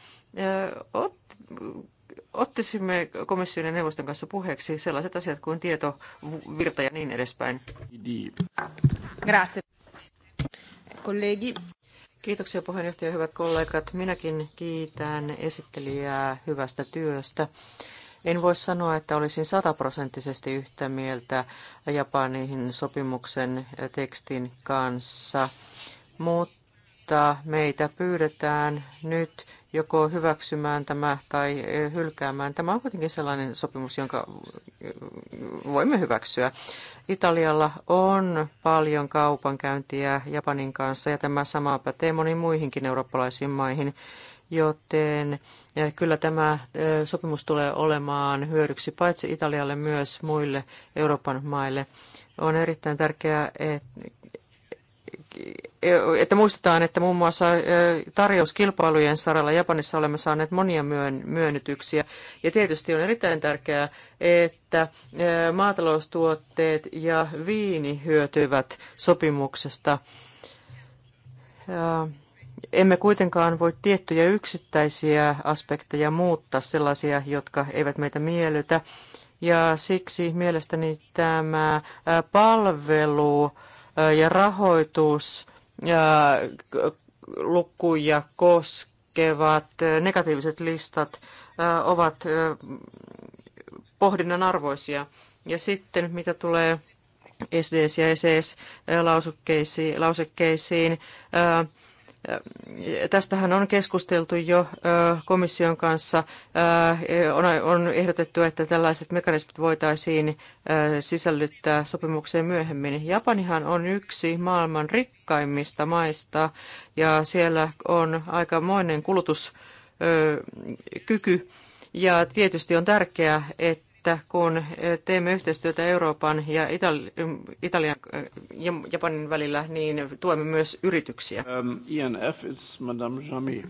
ot- ottaisimme komission ja neuvoston kanssa puheeksi sellaiset asiat kuin tietovirta ja niin edespäin. Grazie. Kollegi. Kiitoksia puheenjohtaja, hyvät kollegat. Minäkin kiitän esittelijää hyvästä työstä. En voi sanoa, että olisin sataprosenttisesti yhtä mieltä Japanin sopimuksen tekstin kanssa, mutta meitä pyydetään nyt joko hyväksymään tämä tai hylkäämään. Tämä on kuitenkin sellainen sopimus, jonka voimme hyväksyä. Italialla on paljon kaupankäyntiä Japanin kanssa ja tämä sama pätee moniin muihinkin eurooppalaisiin maihin joten kyllä tämä sopimus tulee olemaan hyödyksi paitsi Italialle myös muille Euroopan maille. On erittäin tärkeää, e, että muistetaan, että muun muassa tarjouskilpailujen saralla Japanissa olemme saaneet monia myönnytyksiä. Ja tietysti on erittäin tärkeää, että maataloustuotteet ja viini hyötyvät sopimuksesta. Emme kuitenkaan voi tiettyjä yksittäisiä aspekteja muuttaa, sellaisia, jotka eivät meitä miellytä. Ja siksi mielestäni tämä palvelu ja rahoitus ja lukuja koskevat negatiiviset listat ovat pohdinnan arvoisia. Ja sitten mitä tulee SDS- ja ECS-lausekkeisiin, Tästähän on keskusteltu jo komission kanssa. On ehdotettu, että tällaiset mekanismit voitaisiin sisällyttää sopimukseen myöhemmin. Japanihan on yksi maailman rikkaimmista maista ja siellä on aikamoinen kulutuskyky. Ja tietysti on tärkeää, että että kun teemme yhteistyötä Euroopan ja Itali- Italian äh, ja Japanin välillä, niin tuemme myös yrityksiä. Um, ähm, INF, it's Madame Jamy.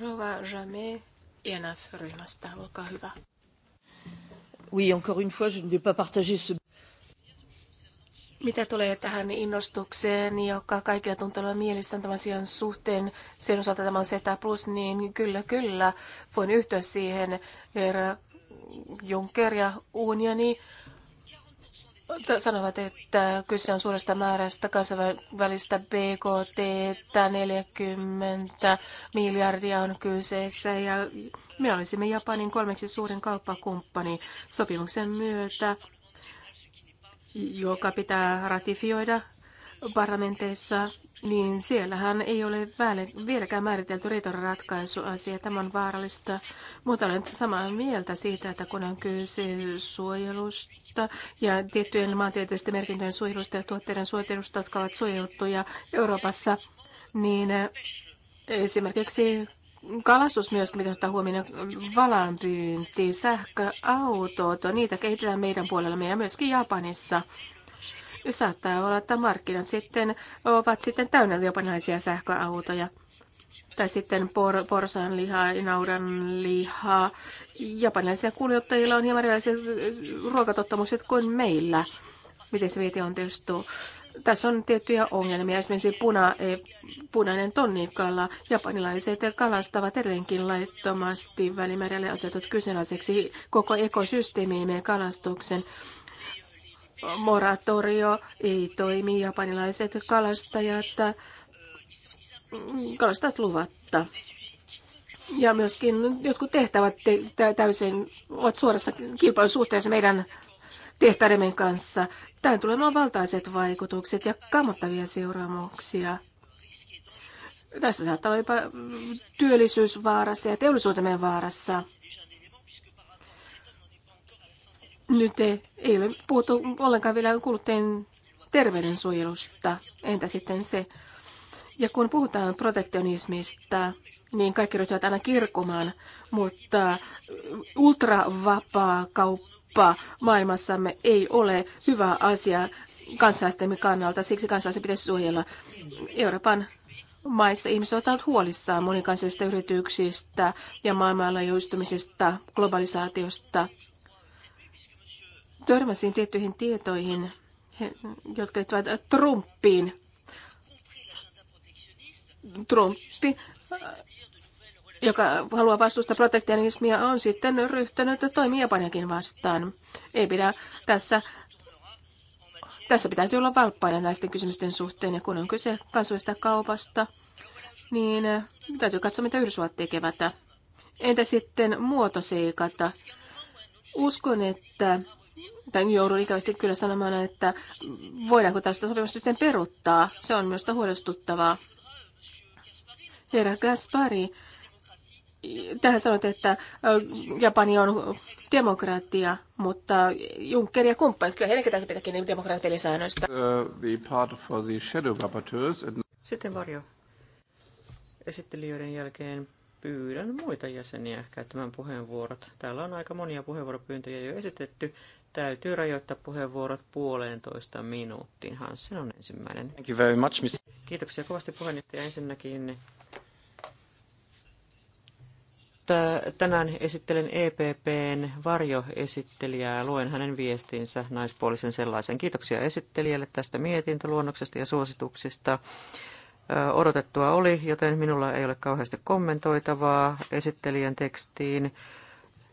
Rova Jamy, INF-ryhmästä, olkaa hyvä. Oui, encore une fois, je ne vais pas partager ce... Mitä tulee tähän innostukseen, joka kaikilla tuntuu olevan mielessään tämän asian suhteen, sen osalta tämä on Z+, niin kyllä, kyllä, voin yhtyä siihen, herra Juncker ja unioni sanovat, että kyse on suuresta määrästä kansainvälistä BKT, 40 miljardia on kyseessä ja me olisimme Japanin kolmeksi suurin kauppakumppani sopimuksen myötä, joka pitää ratifioida parlamenteissa niin siellähän ei ole vieläkään määritelty riitoratkaisuasia. Tämä on vaarallista, mutta olen samaa mieltä siitä, että kun on kyse suojelusta ja tiettyjen maantieteellisten merkintöjen suojelusta ja tuotteiden suojelusta, jotka ovat suojeltuja Euroopassa, niin eh, esimerkiksi kalastus myös, mitä ottaa huomioon, valanpyynti, sähköautot, niitä kehitetään meidän puolellamme ja myöskin Japanissa – Saattaa olla, että markkinat sitten ovat sitten täynnä jopa naisia sähköautoja. Tai sitten por- lihaa, ja lihaa. Japanilaisilla kuljettajilla on hieman erilaiset eh, ruokatottamukset kuin meillä. Miten se vieti tietysti. tässä on tiettyjä ongelmia. Esimerkiksi puna, eh, punainen tonnikala. Japanilaiset kalastavat edelleenkin laittomasti välimerelle asetut kyseenalaiseksi koko ekosysteemiimme kalastuksen moratorio ei toimi, japanilaiset kalastajat mm, kalastajat luvatta. Ja myöskin jotkut tehtävät te- täysin ovat suorassa kilpailusuhteessa meidän tehtäremme kanssa. Tähän tulee nuo valtaiset vaikutukset ja kammottavia seuraamuksia. Tässä saattaa olla jopa mm, työllisyysvaarassa ja teollisuutemme vaarassa nyt ei, ei ole puhuttu ollenkaan vielä kuluttajien terveydensuojelusta. Entä sitten se? Ja kun puhutaan protektionismista, niin kaikki ryhtyvät aina kirkumaan, mutta ultravapaa kauppa maailmassamme ei ole hyvä asia kansalaistemme kannalta. Siksi kansalaiset pitäisi suojella. Euroopan maissa ihmiset ovat huolissaan monikansallisista yrityksistä ja maailmanlaajuistumisesta, globalisaatiosta – törmäsin tiettyihin tietoihin, jotka liittyvät Trumpiin. Trumpi, joka haluaa vastustaa protektionismia, on sitten ryhtynyt toimia Japaniakin vastaan. Ei pidä tässä tässä pitää olla valppaina näisten kysymysten suhteen, ja kun on kyse kansallisesta kaupasta, niin äh, täytyy katsoa, mitä Yhdysvallat tekevät. Entä sitten muotoseikata? Uskon, että tai joudun ikävästi kyllä sanomaan, että voidaanko tästä sopimusta sitten peruttaa. Se on minusta huolestuttavaa. Herra Gaspari, tähän sanot, että Japani on demokratia, mutta Juncker ja kumppanit, kyllä heidänkin täytyy pitääkin demokratiapelisäännöistä. Uh, sitten varjo. Esittelijöiden jälkeen pyydän muita jäseniä käyttämään puheenvuorot. Täällä on aika monia puheenvuoropyyntöjä jo esitetty täytyy rajoittaa puheenvuorot puoleentoista minuuttiin. Hansen on ensimmäinen. Thank you very much, Mr. Kiitoksia kovasti puheenjohtaja ensinnäkin. Tänään esittelen EPPn varjoesittelijää. Luen hänen viestinsä naispuolisen sellaisen. Kiitoksia esittelijälle tästä mietintöluonnoksesta ja suosituksista. Odotettua oli, joten minulla ei ole kauheasti kommentoitavaa esittelijän tekstiin.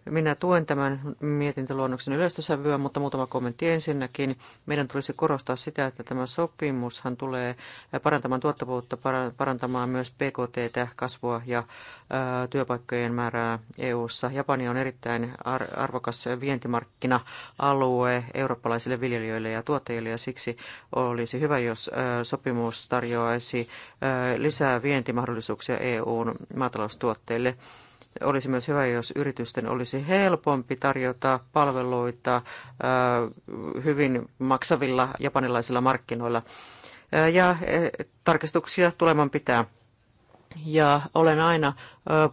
Minä tuen tämän mietintöluonnoksen yleistä sävyä, mutta muutama kommentti ensinnäkin. Meidän tulisi korostaa sitä, että tämä sopimushan tulee parantamaan tuottavuutta, parantamaan myös PKT, kasvua ja työpaikkojen määrää EU-ssa. Japani on erittäin arvokas vientimarkkina-alue eurooppalaisille viljelijöille ja tuottajille, ja siksi olisi hyvä, jos sopimus tarjoaisi lisää vientimahdollisuuksia EUn maataloustuotteille. Olisi myös hyvä, jos yritysten olisi helpompi tarjota palveluita hyvin maksavilla japanilaisilla markkinoilla. Ja tarkistuksia tuleman pitää ja olen aina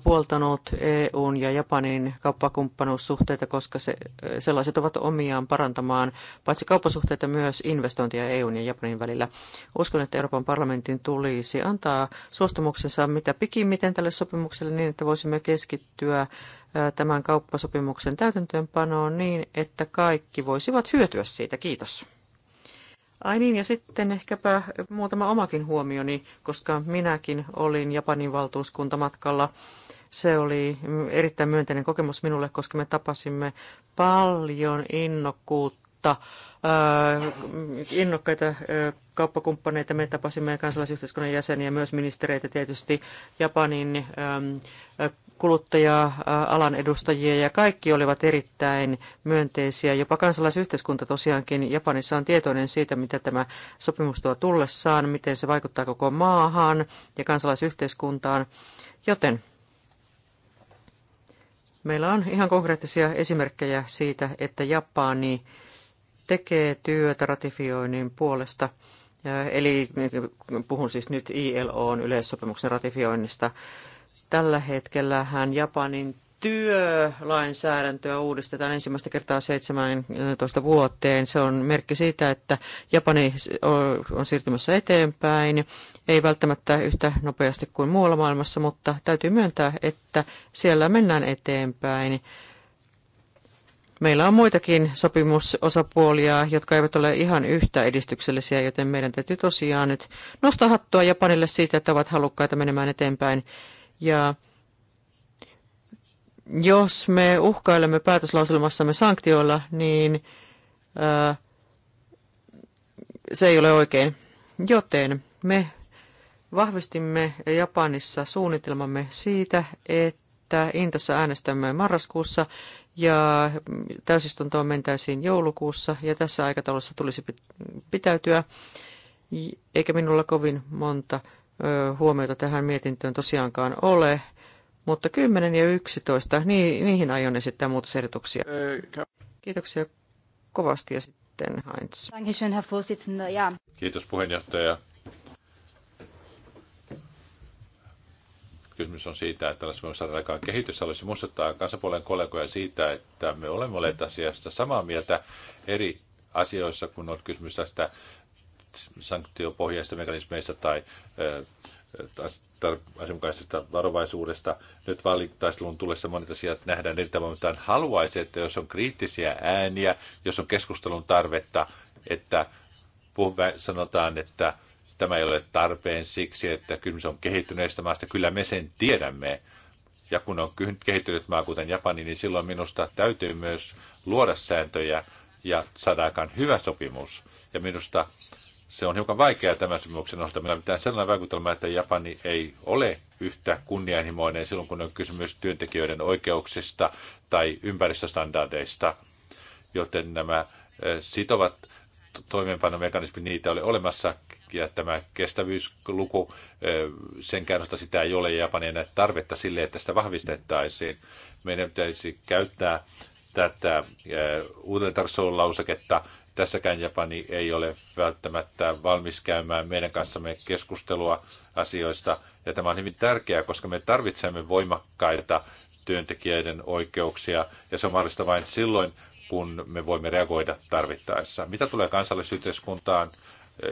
puoltanut EUn ja Japanin kauppakumppanuussuhteita, koska se, sellaiset ovat omiaan parantamaan paitsi kauppasuhteita myös investointia EUn ja Japanin välillä. Uskon, että Euroopan parlamentin tulisi antaa suostumuksensa mitä pikimmiten tälle sopimukselle niin, että voisimme keskittyä tämän kauppasopimuksen täytäntöönpanoon niin, että kaikki voisivat hyötyä siitä. Kiitos. Ai niin, ja sitten ehkäpä muutama omakin huomioni, koska minäkin olin Japanin valtuuskuntamatkalla. Se oli erittäin myönteinen kokemus minulle, koska me tapasimme paljon innokkuutta, äh, innokkaita äh, kauppakumppaneita. Me tapasimme kansalaisyhteiskunnan jäseniä, myös ministereitä tietysti Japanin ähm, kuluttaja-alan edustajia ja kaikki olivat erittäin myönteisiä. Jopa kansalaisyhteiskunta tosiaankin Japanissa on tietoinen siitä, mitä tämä sopimus tuo tullessaan, miten se vaikuttaa koko maahan ja kansalaisyhteiskuntaan. Joten meillä on ihan konkreettisia esimerkkejä siitä, että Japani tekee työtä ratifioinnin puolesta. Eli puhun siis nyt ILOn yleissopimuksen ratifioinnista Tällä hetkellähän Japanin työlainsäädäntöä uudistetaan ensimmäistä kertaa 17 vuoteen. Se on merkki siitä, että Japani on siirtymässä eteenpäin. Ei välttämättä yhtä nopeasti kuin muualla maailmassa, mutta täytyy myöntää, että siellä mennään eteenpäin. Meillä on muitakin sopimusosapuolia, jotka eivät ole ihan yhtä edistyksellisiä, joten meidän täytyy tosiaan nyt nostaa hattua Japanille siitä, että ovat halukkaita menemään eteenpäin ja jos me uhkailemme päätöslauselmassamme sanktioilla, niin ää, äh, se ei ole oikein. Joten me vahvistimme Japanissa suunnitelmamme siitä, että Intassa äänestämme marraskuussa ja täysistuntoon mentäisiin joulukuussa ja tässä aikataulussa tulisi pitäytyä, eikä minulla kovin monta huomiota tähän mietintöön tosiaankaan ole, mutta 10 ja 11, niin, niihin aion esittää muutosehdotuksia. Kiitoksia kovasti ja sitten Heinz. Kiitos puheenjohtaja. Kysymys on siitä, että olisimme voimassa aikaan kehitys. Haluaisin muistuttaa kansapuolen kollegoja siitä, että me olemme olleet asiasta samaa mieltä eri asioissa, kun on kysymys tästä sanktiopohjaisista mekanismeista tai asianmukaisesta varovaisuudesta. Nyt vaalitaistelun tulessa monet asiat nähdään eri tavoin, mutta haluaisin, että jos on kriittisiä ääniä, jos on keskustelun tarvetta, että puhumme, sanotaan, että tämä ei ole tarpeen siksi, että kysymys on kehittyneestä maasta. Kyllä me sen tiedämme. Ja kun on kehittynyt maa, kuten Japani, niin silloin minusta täytyy myös luoda sääntöjä ja saada aikaan hyvä sopimus. Ja minusta se on hiukan vaikeaa tämän sopimuksen osalta. Meillä on mitään sellainen vaikutelma, että Japani ei ole yhtä kunnianhimoinen silloin, kun on kysymys työntekijöiden oikeuksista tai ympäristöstandardeista, joten nämä eh, sitovat toimeenpanomekanismit, niitä oli olemassa, ja tämä kestävyysluku, eh, sen käännöstä sitä ei ole, ja Japani ei tarvetta sille, että sitä vahvistettaisiin. Meidän pitäisi käyttää tätä eh, uudelleen lauseketta Tässäkään Japani ei ole välttämättä valmis käymään meidän kanssamme keskustelua asioista. Ja tämä on hyvin tärkeää, koska me tarvitsemme voimakkaita työntekijöiden oikeuksia, ja se on mahdollista vain silloin, kun me voimme reagoida tarvittaessa. Mitä tulee kansallisyhteiskuntaan,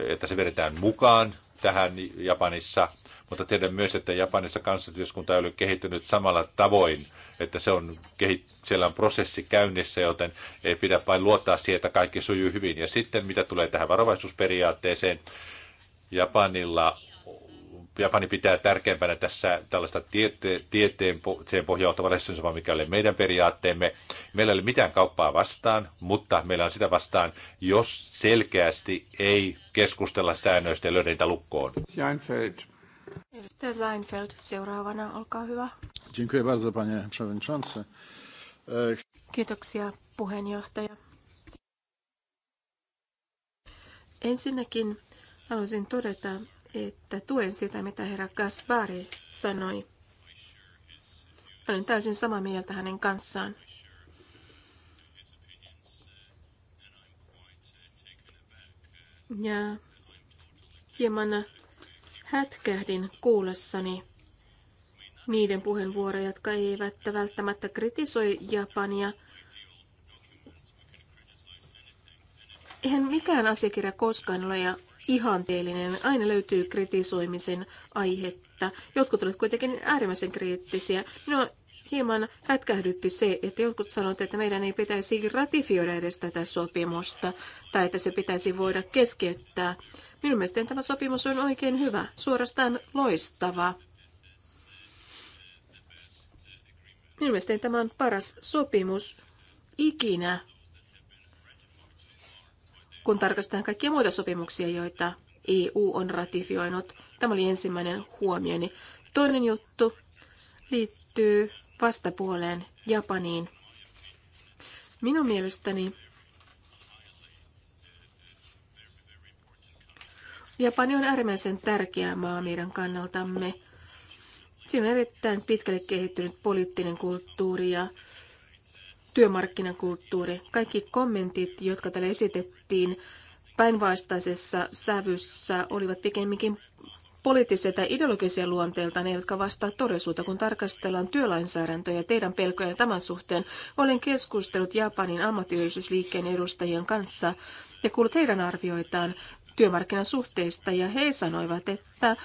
että se vedetään mukaan, tähän Japanissa, mutta tiedän myös, että Japanissa kansallisyyskunta ei ole kehittynyt samalla tavoin, että se on, kehit, siellä on prosessi käynnissä, joten ei pidä vain luottaa siihen, että kaikki sujuu hyvin. Ja sitten mitä tulee tähän varovaisuusperiaatteeseen, Japanilla Japani pitää tärkeimpänä tässä tällaista tiete, tieteen, siihen pohjautuvaa lähestymistapaa, mikä oli meidän periaatteemme. Meillä ei ole mitään kauppaa vastaan, mutta meillä on sitä vastaan, jos selkeästi ei keskustella säännöistä ja löydä niitä lukkoon. Seinfeld. Edustaja Seinfeld seuraavana, olkaa hyvä. Dziękuję bardzo, panie przewodniczący. E, Kiitoksia, puheenjohtaja. Ensinnäkin haluaisin todeta, että tuen sitä, mitä herra Gaspari sanoi. Olen täysin samaa mieltä hänen kanssaan. Ja hieman hätkähdin kuullessani niiden puheenvuoroja, jotka eivät välttämättä kritisoi Japania. Eihän mikään asiakirja koskaan ole ihanteellinen. Aina löytyy kritisoimisen aihetta. Jotkut olivat kuitenkin äärimmäisen kriittisiä. Minua hieman hätkähdytti se, että jotkut sanoivat, että meidän ei pitäisi ratifioida edes tätä sopimusta tai että se pitäisi voida keskeyttää. Minun mielestäni tämä sopimus on oikein hyvä, suorastaan loistava. Minun mielestäni tämä on paras sopimus ikinä kun tarkastetaan kaikkia muita sopimuksia, joita EU on ratifioinut. Tämä oli ensimmäinen huomioni. Toinen juttu liittyy vastapuoleen Japaniin. Minun mielestäni Japani on äärimmäisen tärkeä maa meidän kannaltamme. Siinä on erittäin pitkälle kehittynyt poliittinen kulttuuri ja työmarkkinakulttuuri. Kaikki kommentit, jotka täällä esitettiin, esitettiin päinvastaisessa sävyssä olivat pikemminkin poliittisia tai ideologisia luonteelta, ne jotka vastaa todellisuutta, kun tarkastellaan työlainsäädäntöä ja teidän pelkojen tämän suhteen. Olen keskustellut Japanin ammattiyhdistysliikkeen edustajien kanssa ja kuullut heidän arvioitaan työmarkkinasuhteista ja he sanoivat, että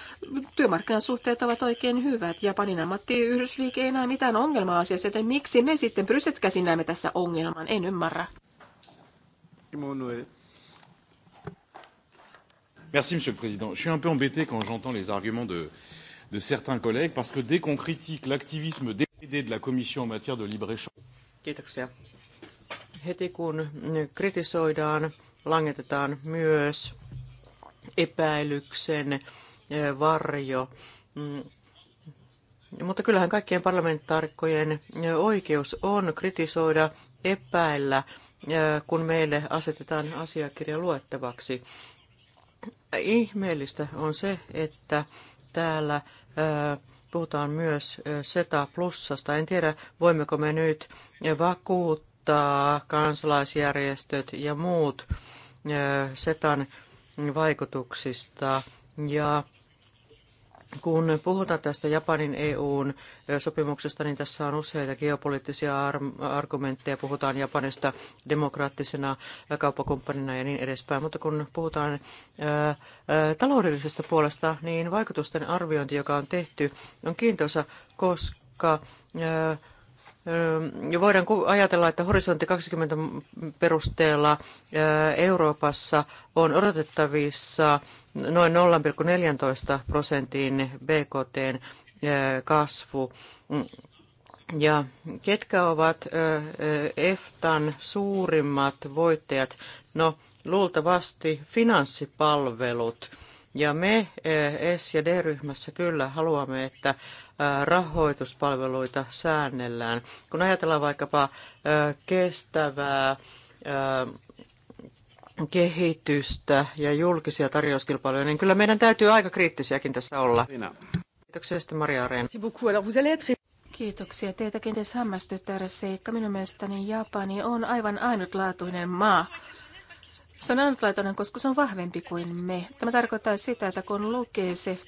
työmarkkinasuhteet ovat oikein hyvät. Japanin ammattiyhdistysliike ei näe mitään ongelmaa asiassa, joten miksi me sitten Brysset käsin näemme tässä ongelman? En ymmärrä. Emmanuel. Merci, Monsieur le Président. Je suis un peu embêté quand j'entends les arguments de, de certains collègues, parce que dès qu'on critique l'activisme délégué de la Commission en matière de libre-échange... Kiitoksia. Heti kun kritisoidaan, langetetaan myös epäilyksen varjo. Mm. Mutta kyllähän kaikkien parlamentaarikkojen oikeus on kritisoida, epäillä – kun meille asetetaan asiakirja luettavaksi. Ihmeellistä on se, että täällä puhutaan myös SETA plussasta. En tiedä, voimmeko me nyt vakuuttaa kansalaisjärjestöt ja muut SETAn vaikutuksista ja kun puhutaan tästä Japanin EUn sopimuksesta, niin tässä on useita geopoliittisia argumentteja. Puhutaan Japanista demokraattisena kauppakumppanina ja niin edespäin. Mutta kun puhutaan ää, ää, taloudellisesta puolesta, niin vaikutusten arviointi, joka on tehty, on kiintoisa, koska ää, ja voidaan ajatella, että horisontti 20 perusteella Euroopassa on odotettavissa noin 0,14 prosentin BKT kasvu. Ja ketkä ovat EFTAn suurimmat voittajat? No, luultavasti finanssipalvelut ja me eh, S- ja D-ryhmässä kyllä haluamme, että eh, rahoituspalveluita säännellään. Kun ajatellaan vaikkapa eh, kestävää kehitystä ja julkisia tarjouskilpailuja, niin kyllä meidän täytyy aika kriittisiäkin tässä olla. Kiitoksia sitten Maria Areen. Kiitoksia. Teitä kenties hämmästyttää seikka. Minun mielestäni Japani on aivan ainutlaatuinen maa. Se on ainutlaatuinen, koska se on vahvempi kuin me. Tämä tarkoittaa sitä, että kun lukee se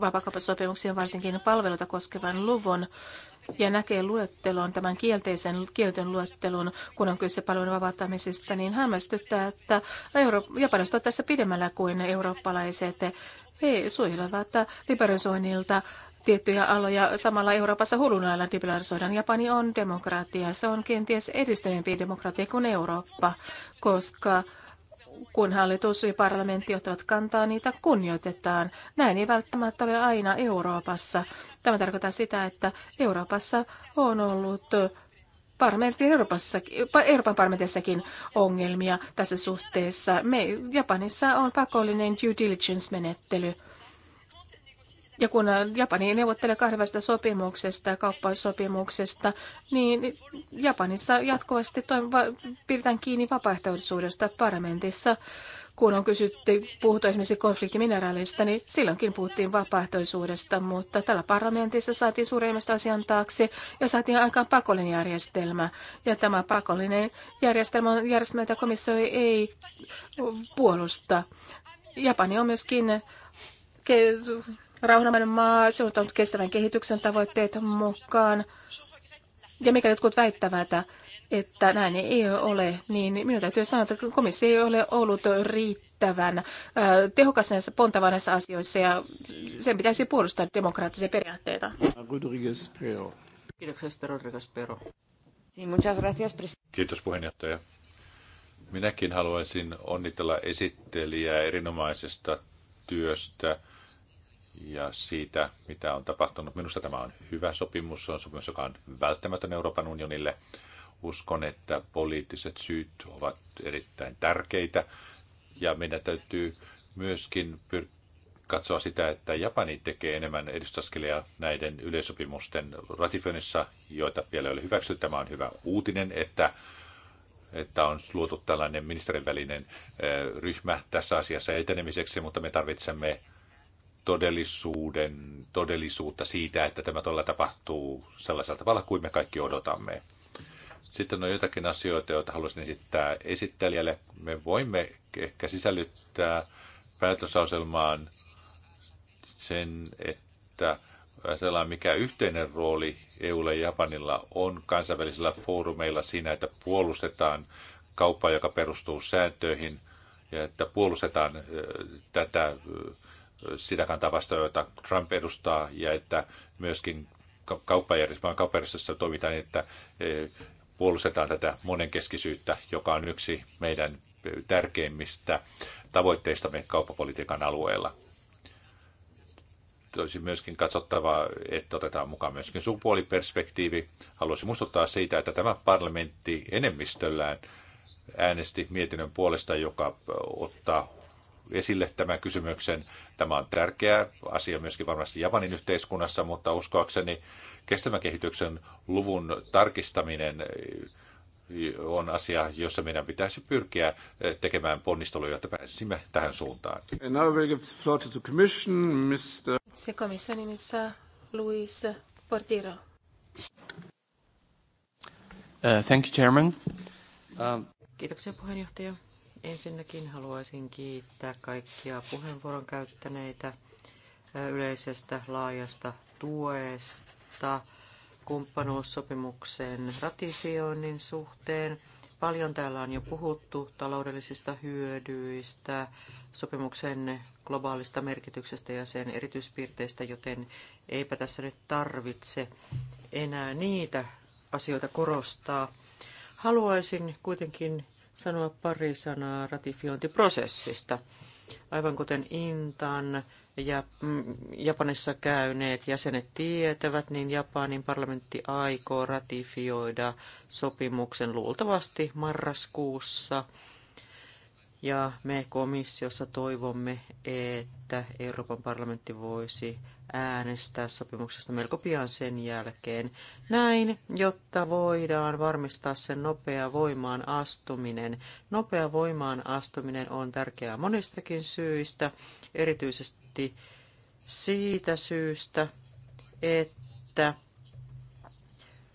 vapakauppasopimuksen varsinkin palveluita koskevan luvun, ja näkee luettelon, tämän kielteisen kielten luettelon, kun on kyse paljon vapauttamisesta, niin hämmästyttää, että Euro- japanilaiset ovat tässä pidemmällä kuin eurooppalaiset. He suojelevat liberalisoinnilta tiettyjä aloja. Samalla Euroopassa hullunailla liberalisoidaan. Japani on demokratia. Se on kenties edistyneempi demokratia kuin Eurooppa, koska kun hallitus ja parlamentti ottavat kantaa, niitä kunnioitetaan. Näin ei välttämättä ole aina Euroopassa. Tämä tarkoittaa sitä, että Euroopassa on ollut parlamentin Euroopan parlamentissakin ongelmia tässä suhteessa. Me, Japanissa on pakollinen due diligence-menettely ja kun Japani neuvottelee kahdenvälisestä sopimuksesta ja kauppasopimuksesta, niin Japanissa jatkuvasti pidetään kiinni vapaaehtoisuudesta parlamentissa. Kun on kysytty, puhuttu esimerkiksi konfliktimineraaleista, niin silloinkin puhuttiin vapaaehtoisuudesta, mutta tällä parlamentissa saatiin suurimmasta asian taakse ja saatiin aikaan pakollinen järjestelmä. Ja tämä pakollinen järjestelmä on järjestelmä, jota komissio ei puolusta. Japani on myöskin rauhanomainen maa, se on ottanut kestävän kehityksen tavoitteet mukaan. Ja mikä jotkut väittävät, että näin ei ole, niin minun täytyy sanoa, että komissio ei ole ollut riittävän äh, tehokas näissä pontava näissä asioissa ja sen pitäisi puolustaa demokraattisia periaatteita. Kiitoksia, Rodriguez Pero. Kiitos puheenjohtaja. Minäkin haluaisin onnitella esittelijää erinomaisesta työstä – ja siitä, mitä on tapahtunut. Minusta tämä on hyvä sopimus. Se on sopimus, joka on välttämätön Euroopan unionille. Uskon, että poliittiset syyt ovat erittäin tärkeitä ja meidän täytyy myöskin pyr- katsoa sitä, että Japani tekee enemmän edistaskelia näiden yleisopimusten ratifioinnissa, joita vielä ei ole hyväksytty. Tämä on hyvä uutinen, että että on luotu tällainen ministerin välinen eh, ryhmä tässä asiassa etenemiseksi, mutta me tarvitsemme todellisuuden, todellisuutta siitä, että tämä todella tapahtuu sellaisella tavalla kuin me kaikki odotamme. Sitten on jotakin asioita, joita haluaisin esittää esittelijälle. Me voimme ehkä sisällyttää päätösauselmaan sen, että sellainen mikä yhteinen rooli EUlle ja Japanilla on kansainvälisillä foorumeilla siinä, että puolustetaan kauppaa, joka perustuu sääntöihin, ja että puolustetaan äh, tätä äh, sitä kantaa vastaan, jota Trump edustaa, ja että myöskin kauppajärjestelmän kauppajärjestössä toimitaan, että e, puolustetaan tätä monenkeskisyyttä, joka on yksi meidän tärkeimmistä tavoitteistamme kauppapolitiikan alueella. Olisi myöskin katsottava, että otetaan mukaan myöskin sukupuoliperspektiivi. Haluaisin muistuttaa siitä, että tämä parlamentti enemmistöllään äänesti mietinnön puolesta, joka ottaa esille tämän kysymyksen. Tämä on tärkeä asia myöskin varmasti Japanin yhteiskunnassa, mutta uskoakseni kestävän kehityksen luvun tarkistaminen eh, on asia, jossa meidän pitäisi pyrkiä eh, tekemään ponnisteluja, jotta pääsisimme tähän suuntaan. Se Luis Portiro. Uh, thank you, Chairman. Uh, Kiitoksia puheenjohtaja. Ensinnäkin haluaisin kiittää kaikkia puheenvuoron käyttäneitä yleisestä laajasta tuesta kumppanuussopimuksen ratifioinnin suhteen. Paljon täällä on jo puhuttu taloudellisista hyödyistä, sopimuksen globaalista merkityksestä ja sen erityispiirteistä, joten eipä tässä nyt tarvitse enää niitä asioita korostaa. Haluaisin kuitenkin sanoa pari sanaa ratifiointiprosessista. Aivan kuten Intan ja mm, Japanissa käyneet jäsenet tietävät, niin Japanin parlamentti aikoo ratifioida sopimuksen luultavasti marraskuussa – ja me komissiossa toivomme, että Euroopan parlamentti voisi äänestää sopimuksesta melko pian sen jälkeen. Näin, jotta voidaan varmistaa sen nopea voimaan astuminen. Nopea voimaan astuminen on tärkeää monistakin syistä, erityisesti siitä syystä, että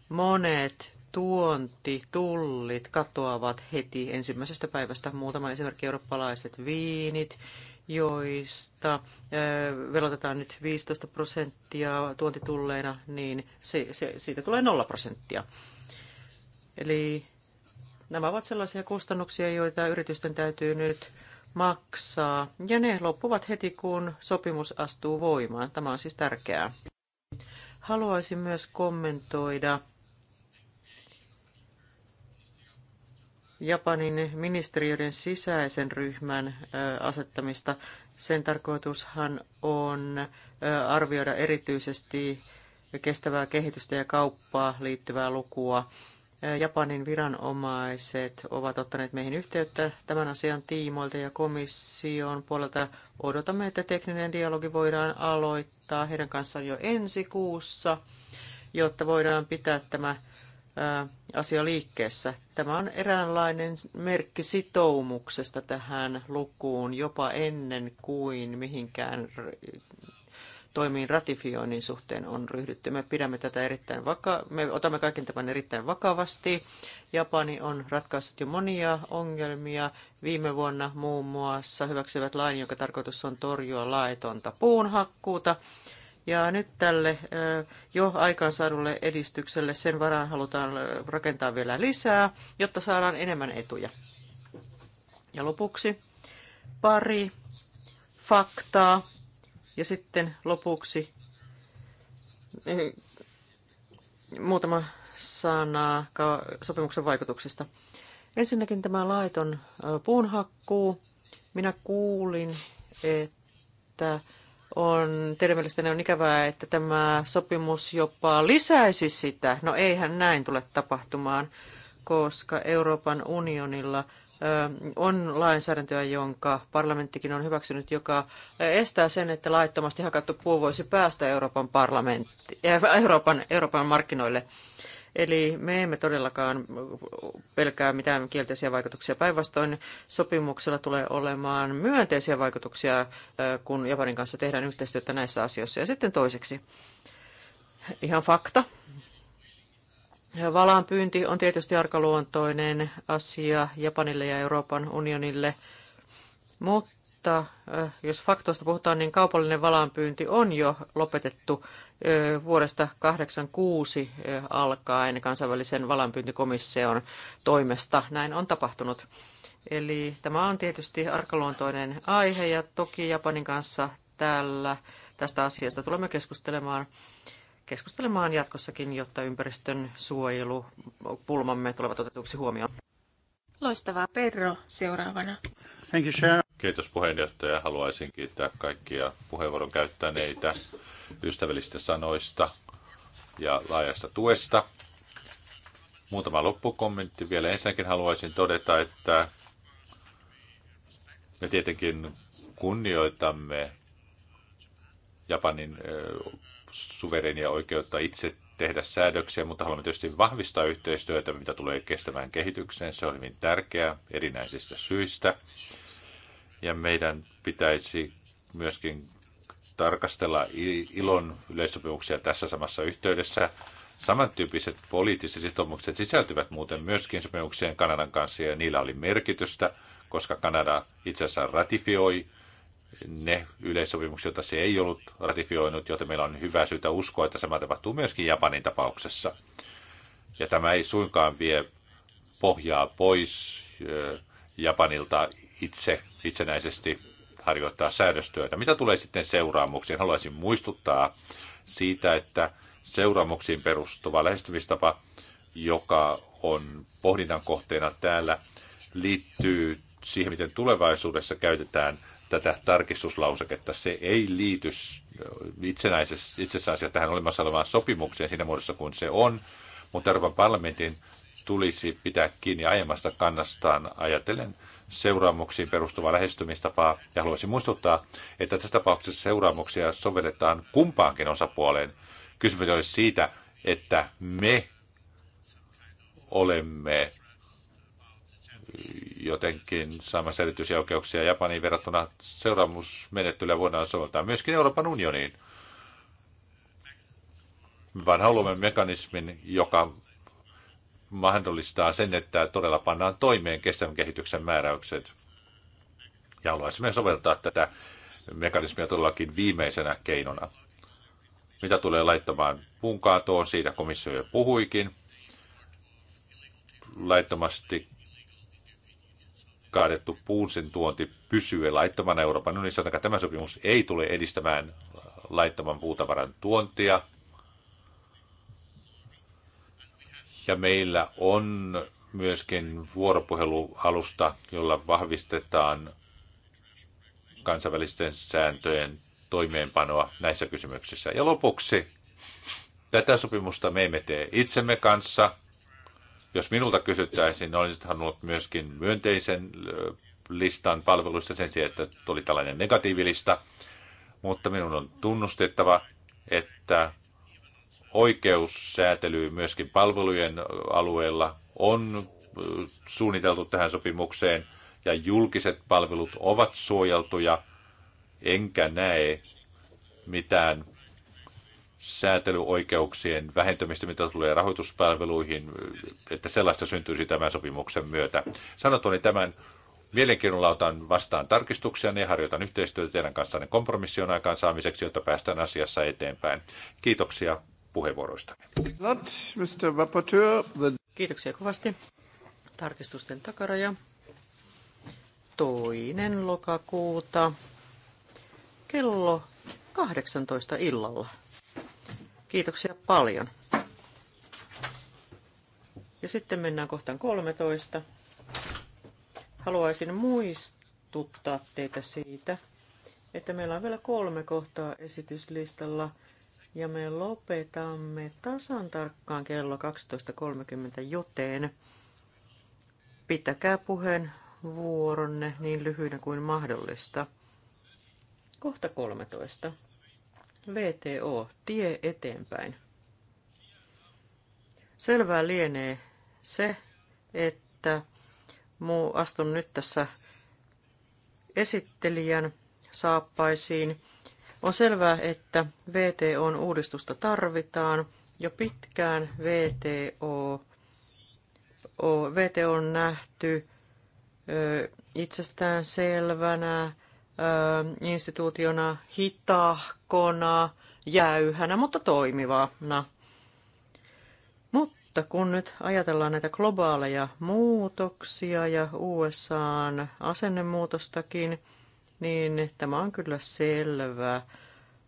monet tuonti, tullit katoavat heti ensimmäisestä päivästä. Muutama esimerkki eurooppalaiset viinit, joista velotetaan nyt 15 prosenttia tuontitulleina, niin se, se, siitä tulee 0 prosenttia. Eli nämä ovat sellaisia kustannuksia, joita yritysten täytyy nyt maksaa, ja ne loppuvat heti, kun sopimus astuu voimaan. Tämä on siis tärkeää. Haluaisin myös kommentoida Japanin ministeriöiden sisäisen ryhmän asettamista. Sen tarkoitushan on arvioida erityisesti kestävää kehitystä ja kauppaa liittyvää lukua. Japanin viranomaiset ovat ottaneet meihin yhteyttä tämän asian tiimoilta ja komission puolelta odotamme, että tekninen dialogi voidaan aloittaa heidän kanssaan jo ensi kuussa, jotta voidaan pitää tämä asia liikkeessä. Tämä on eräänlainen merkki sitoumuksesta tähän lukuun jopa ennen kuin mihinkään toimiin ratifioinnin suhteen on ryhdytty. Me pidämme tätä erittäin vaka- me otamme kaiken tämän erittäin vakavasti. Japani on ratkaissut jo monia ongelmia. Viime vuonna muun muassa hyväksyvät lain, jonka tarkoitus on torjua laetonta puunhakkuuta. Ja nyt tälle jo aikaansaadulle edistykselle sen varaan halutaan rakentaa vielä lisää, jotta saadaan enemmän etuja. Ja lopuksi pari faktaa ja sitten lopuksi muutama sana sopimuksen vaikutuksesta. Ensinnäkin tämä laiton puunhakkuu. Minä kuulin, että on, teidän mielestänne on ikävää, että tämä sopimus jopa lisäisi sitä. No eihän näin tule tapahtumaan, koska Euroopan unionilla on lainsäädäntöä, jonka parlamenttikin on hyväksynyt, joka estää sen, että laittomasti hakattu puu voisi päästä Euroopan, parlamentti, äh, Euroopan, Euroopan markkinoille. Eli me emme todellakaan pelkää mitään kielteisiä vaikutuksia. Päinvastoin sopimuksella tulee olemaan myönteisiä vaikutuksia, kun Japanin kanssa tehdään yhteistyötä näissä asioissa. Ja sitten toiseksi, ihan fakta. Valaanpyynti on tietysti arkaluontoinen asia Japanille ja Euroopan unionille, mutta mutta jos faktoista puhutaan, niin kaupallinen valaanpyynti on jo lopetettu vuodesta 1986 alkaen kansainvälisen valaanpyyntikomission toimesta. Näin on tapahtunut. Eli tämä on tietysti arkaluontoinen aihe ja toki Japanin kanssa täällä tästä asiasta tulemme keskustelemaan, keskustelemaan jatkossakin, jotta ympäristön suojelu pulmamme tulevat otetuksi huomioon. Loistavaa, Pedro, seuraavana. Thank you, Kiitos puheenjohtaja. Haluaisin kiittää kaikkia puheenvuoron käyttäneitä ystävällistä sanoista ja laajasta tuesta. Muutama loppukommentti vielä. Ensinnäkin haluaisin todeta, että me tietenkin kunnioitamme Japanin suverenia oikeutta itse tehdä säädöksiä, mutta haluamme tietysti vahvistaa yhteistyötä, mitä tulee kestävään kehitykseen. Se on hyvin tärkeää erinäisistä syistä ja meidän pitäisi myöskin tarkastella ilon yleissopimuksia tässä samassa yhteydessä. Samantyyppiset poliittiset sitoumukset sisältyvät muuten myöskin sopimukseen Kanadan kanssa ja niillä oli merkitystä, koska Kanada itse asiassa ratifioi ne yleissopimukset, joita se ei ollut ratifioinut, joten meillä on hyvä syytä uskoa, että sama tapahtuu myöskin Japanin tapauksessa. Ja tämä ei suinkaan vie pohjaa pois Japanilta itse itsenäisesti harjoittaa säädöstyötä. Mitä tulee sitten seuraamuksiin? Haluaisin muistuttaa siitä, että seuraamuksiin perustuva lähestymistapa, joka on pohdinnan kohteena täällä, liittyy siihen, miten tulevaisuudessa käytetään tätä tarkistuslauseketta. Se ei liity itsessään tähän olemassa olevaan sopimukseen siinä muodossa kuin se on, mutta Euroopan parlamentin tulisi pitää kiinni aiemmasta kannastaan ajatellen seuraamuksiin perustuva lähestymistapaa. Ja haluaisin muistuttaa, että tässä tapauksessa seuraamuksia sovelletaan kumpaankin osapuoleen. Kysymys olisi siitä, että me olemme jotenkin saamassa erityisiä oikeuksia Japaniin verrattuna seuraamusmenettelyä voidaan soveltaa myöskin Euroopan unioniin. Me vaan haluamme mekanismin, joka mahdollistaa sen, että todella pannaan toimeen kestävän kehityksen määräykset. Ja haluaisimme soveltaa tätä mekanismia todellakin viimeisenä keinona. Mitä tulee laittamaan puunkaatoon, siitä komissio jo puhuikin. Laittomasti kaadettu puun sen tuonti pysyy laittomana Euroopan unionissa, tämä sopimus ei tule edistämään laittoman puutavaran tuontia – Ja meillä on myöskin vuoropuhelualusta, jolla vahvistetaan kansainvälisten sääntöjen toimeenpanoa näissä kysymyksissä. Ja lopuksi, tätä sopimusta me emme tee itsemme kanssa. Jos minulta kysyttäisiin, niin olisit halunnut myöskin myönteisen listan palveluista sen sijaan, että oli tällainen negatiivilista. Mutta minun on tunnustettava, että oikeussäätely myöskin palvelujen alueella on suunniteltu tähän sopimukseen ja julkiset palvelut ovat suojeltuja, enkä näe mitään säätelyoikeuksien vähentämistä, mitä tulee rahoituspalveluihin, että sellaista syntyisi tämän sopimuksen myötä. Sanotoni tämän mielenkiinnolla otan vastaan tarkistuksia ja harjoitan yhteistyötä teidän kanssanne kompromission aikaansaamiseksi, jotta päästään asiassa eteenpäin. Kiitoksia puheenvuoroista. Kiitoksia kovasti. Tarkistusten takaraja. Toinen lokakuuta kello 18 illalla. Kiitoksia paljon. Ja sitten mennään kohtaan 13. Haluaisin muistuttaa teitä siitä, että meillä on vielä kolme kohtaa esityslistalla – ja me lopetamme tasan tarkkaan kello 12.30, joten pitäkää puheen vuoronne niin lyhyinä kuin mahdollista. Kohta 13. VTO. Tie eteenpäin. Selvää lienee se, että muu astun nyt tässä esittelijän saappaisiin – on selvää, että VTOn uudistusta tarvitaan. Jo pitkään VTO, VTO on nähty ö, itsestään selvänä ö, instituutiona, hitahkona, jäyhänä, mutta toimivana. Mutta kun nyt ajatellaan näitä globaaleja muutoksia ja USAn asennemuutostakin, niin tämä on kyllä selvä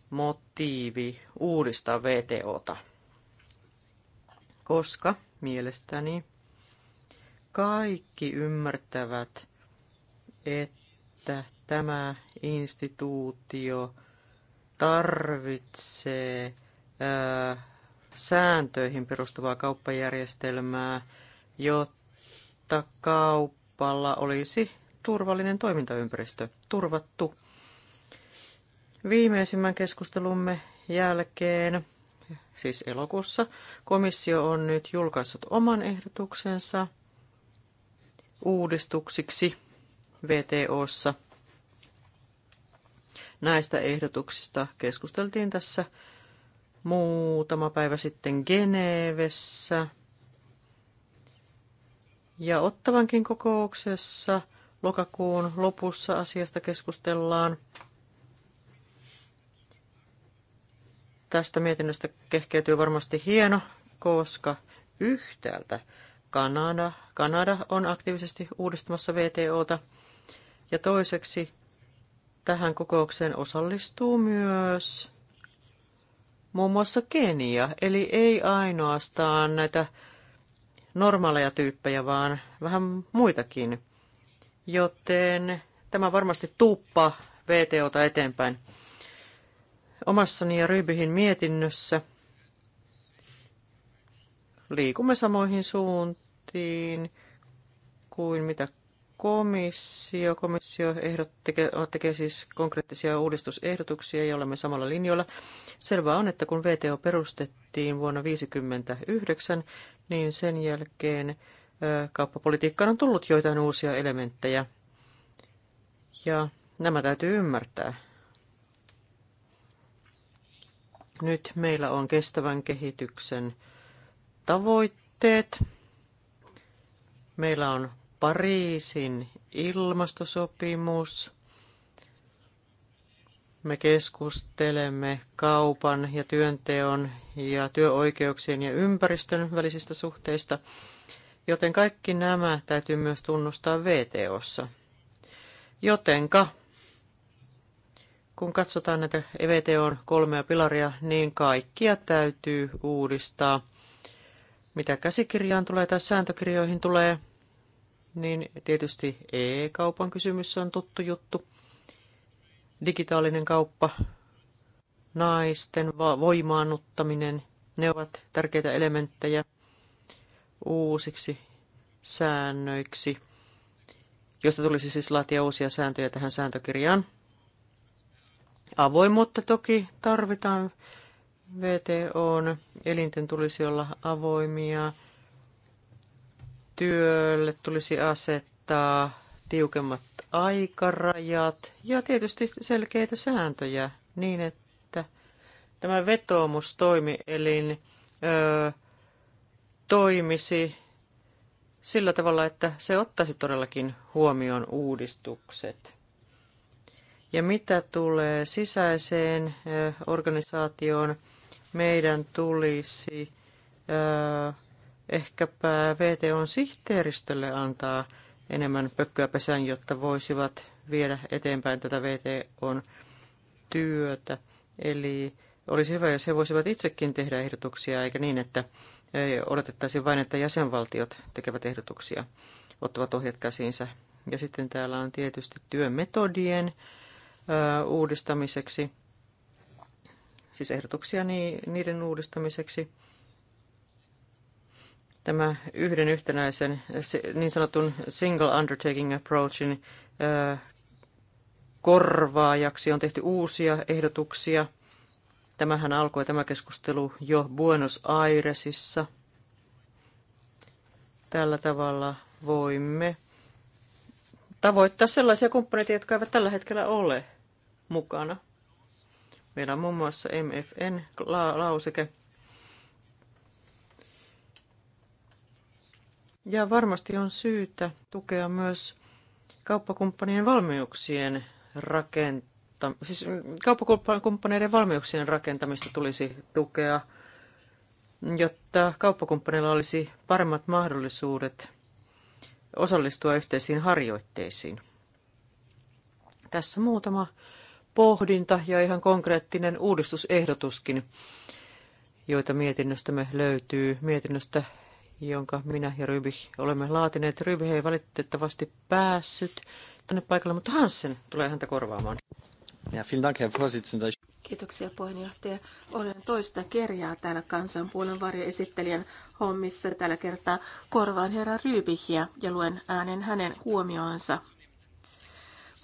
motiivi uudistaa VTOta. Koska mielestäni kaikki ymmärtävät, että tämä instituutio tarvitsee ää, sääntöihin perustuvaa kauppajärjestelmää, jotta kauppalla olisi turvallinen toimintaympäristö, turvattu. Viimeisimmän keskustelumme jälkeen, siis elokuussa, komissio on nyt julkaissut oman ehdotuksensa uudistuksiksi VTOssa. Näistä ehdotuksista keskusteltiin tässä muutama päivä sitten Genevessä. Ja Ottavankin kokouksessa Lokakuun lopussa asiasta keskustellaan. Tästä mietinnöstä kehkeytyy varmasti hieno, koska yhtäältä Kanada, Kanada on aktiivisesti uudistamassa VTOta ja toiseksi tähän kokoukseen osallistuu myös muun muassa Kenia, eli ei ainoastaan näitä normaaleja tyyppejä, vaan vähän muitakin joten tämä varmasti tuuppa VTOta eteenpäin. Omassani ja Rybihin mietinnössä liikumme samoihin suuntiin kuin mitä komissio. Komissio ehdot, tekee, tekee siis konkreettisia uudistusehdotuksia ja olemme samalla linjoilla. Selvää on, että kun VTO perustettiin vuonna 1959, niin sen jälkeen kauppapolitiikkaan on tullut joitain uusia elementtejä. Ja nämä täytyy ymmärtää. Nyt meillä on kestävän kehityksen tavoitteet. Meillä on Pariisin ilmastosopimus. Me keskustelemme kaupan ja työnteon ja työoikeuksien ja ympäristön välisistä suhteista. Joten kaikki nämä täytyy myös tunnustaa VTOssa. Jotenka, kun katsotaan näitä VTOn kolmea pilaria, niin kaikkia täytyy uudistaa. Mitä käsikirjaan tulee tai sääntökirjoihin tulee, niin tietysti e-kaupan kysymys on tuttu juttu. Digitaalinen kauppa, naisten voimaannuttaminen, ne ovat tärkeitä elementtejä – uusiksi säännöiksi, josta tulisi siis laatia uusia sääntöjä tähän sääntökirjaan. Avoimuutta toki tarvitaan. VTOn elinten tulisi olla avoimia. Työlle tulisi asettaa tiukemmat aikarajat ja tietysti selkeitä sääntöjä niin, että tämä vetoomustoimielin öö, toimisi sillä tavalla, että se ottaisi todellakin huomioon uudistukset. Ja mitä tulee sisäiseen organisaatioon, meidän tulisi ehkäpä VTOn sihteeristölle antaa enemmän pökköä pesän, jotta voisivat viedä eteenpäin tätä VTOn työtä. Eli olisi hyvä, jos he voisivat itsekin tehdä ehdotuksia, eikä niin, että odotettaisiin vain, että jäsenvaltiot tekevät ehdotuksia, ottavat ohjat käsiinsä. Ja sitten täällä on tietysti työmetodien uudistamiseksi, siis ehdotuksia niiden uudistamiseksi. Tämä yhden yhtenäisen niin sanotun single undertaking approachin korvaajaksi on tehty uusia ehdotuksia – Tämähän alkoi tämä keskustelu jo Buenos Airesissa. Tällä tavalla voimme tavoittaa sellaisia kumppaneita, jotka eivät tällä hetkellä ole mukana. Meillä on muun muassa MFN-lauseke. Ja varmasti on syytä tukea myös kauppakumppanien valmiuksien rakentamista rakenta, siis kauppakumppaneiden valmiuksien rakentamista tulisi tukea, jotta kauppakumppaneilla olisi paremmat mahdollisuudet osallistua yhteisiin harjoitteisiin. Tässä muutama pohdinta ja ihan konkreettinen uudistusehdotuskin, joita mietinnöstämme löytyy. Mietinnöstä, jonka minä ja Ryby olemme laatineet. Ryby ei valitettavasti päässyt tänne paikalle, mutta Hansen tulee häntä korvaamaan. Ja, vielen Dank, Herr Kiitoksia puheenjohtaja. Olen toista kerjaa täällä kansanpuolen varjoesittelijän hommissa. Tällä kertaa korvaan herra Ryypihiä ja luen äänen hänen huomioonsa.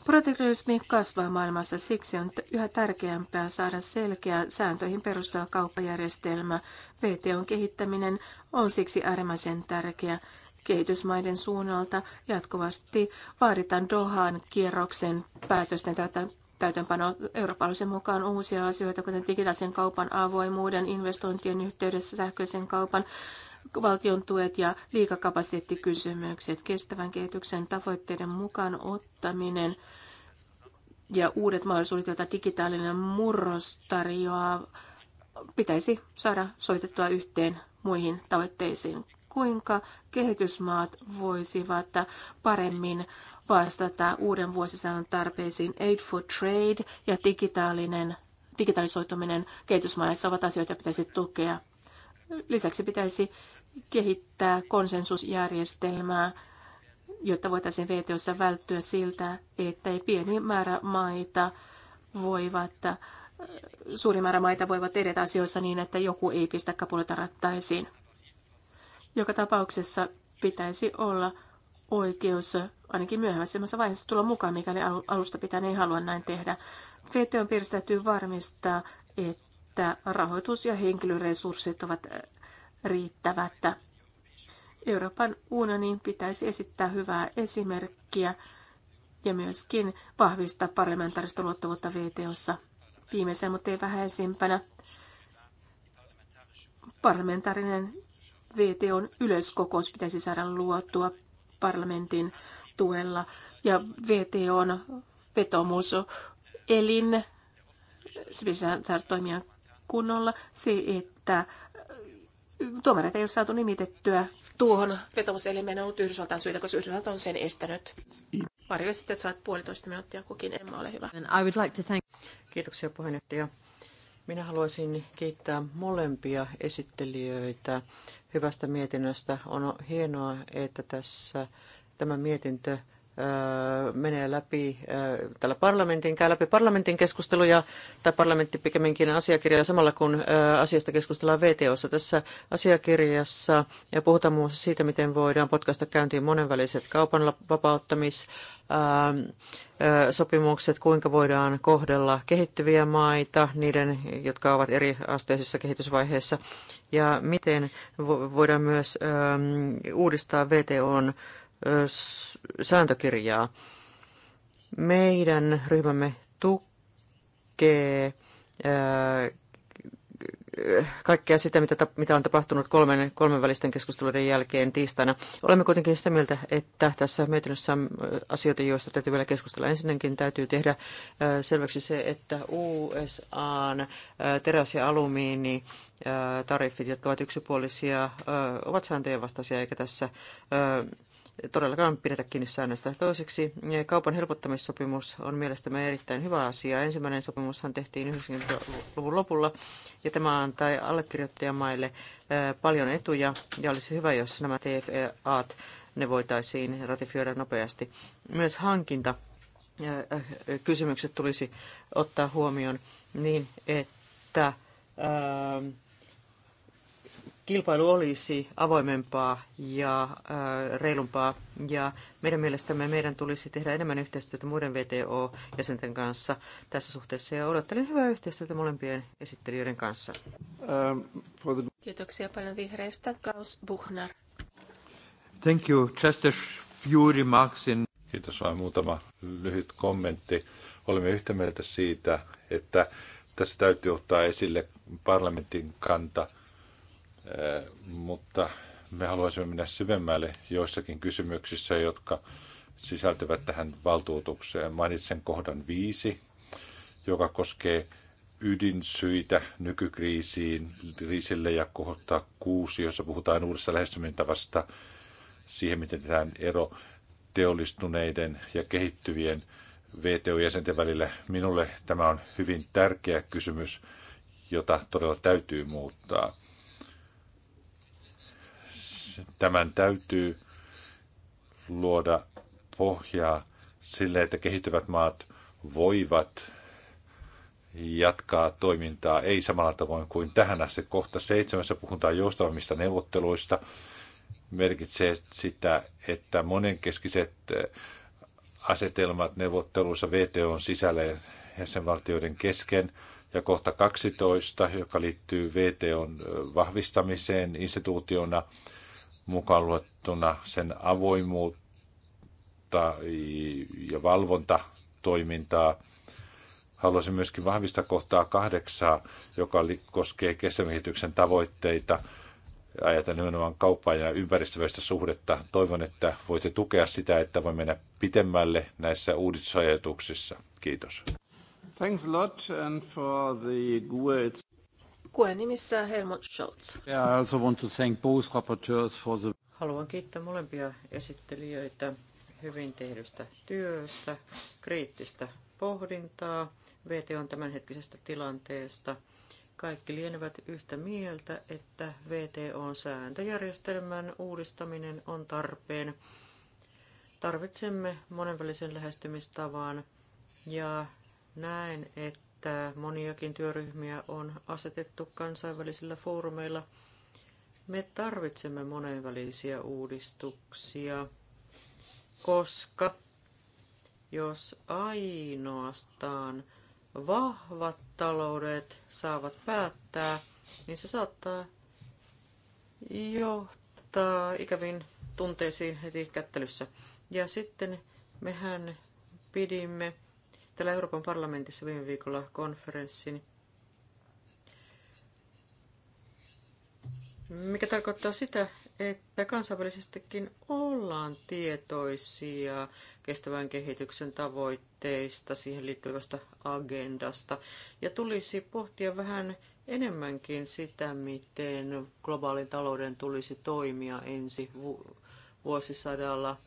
Protektionismi kasvaa maailmassa, siksi on yhä tärkeämpää saada selkeä sääntöihin perustuva kauppajärjestelmä. VTOn kehittäminen on siksi äärimmäisen tärkeä. Kehitysmaiden suunnalta jatkuvasti vaaditaan Dohan kierroksen päätösten täytäntöönpanoa täytäntöpano Euroopan mukaan uusia asioita, kuten digitaalisen kaupan avoimuuden, investointien yhteydessä sähköisen kaupan, valtion tuet ja liikakapasiteettikysymykset, kestävän kehityksen tavoitteiden mukaan ottaminen ja uudet mahdollisuudet, joita digitaalinen murros tarjoaa, pitäisi saada soitettua yhteen muihin tavoitteisiin. Kuinka kehitysmaat voisivat paremmin vastata uuden vuosisadan tarpeisiin. Aid for Trade ja digitaalinen, digitalisoituminen kehitysmaissa ovat asioita, joita pitäisi tukea. Lisäksi pitäisi kehittää konsensusjärjestelmää, jotta voitaisiin VTOssa välttyä siltä, että ei pieni määrä maita voivat, suuri määrä maita voivat edetä asioissa niin, että joku ei pistä kapulita rattaisiin. Joka tapauksessa pitäisi olla oikeus ainakin myöhemmässä vaiheessa tulla mukaan, mikäli alusta pitää ei halua näin tehdä. VTOn piirissä täytyy varmistaa, että rahoitus ja henkilöresurssit ovat äh, riittävät. Euroopan unionin pitäisi esittää hyvää esimerkkiä ja myöskin vahvistaa parlamentaarista luottavuutta VTOssa. Viimeisenä, mutta ei vähäisimpänä, parlamentaarinen VTOn yleiskokous pitäisi saada luotua parlamentin tuella ja VTOn vetomus elin, se toimia kunnolla, se, että tuomareita ei ole saatu nimitettyä tuohon vetomuselimeen ollut Yhdysvaltain syytä, koska Yhdysvallat on sen estänyt. Marjo, sitten saat puolitoista minuuttia kukin, Emma, ole hyvä. I would like to thank... Kiitoksia puheenjohtaja. Minä haluaisin kiittää molempia esittelijöitä hyvästä mietinnöstä. On hienoa, että tässä tämä mietintö menee läpi tällä parlamentin, käy läpi parlamentin keskusteluja, tai parlamentti pikemminkin asiakirjaa samalla kun asiasta keskustellaan VTOssa. Tässä asiakirjassa ja puhutaan muun muassa siitä, miten voidaan potkaista käyntiin monenväliset kaupan vapauttamis, sopimukset, kuinka voidaan kohdella kehittyviä maita, niiden, jotka ovat eri asteisissa kehitysvaiheissa, ja miten voidaan myös uudistaa VTOn sääntökirjaa. Meidän ryhmämme tukee kaikkea sitä, mitä, mitä on tapahtunut kolmen, kolmen välisten keskusteluiden jälkeen tiistaina. Olemme kuitenkin sitä mieltä, että tässä mietinnössä on asioita, joista täytyy vielä keskustella. Ensinnäkin täytyy tehdä selväksi se, että USAn teräs- ja alumiini tariffit, jotka ovat yksipuolisia, ovat sääntöjen vastaisia, eikä tässä todellakaan pidetä kiinni säännöistä. Toiseksi eh, kaupan helpottamissopimus on mielestäni erittäin hyvä asia. Ensimmäinen sopimushan tehtiin 90-luvun lopulla ja tämä antaa allekirjoittajamaille eh, paljon etuja ja olisi hyvä, jos nämä TFEAt ne voitaisiin ratifioida nopeasti. Myös hankinta eh, kysymykset tulisi ottaa huomioon niin, että kilpailu olisi avoimempaa ja reilumpaa. Ja meidän mielestämme meidän tulisi tehdä enemmän yhteistyötä muiden VTO-jäsenten kanssa tässä suhteessa. Ja odottelen hyvää yhteistyötä molempien esittelijöiden kanssa. Ähm, Kiitoksia paljon vihreistä. Klaus Buchner. Thank you. Just a few remarks in... Kiitos vain muutama lyhyt kommentti. Olemme yhtä mieltä siitä, että tässä täytyy ottaa esille parlamentin kanta – mutta me haluaisimme mennä syvemmälle joissakin kysymyksissä, jotka sisältyvät tähän valtuutukseen. Mainitsen kohdan viisi, joka koskee ydinsyitä nykykriisiin, kriisille ja kohta kuusi, jossa puhutaan uudessa lähestymistavasta siihen, miten tehdään ero teollistuneiden ja kehittyvien VTO-jäsenten välillä. Minulle tämä on hyvin tärkeä kysymys, jota todella täytyy muuttaa tämän täytyy luoda pohjaa sille, että kehittyvät maat voivat jatkaa toimintaa, ei samalla tavoin kuin tähän asti. Kohta seitsemässä puhutaan joustavimmista neuvotteluista. Merkitsee sitä, että monenkeskiset eh, asetelmat neuvotteluissa on sisällä jäsenvaltioiden kesken ja kohta 12, joka liittyy VTOn eh, vahvistamiseen instituutiona, mukaan luettuna sen avoimuutta ja valvontatoimintaa. Haluaisin myöskin vahvistaa kohtaa kahdeksaa, joka koskee kestävän tavoitteita ajatellen nimenomaan kauppaa ja ympäristöväistä suhdetta. Toivon, että voitte tukea sitä, että voi mennä pitemmälle näissä uudistusajatuksissa. Kiitos. Thanks a lot and for the Kuen Helmut Scholz. Yeah, I also want to thank both rapporteurs for the... Haluan kiittää molempia esittelijöitä hyvin tehdystä työstä, kriittistä pohdintaa, VTOn tämänhetkisestä tilanteesta. Kaikki lienevät yhtä mieltä, että VTOn sääntöjärjestelmän uudistaminen on tarpeen. Tarvitsemme monenvälisen lähestymistavan ja näen, että että moniakin työryhmiä on asetettu kansainvälisillä foorumeilla. Me tarvitsemme monenvälisiä uudistuksia, koska jos ainoastaan vahvat taloudet saavat päättää, niin se saattaa johtaa ikäviin tunteisiin heti kättelyssä. Ja sitten mehän pidimme täällä Euroopan parlamentissa viime viikolla konferenssin, mikä tarkoittaa sitä, että kansainvälisestikin ollaan tietoisia kestävän kehityksen tavoitteista, siihen liittyvästä agendasta, ja tulisi pohtia vähän enemmänkin sitä, miten globaalin talouden tulisi toimia ensi vuosisadalla –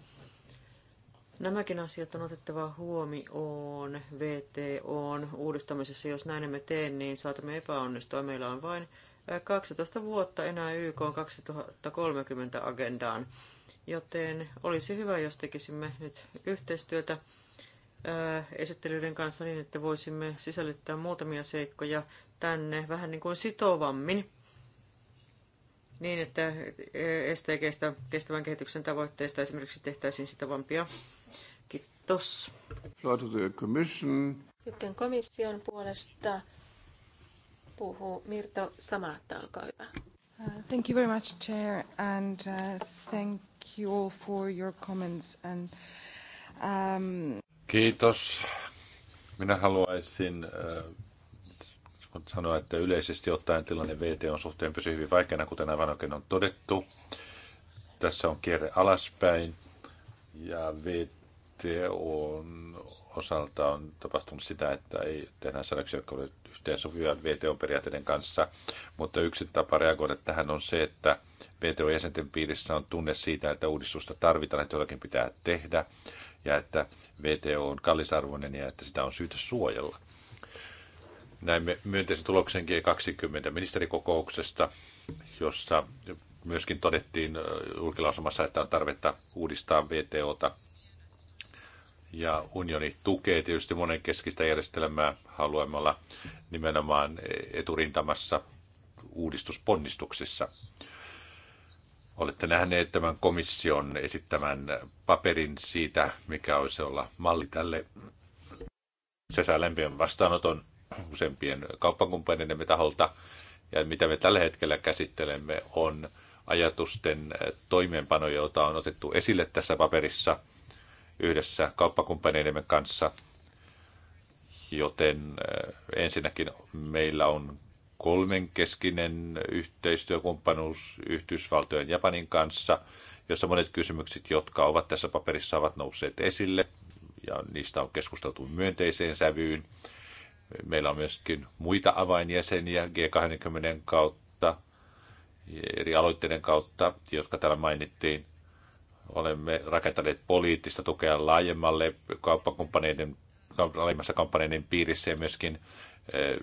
Nämäkin asiat on otettava huomioon VTOn uudistamisessa. Jos näin emme tee, niin saatamme epäonnistua. Meillä on vain 12 eh, vuotta enää YK 2030 agendaan, joten olisi hyvä, jos tekisimme nyt yhteistyötä eh, esittelyiden kanssa niin, että voisimme sisällyttää muutamia seikkoja tänne vähän niin kuin sitovammin, niin että eh, STGstä kestävän kehityksen tavoitteista esimerkiksi tehtäisiin sitovampia Kiitos. Sitten komission puolesta puhuu Mirto Samatta, olkaa hyvä. Uh, thank you very much, Chair, and uh, thank you all for your comments. And, um... Kiitos. Minä haluaisin uh, sanoa, että yleisesti ottaen tilanne VT on suhteen pysy hyvin vaikeana, kuten aivan oikein on todettu. Tässä on kierre alaspäin ja VT on osalta on tapahtunut sitä, että ei tehdä säädöksiä, jotka ovat yhteen sopivia periaatteiden kanssa, mutta yksi tapa reagoida tähän on se, että VTO-jäsenten piirissä on tunne siitä, että uudistusta tarvitaan, että jollakin pitää tehdä, ja että VTO on kallisarvoinen ja että sitä on syytä suojella. Näimme myönteisen tuloksen G20 ministerikokouksesta, jossa myöskin todettiin äh, julkilausumassa, että on tarvetta uudistaa VTOta ja unioni tukee tietysti monen keskistä järjestelmää haluamalla nimenomaan eturintamassa uudistusponnistuksissa. Olette nähneet tämän komission esittämän paperin siitä, mikä olisi olla malli tälle. Se saa lämpimän vastaanoton useimpien kauppakumppaneidemme taholta. Ja mitä me tällä hetkellä käsittelemme on ajatusten toimeenpano, jota on otettu esille tässä paperissa – yhdessä kauppakumppaneidemme kanssa. Joten äh, ensinnäkin meillä on kolmenkeskinen yhteistyökumppanuus Yhdysvaltojen Japanin kanssa, jossa monet kysymykset, jotka ovat tässä paperissa, ovat nousseet esille ja niistä on keskusteltu myönteiseen sävyyn. Meillä on myöskin muita avainjäseniä G20 kautta, eri aloitteiden kautta, jotka täällä mainittiin. Olemme rakentaneet poliittista tukea laajemmalle kauppakumppaneiden, laajemmassa kampanjien piirissä ja myöskin eh,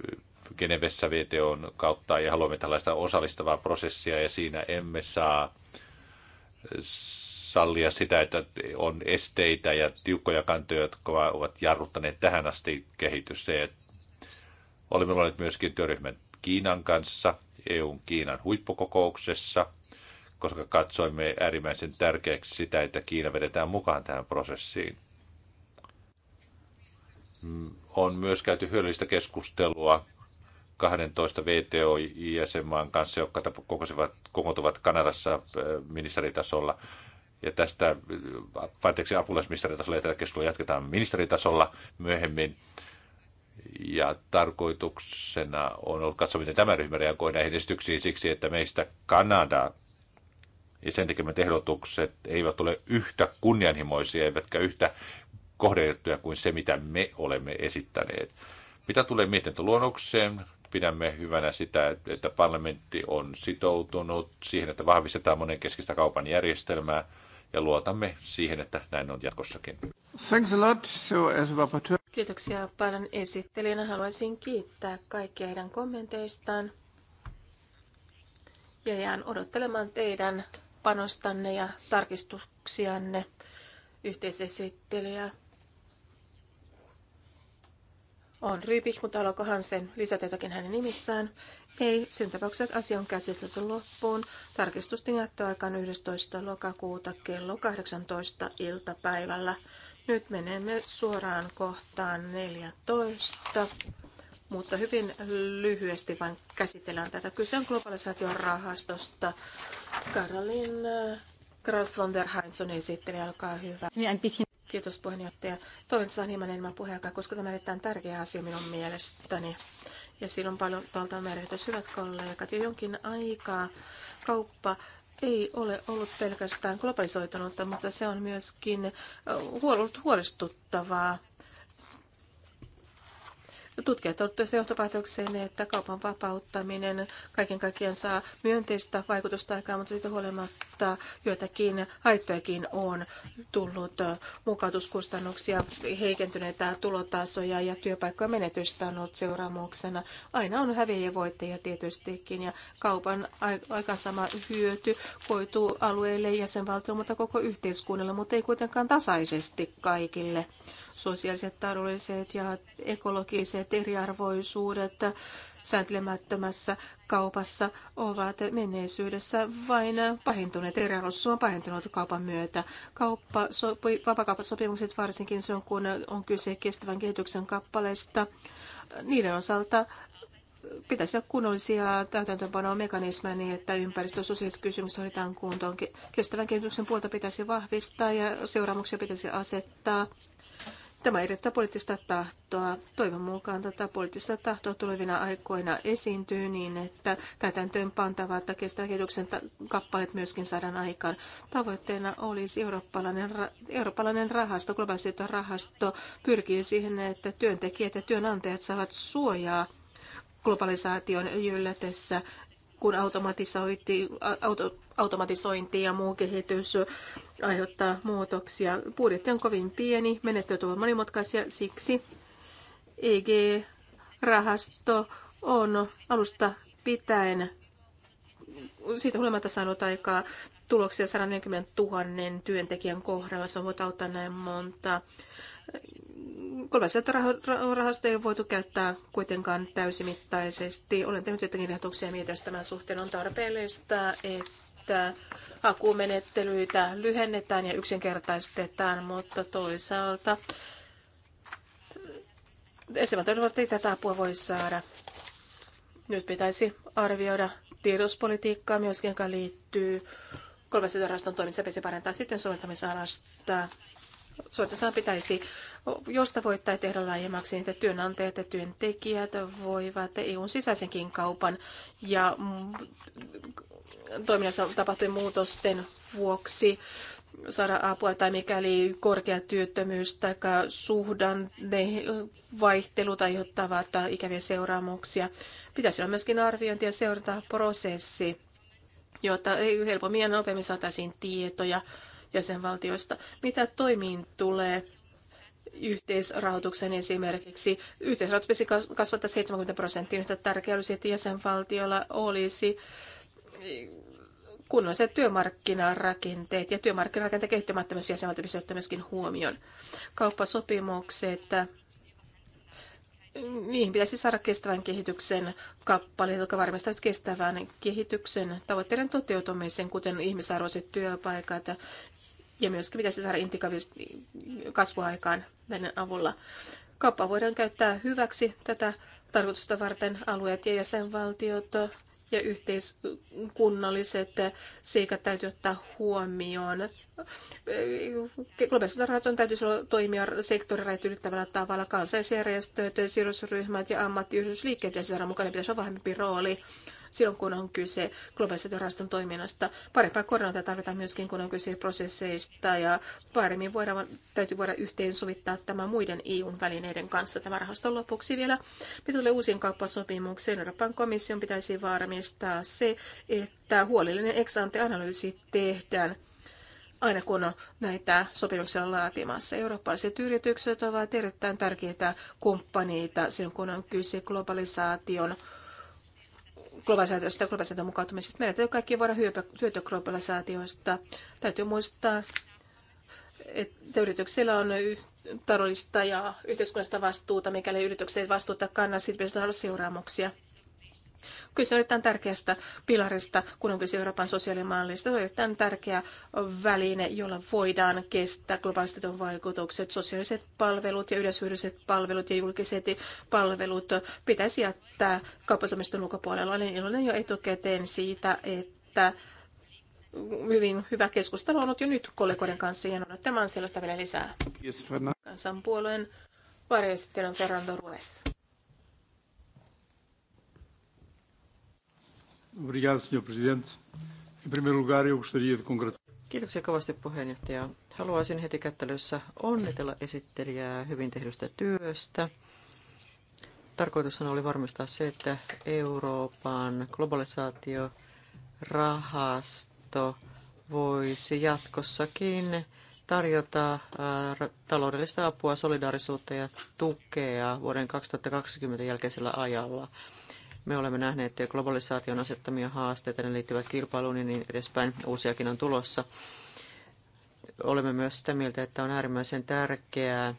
Genevessä VTOn kautta ja haluamme tällaista osallistavaa prosessia ja siinä emme saa sallia sitä, että on esteitä ja tiukkoja kantoja, jotka ovat jarruttaneet tähän asti kehitystä. Ja olemme olleet myöskin työryhmän Kiinan kanssa EUn Kiinan huippukokouksessa – koska katsoimme äärimmäisen tärkeäksi sitä, että Kiina vedetään mukaan tähän prosessiin. Mm, on myös käyty hyödyllistä keskustelua 12 VTO-jäsenmaan kanssa, jotka kokoontuvat Kanadassa äh, ministeritasolla. Ja tästä, äh, anteeksi, apulaisministeritasolla ja tätä keskustelua jatketaan ministeritasolla myöhemmin. Ja tarkoituksena on ollut katsoa, miten tämä ryhmä reagoi näihin esityksiin siksi, että meistä Kanada ja sen tekemät ehdotukset eivät ole yhtä kunnianhimoisia eivätkä yhtä kohdennettuja kuin se, mitä me olemme esittäneet. Mitä tulee mietintöluonnokseen, pidämme hyvänä sitä, että parlamentti on sitoutunut siihen, että vahvistetaan monenkeskistä kaupan järjestelmää ja luotamme siihen, että näin on jatkossakin. Thanks a lot. So as rapporteur... Kiitoksia paljon esittelijänä. Haluaisin kiittää kaikkia heidän kommenteistaan ja jään odottelemaan teidän panostanne ja tarkistuksianne yhteisesittelijä. On Rybik, mutta haluaako sen lisätä jotakin hänen nimissään? Ei, sen tapauksessa asia on käsitelty loppuun. Tarkistusten on 11. lokakuuta kello 18 iltapäivällä. Nyt menemme suoraan kohtaan 14, mutta hyvin lyhyesti vain käsitellään tätä. Kyse on globalisaation rahastosta Karolin äh, Kras von der Heinz on olkaa hyvä. Niin, Kiitos puheenjohtaja. Toivon saan hieman enemmän puheenjohtaja, koska tämä on erittäin tärkeä asia minun mielestäni. Ja on paljon tuolta merkitys, hyvät kollegat. Jo jonkin aikaa kauppa ei ole ollut pelkästään globalisoitunutta, mutta se on myöskin äh, huolestuttavaa Tutkijat ovat johtopäätökseen, että kaupan vapauttaminen kaiken kaikkiaan saa myönteistä vaikutusta aikaa, mutta siitä huolimatta joitakin haittojakin on tullut mukautuskustannuksia, heikentyneitä tulotasoja ja työpaikkojen menetystä on ollut seuraamuksena. Aina on häviäjiä voittajia tietystikin ja kaupan sama hyöty koituu sen valtio, mutta koko yhteiskunnalle, mutta ei kuitenkaan tasaisesti kaikille sosiaaliset, taloudelliset ja ekologiset eriarvoisuudet sääntelemättömässä kaupassa ovat menneisyydessä vain pahentuneet. Eriarvoisuus on pahentunut kaupan myötä. Kauppa, so, vapakauppasopimukset varsinkin silloin, kun on kyse kestävän kehityksen kappaleista, niiden osalta pitäisi olla kunnollisia täytäntöönpanomekanismeja niin, että ympäristö- ja sosiaaliset kysymykset hoidetaan kuntoon. Kestävän kehityksen puolta pitäisi vahvistaa ja seuraamuksia pitäisi asettaa Tämä edettää poliittista tahtoa. Toivon mukaan tätä poliittista tahtoa tulevina aikoina esiintyy niin, että täytäntöön pantavaa että kestävän kehityksen kappaleet myöskin saadaan aikaan. Tavoitteena olisi eurooppalainen, eurooppalainen rahasto, globaalisti rahasto pyrkii siihen, että työntekijät ja työnantajat saavat suojaa globalisaation jyllätessä kun automatisointi, auto, automatisointi ja muu kehitys aiheuttaa muutoksia. Budjetti on kovin pieni, menettelyt ovat monimutkaisia, siksi EG-rahasto on alusta pitäen siitä huolimatta saanut aikaa tuloksia 140 000 työntekijän kohdalla. Se on voinut auttaa näin monta Kolmaselta rahastoa ei voitu käyttää kuitenkaan täysimittaisesti. Olen tehnyt jotakin ehdotuksia, mitä jos tämän suhteen on tarpeellista, että hakumenettelyitä lyhennetään ja yksinkertaistetaan, mutta toisaalta esimerkiksi ei tätä apua voi saada. Nyt pitäisi arvioida tiedospolitiikkaa myöskin, joka liittyy kolmasen raston toimintaan. Se parantaa sitten soveltamisarasta. Soittajan pitäisi josta voittaa tehdä laajemmaksi, niin että työnantajat ja työntekijät voivat EUn sisäisenkin kaupan ja mm, toiminnassa tapahtuvien muutosten vuoksi saada apua tai mikäli korkea työttömyys tai suhdanne vaihtelut aiheuttavat ikäviä seuraamuksia. Pitäisi olla myöskin arviointi- ja seurantaprosessi, jotta helpommin ja nopeammin saataisiin tietoja jäsenvaltioista. Mitä toimiin tulee? yhteisrahoituksen esimerkiksi. Yhteisrahoitus pitäisi kasvattaa 70 prosenttia. Yhtä tärkeää olisi, että jäsenvaltiolla olisi eh, kunnolliset työmarkkinarakenteet ja työmarkkinarakenteen kehittymättömyys jäsenvaltio pitäisi ottaa myöskin huomioon. Kauppasopimukset, eh, niihin pitäisi saada kestävän kehityksen kappaleet, jotka varmistavat kestävän kehityksen tavoitteiden toteutumisen, kuten ihmisarvoiset työpaikat, ja myös pitäisi saada intikavista kasvuaikaan Venäjän avulla. Kauppa voidaan käyttää hyväksi tätä tarkoitusta varten alueet ja jäsenvaltiot ja yhteiskunnalliset seikat täytyy ottaa huomioon. Globalisaation täytyisi toimia sektorirajat ylittävällä tavalla. Kansallisjärjestöt, sidosryhmät ja ammattiyhdysliikkeet ja saada mukana niin pitäisi olla vahvempi rooli silloin, kun on kyse globalisaatiorahaston toiminnasta. Parempaa koronata tarvitaan myöskin, kun on kyse prosesseista ja paremmin voidaan, täytyy voida yhteensovittaa tämä muiden EUn välineiden kanssa. Tämä rahaston lopuksi vielä, mitä tulee uusiin kauppasopimukseen, Euroopan komission pitäisi varmistaa se, että huolellinen ex ante analyysi tehdään aina kun on näitä sopimuksia laatimassa. Eurooppalaiset yritykset ovat erittäin tärkeitä kumppaneita silloin, kun on kyse globalisaation globalisaatiosta, globalisaation mukautumisesta. Meidän täytyy kaikki voida hyötyä globalisaatioista. Täytyy muistaa, että yrityksillä on taloudellista ja yhteiskunnallista vastuuta. Mikäli yritykset eivät vastuuta kannan, siitä pitäisi olla seuraamuksia se on erittäin tärkeästä pilarista, kun on kyse Euroopan sosiaalimallista. Se on erittäin tärkeä väline, jolla voidaan kestää globaaliset vaikutukset. Sosiaaliset palvelut ja yleishyödylliset palvelut ja julkiset palvelut pitäisi jättää kauppasomiston ulkopuolella. Olen iloinen jo etukäteen siitä, että hyvin hyvä keskustelu on ollut jo nyt kollegoiden kanssa ja on sellaista vielä lisää. Kansanpuolueen varjoesittely on Fernando Rues. Kiitoksia kovasti puheenjohtaja. Haluaisin heti kättelyssä onnitella esittelijää hyvin tehdystä työstä. Tarkoitushan oli varmistaa se, että Euroopan globalisaatiorahasto voisi jatkossakin tarjota äh, taloudellista apua, solidaarisuutta ja tukea vuoden 2020 jälkeisellä ajalla. Me olemme nähneet jo globalisaation asettamia haasteita, ne liittyvät kilpailuun ja niin edespäin. Uusiakin on tulossa. Olemme myös sitä mieltä, että on äärimmäisen tärkeää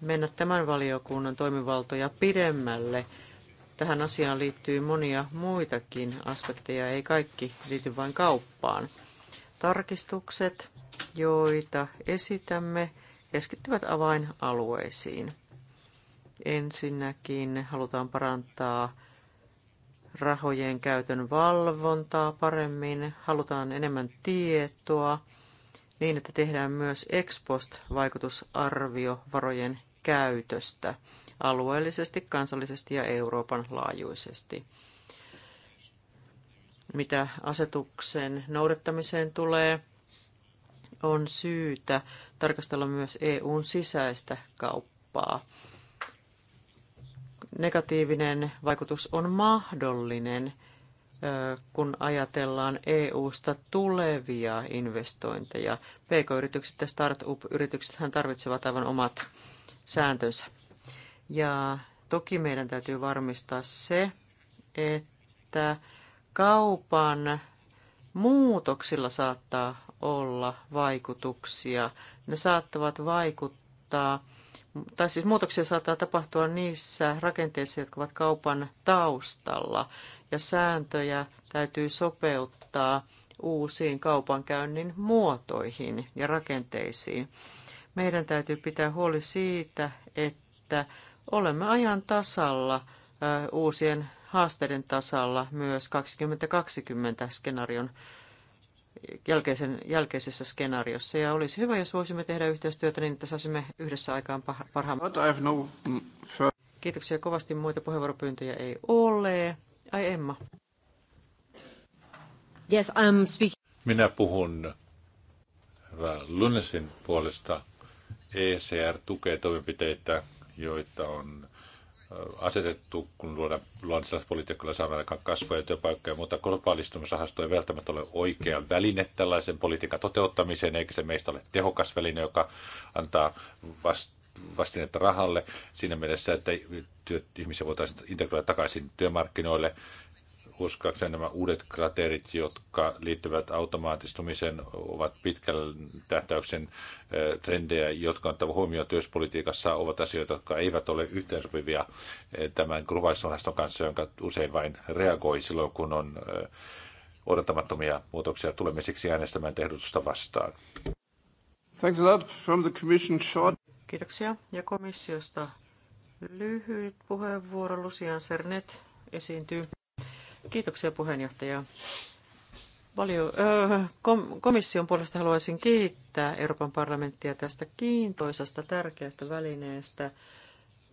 mennä tämän valiokunnan toimivaltoja pidemmälle. Tähän asiaan liittyy monia muitakin aspekteja, ei kaikki liity vain kauppaan. Tarkistukset, joita esitämme, keskittyvät avainalueisiin. Ensinnäkin halutaan parantaa rahojen käytön valvontaa paremmin, halutaan enemmän tietoa niin, että tehdään myös ex vaikutusarvio varojen käytöstä alueellisesti, kansallisesti ja Euroopan laajuisesti. Mitä asetuksen noudattamiseen tulee, on syytä tarkastella myös EUn sisäistä kauppaa negatiivinen vaikutus on mahdollinen, kun ajatellaan EU-sta tulevia investointeja. PK-yritykset ja startup-yritykset tarvitsevat aivan omat sääntönsä. Ja toki meidän täytyy varmistaa se, että kaupan muutoksilla saattaa olla vaikutuksia. Ne saattavat vaikuttaa tai siis muutoksia saattaa tapahtua niissä rakenteissa, jotka ovat kaupan taustalla, ja sääntöjä täytyy sopeuttaa uusiin kaupankäynnin muotoihin ja rakenteisiin. Meidän täytyy pitää huoli siitä, että olemme ajan tasalla uusien haasteiden tasalla myös 2020 skenaarion jälkeisen, jälkeisessä skenaariossa. Ja olisi hyvä, jos voisimme tehdä yhteistyötä niin, että saisimme yhdessä aikaan parhaamme. No... Mm, Kiitoksia kovasti. Muita puheenvuoropyyntöjä ei ole. Ai Emma. Yes, I'm speaking. Minä puhun Lunesin puolesta. ECR tukee toimenpiteitä, joita on asetettu, kun luodaan luonnollisella saadaan aikaan kasvoja ja työpaikkoja, mutta globaalistumisrahasto ei välttämättä ole oikea väline tällaisen politiikan toteuttamiseen, eikä se meistä ole tehokas väline, joka antaa vast- vastinetta rahalle siinä mielessä, että ihmisiä voitaisiin integroida takaisin työmarkkinoille uskoakseni nämä uudet kraterit, jotka liittyvät automaatistumiseen, ovat pitkän tähtäyksen trendejä, jotka on huomioon työspolitiikassa, ovat asioita, jotka eivät ole yhteensopivia tämän globaalisen kanssa, jonka usein vain reagoi silloin, kun on odottamattomia muutoksia. Tulemme siksi äänestämään tehdotusta vastaan. Thanks a lot from the commission short. Kiitoksia. Ja komissiosta lyhyt puheenvuoro. Lucian Sernet esiintyy. Kiitoksia puheenjohtaja. Valio, öö, komission puolesta haluaisin kiittää Euroopan parlamenttia tästä kiintoisasta tärkeästä välineestä.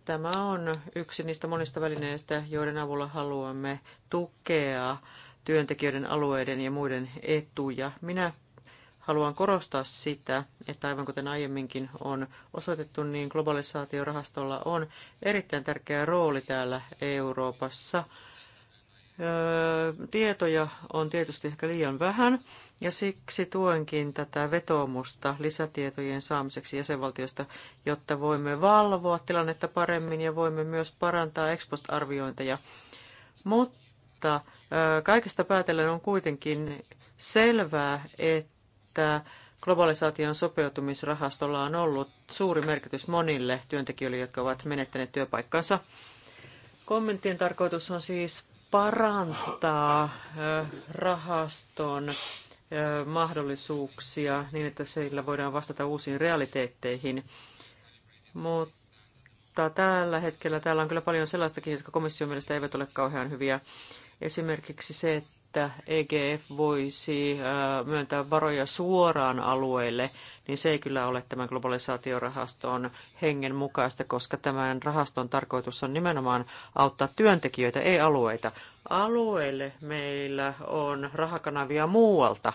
Tämä on yksi niistä monista välineistä, joiden avulla haluamme tukea työntekijöiden, alueiden ja muiden etuja. Minä haluan korostaa sitä, että aivan kuten aiemminkin on osoitettu, niin globalisaatiorahastolla on erittäin tärkeä rooli täällä Euroopassa – tietoja on tietysti ehkä liian vähän, ja siksi tuenkin tätä vetoomusta lisätietojen saamiseksi jäsenvaltiosta, jotta voimme valvoa tilannetta paremmin ja voimme myös parantaa ekspostarviointeja. Mutta kaikesta päätellen on kuitenkin selvää, että globalisaation sopeutumisrahastolla on ollut suuri merkitys monille työntekijöille, jotka ovat menettäneet työpaikkansa. Kommenttien tarkoitus on siis parantaa rahaston mahdollisuuksia niin, että sillä voidaan vastata uusiin realiteetteihin. Mutta tällä hetkellä täällä on kyllä paljon sellaistakin, jotka komission mielestä eivät ole kauhean hyviä. Esimerkiksi se, että että EGF voisi myöntää varoja suoraan alueille, niin se ei kyllä ole tämän globalisaatiorahaston hengen mukaista, koska tämän rahaston tarkoitus on nimenomaan auttaa työntekijöitä, ei alueita. Alueille meillä on rahakanavia muualta.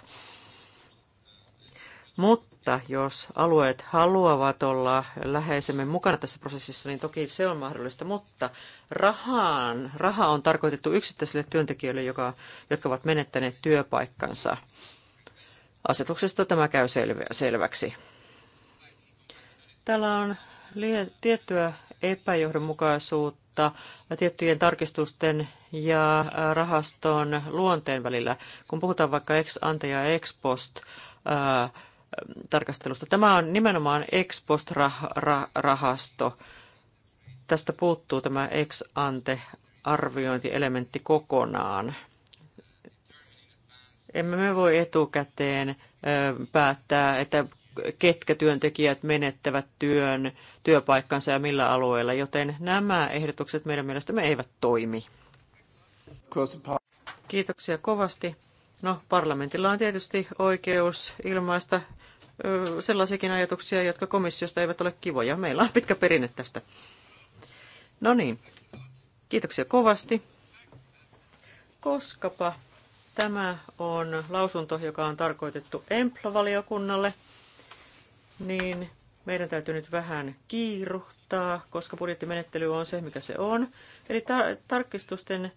Mutta että jos alueet haluavat olla läheisemmin mukana tässä prosessissa, niin toki se on mahdollista, mutta rahaan, raha on tarkoitettu yksittäisille työntekijöille, joka, jotka ovat menettäneet työpaikkansa. Asetuksesta tämä käy selväksi. Täällä on tiettyä epäjohdonmukaisuutta tiettyjen tarkistusten ja rahaston luonteen välillä. Kun puhutaan vaikka ex ante ja ex post tarkastelusta. Tämä on nimenomaan ex post rahasto. Tästä puuttuu tämä ex ante arviointielementti kokonaan. Emme me voi etukäteen päättää, että ketkä työntekijät menettävät työn, työpaikkansa ja millä alueella, joten nämä ehdotukset meidän mielestämme eivät toimi. Kiitoksia kovasti. No, parlamentilla on tietysti oikeus ilmaista sellaisiakin ajatuksia, jotka komissiosta eivät ole kivoja. Meillä on pitkä perinne tästä. No niin, kiitoksia kovasti. Koskapa tämä on lausunto, joka on tarkoitettu EMPLA-valiokunnalle, niin meidän täytyy nyt vähän kiiruhtaa, koska budjettimenettely on se, mikä se on. Eli tar- tarkistusten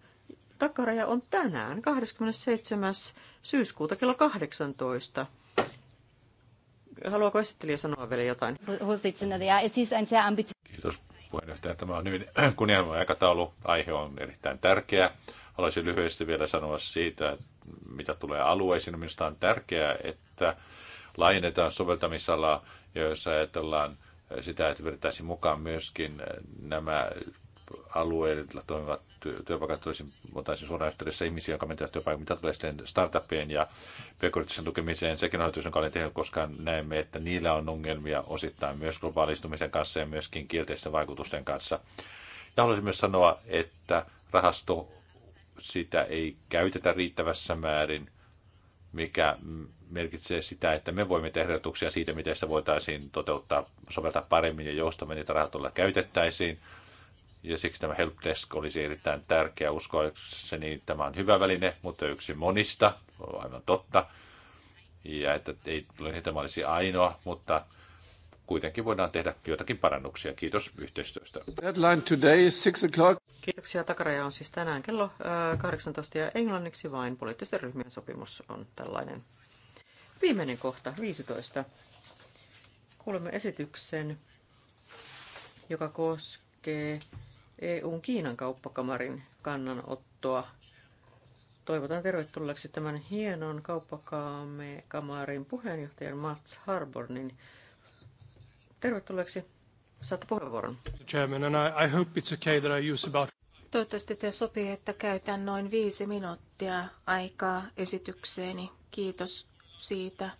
takaraja on tänään 27. syyskuuta kello 18. Haluaako esittelijä sanoa vielä jotain? Siis Kiitos puheenjohtaja. Tämä on hyvin kunnianhimoinen aikataulu. Aihe on erittäin tärkeä. Haluaisin lyhyesti vielä sanoa siitä, mitä tulee alueisiin. Niin minusta on tärkeää, että laajennetaan soveltamisalaa, joissa ajatellaan sitä, että vedettäisiin mukaan myöskin nämä alueilla toimivat työpaikat olisi, voitaisiin suoraan yhteydessä ihmisiä, jotka menee työpaikat, mitä tulee sitten startupien ja pk tukemiseen. Sekin on hallitus, jonka olen tehnyt, koska näemme, että niillä on ongelmia osittain myös globaalistumisen kanssa ja myöskin kielteisten vaikutusten kanssa. Ja haluaisin myös sanoa, että rahasto sitä ei käytetä riittävässä määrin, mikä merkitsee sitä, että me voimme tehdä ehdotuksia siitä, miten sitä voitaisiin toteuttaa, soveltaa paremmin ja joustavammin, niitä rahat käytettäisiin ja siksi tämä helpdesk olisi erittäin tärkeä. Uskoakseni tämä on hyvä väline, mutta yksi monista, on aivan totta. Ja että ei niin, tämä olisi ainoa, mutta kuitenkin voidaan tehdä joitakin parannuksia. Kiitos yhteistyöstä. Deadline today is six o'clock. Kiitoksia. Takaraja on siis tänään kello 18 äh, ja englanniksi vain poliittisten ryhmien sopimus on tällainen. Viimeinen kohta, 15. Kuulemme esityksen, joka koskee EUn Kiinan kauppakamarin kannanottoa. Toivotan tervetulleeksi tämän hienon kauppakamarin puheenjohtajan Mats Harbornin. Tervetulleeksi. Saatte puheenvuoron. Chairman, and I, I hope it's okay that I use about... Toivottavasti te sopii, että käytän noin viisi minuuttia aikaa esitykseeni. Kiitos siitä,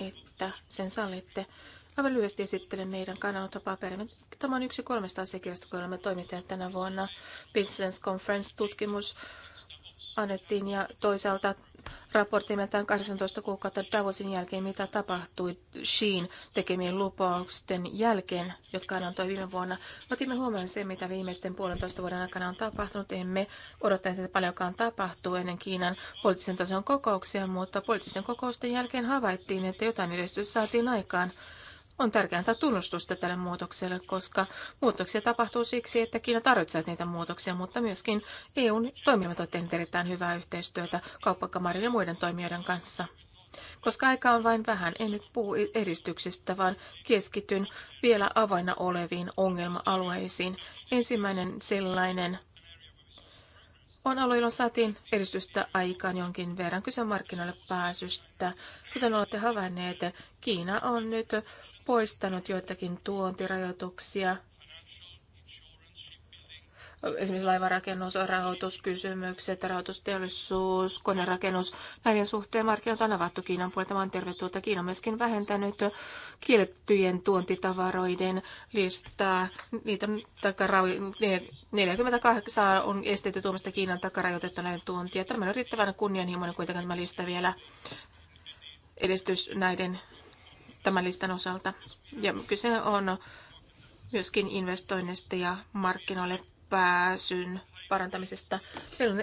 että sen sallitte. Aivan lyhyesti esittelen meidän kannanottopaperimme. Tämä on yksi kolmesta asiakirjasta, kun olemme toimittaneet tänä vuonna. Business Conference-tutkimus annettiin ja toisaalta raportimme tämän 18 kuukautta Davosin jälkeen, mitä tapahtui Sheen tekemien lupausten jälkeen, jotka hän antoi viime vuonna. Otimme huomioon sen, mitä viimeisten puolentoista vuoden aikana on tapahtunut. Emme odottaneet, että paljonkaan tapahtuu ennen Kiinan poliittisen tason kokouksia, mutta poliittisten kokousten jälkeen havaittiin, että jotain edistystä saatiin aikaan. On tärkeää antaa tunnustusta tälle muutokselle, koska muutoksia tapahtuu siksi, että Kiina tarvitsee niitä muutoksia, mutta myöskin EUn toimivat ovat tehneet erittäin hyvää yhteistyötä kauppakamarin ja muiden toimijoiden kanssa. Koska aika on vain vähän, en nyt puhu edistyksistä, vaan keskityn vielä avaina oleviin ongelma-alueisiin. Ensimmäinen sellainen on aloilla saatiin edistystä aikaan jonkin verran kyse markkinoille pääsystä. Kuten olette havainneet, Kiina on nyt poistanut joitakin tuontirajoituksia, esimerkiksi laivarakennus, rahoituskysymykset, rahoitusteollisuus, konerakennus. Näiden suhteen markkinoita on avattu Kiinan puolelta. vaan tervetuloa. Kiina on myöskin vähentänyt kiellettyjen tuontitavaroiden listaa. Niitä 48 on estetty tuomasta Kiinan takarajoitetta näiden tuontia. Tämä on riittävän kunnianhimoinen kuitenkin tämä lista vielä edistys näiden tämän listan osalta. Ja kyse on myöskin investoinneista ja markkinoille pääsyn parantamisesta. Meillä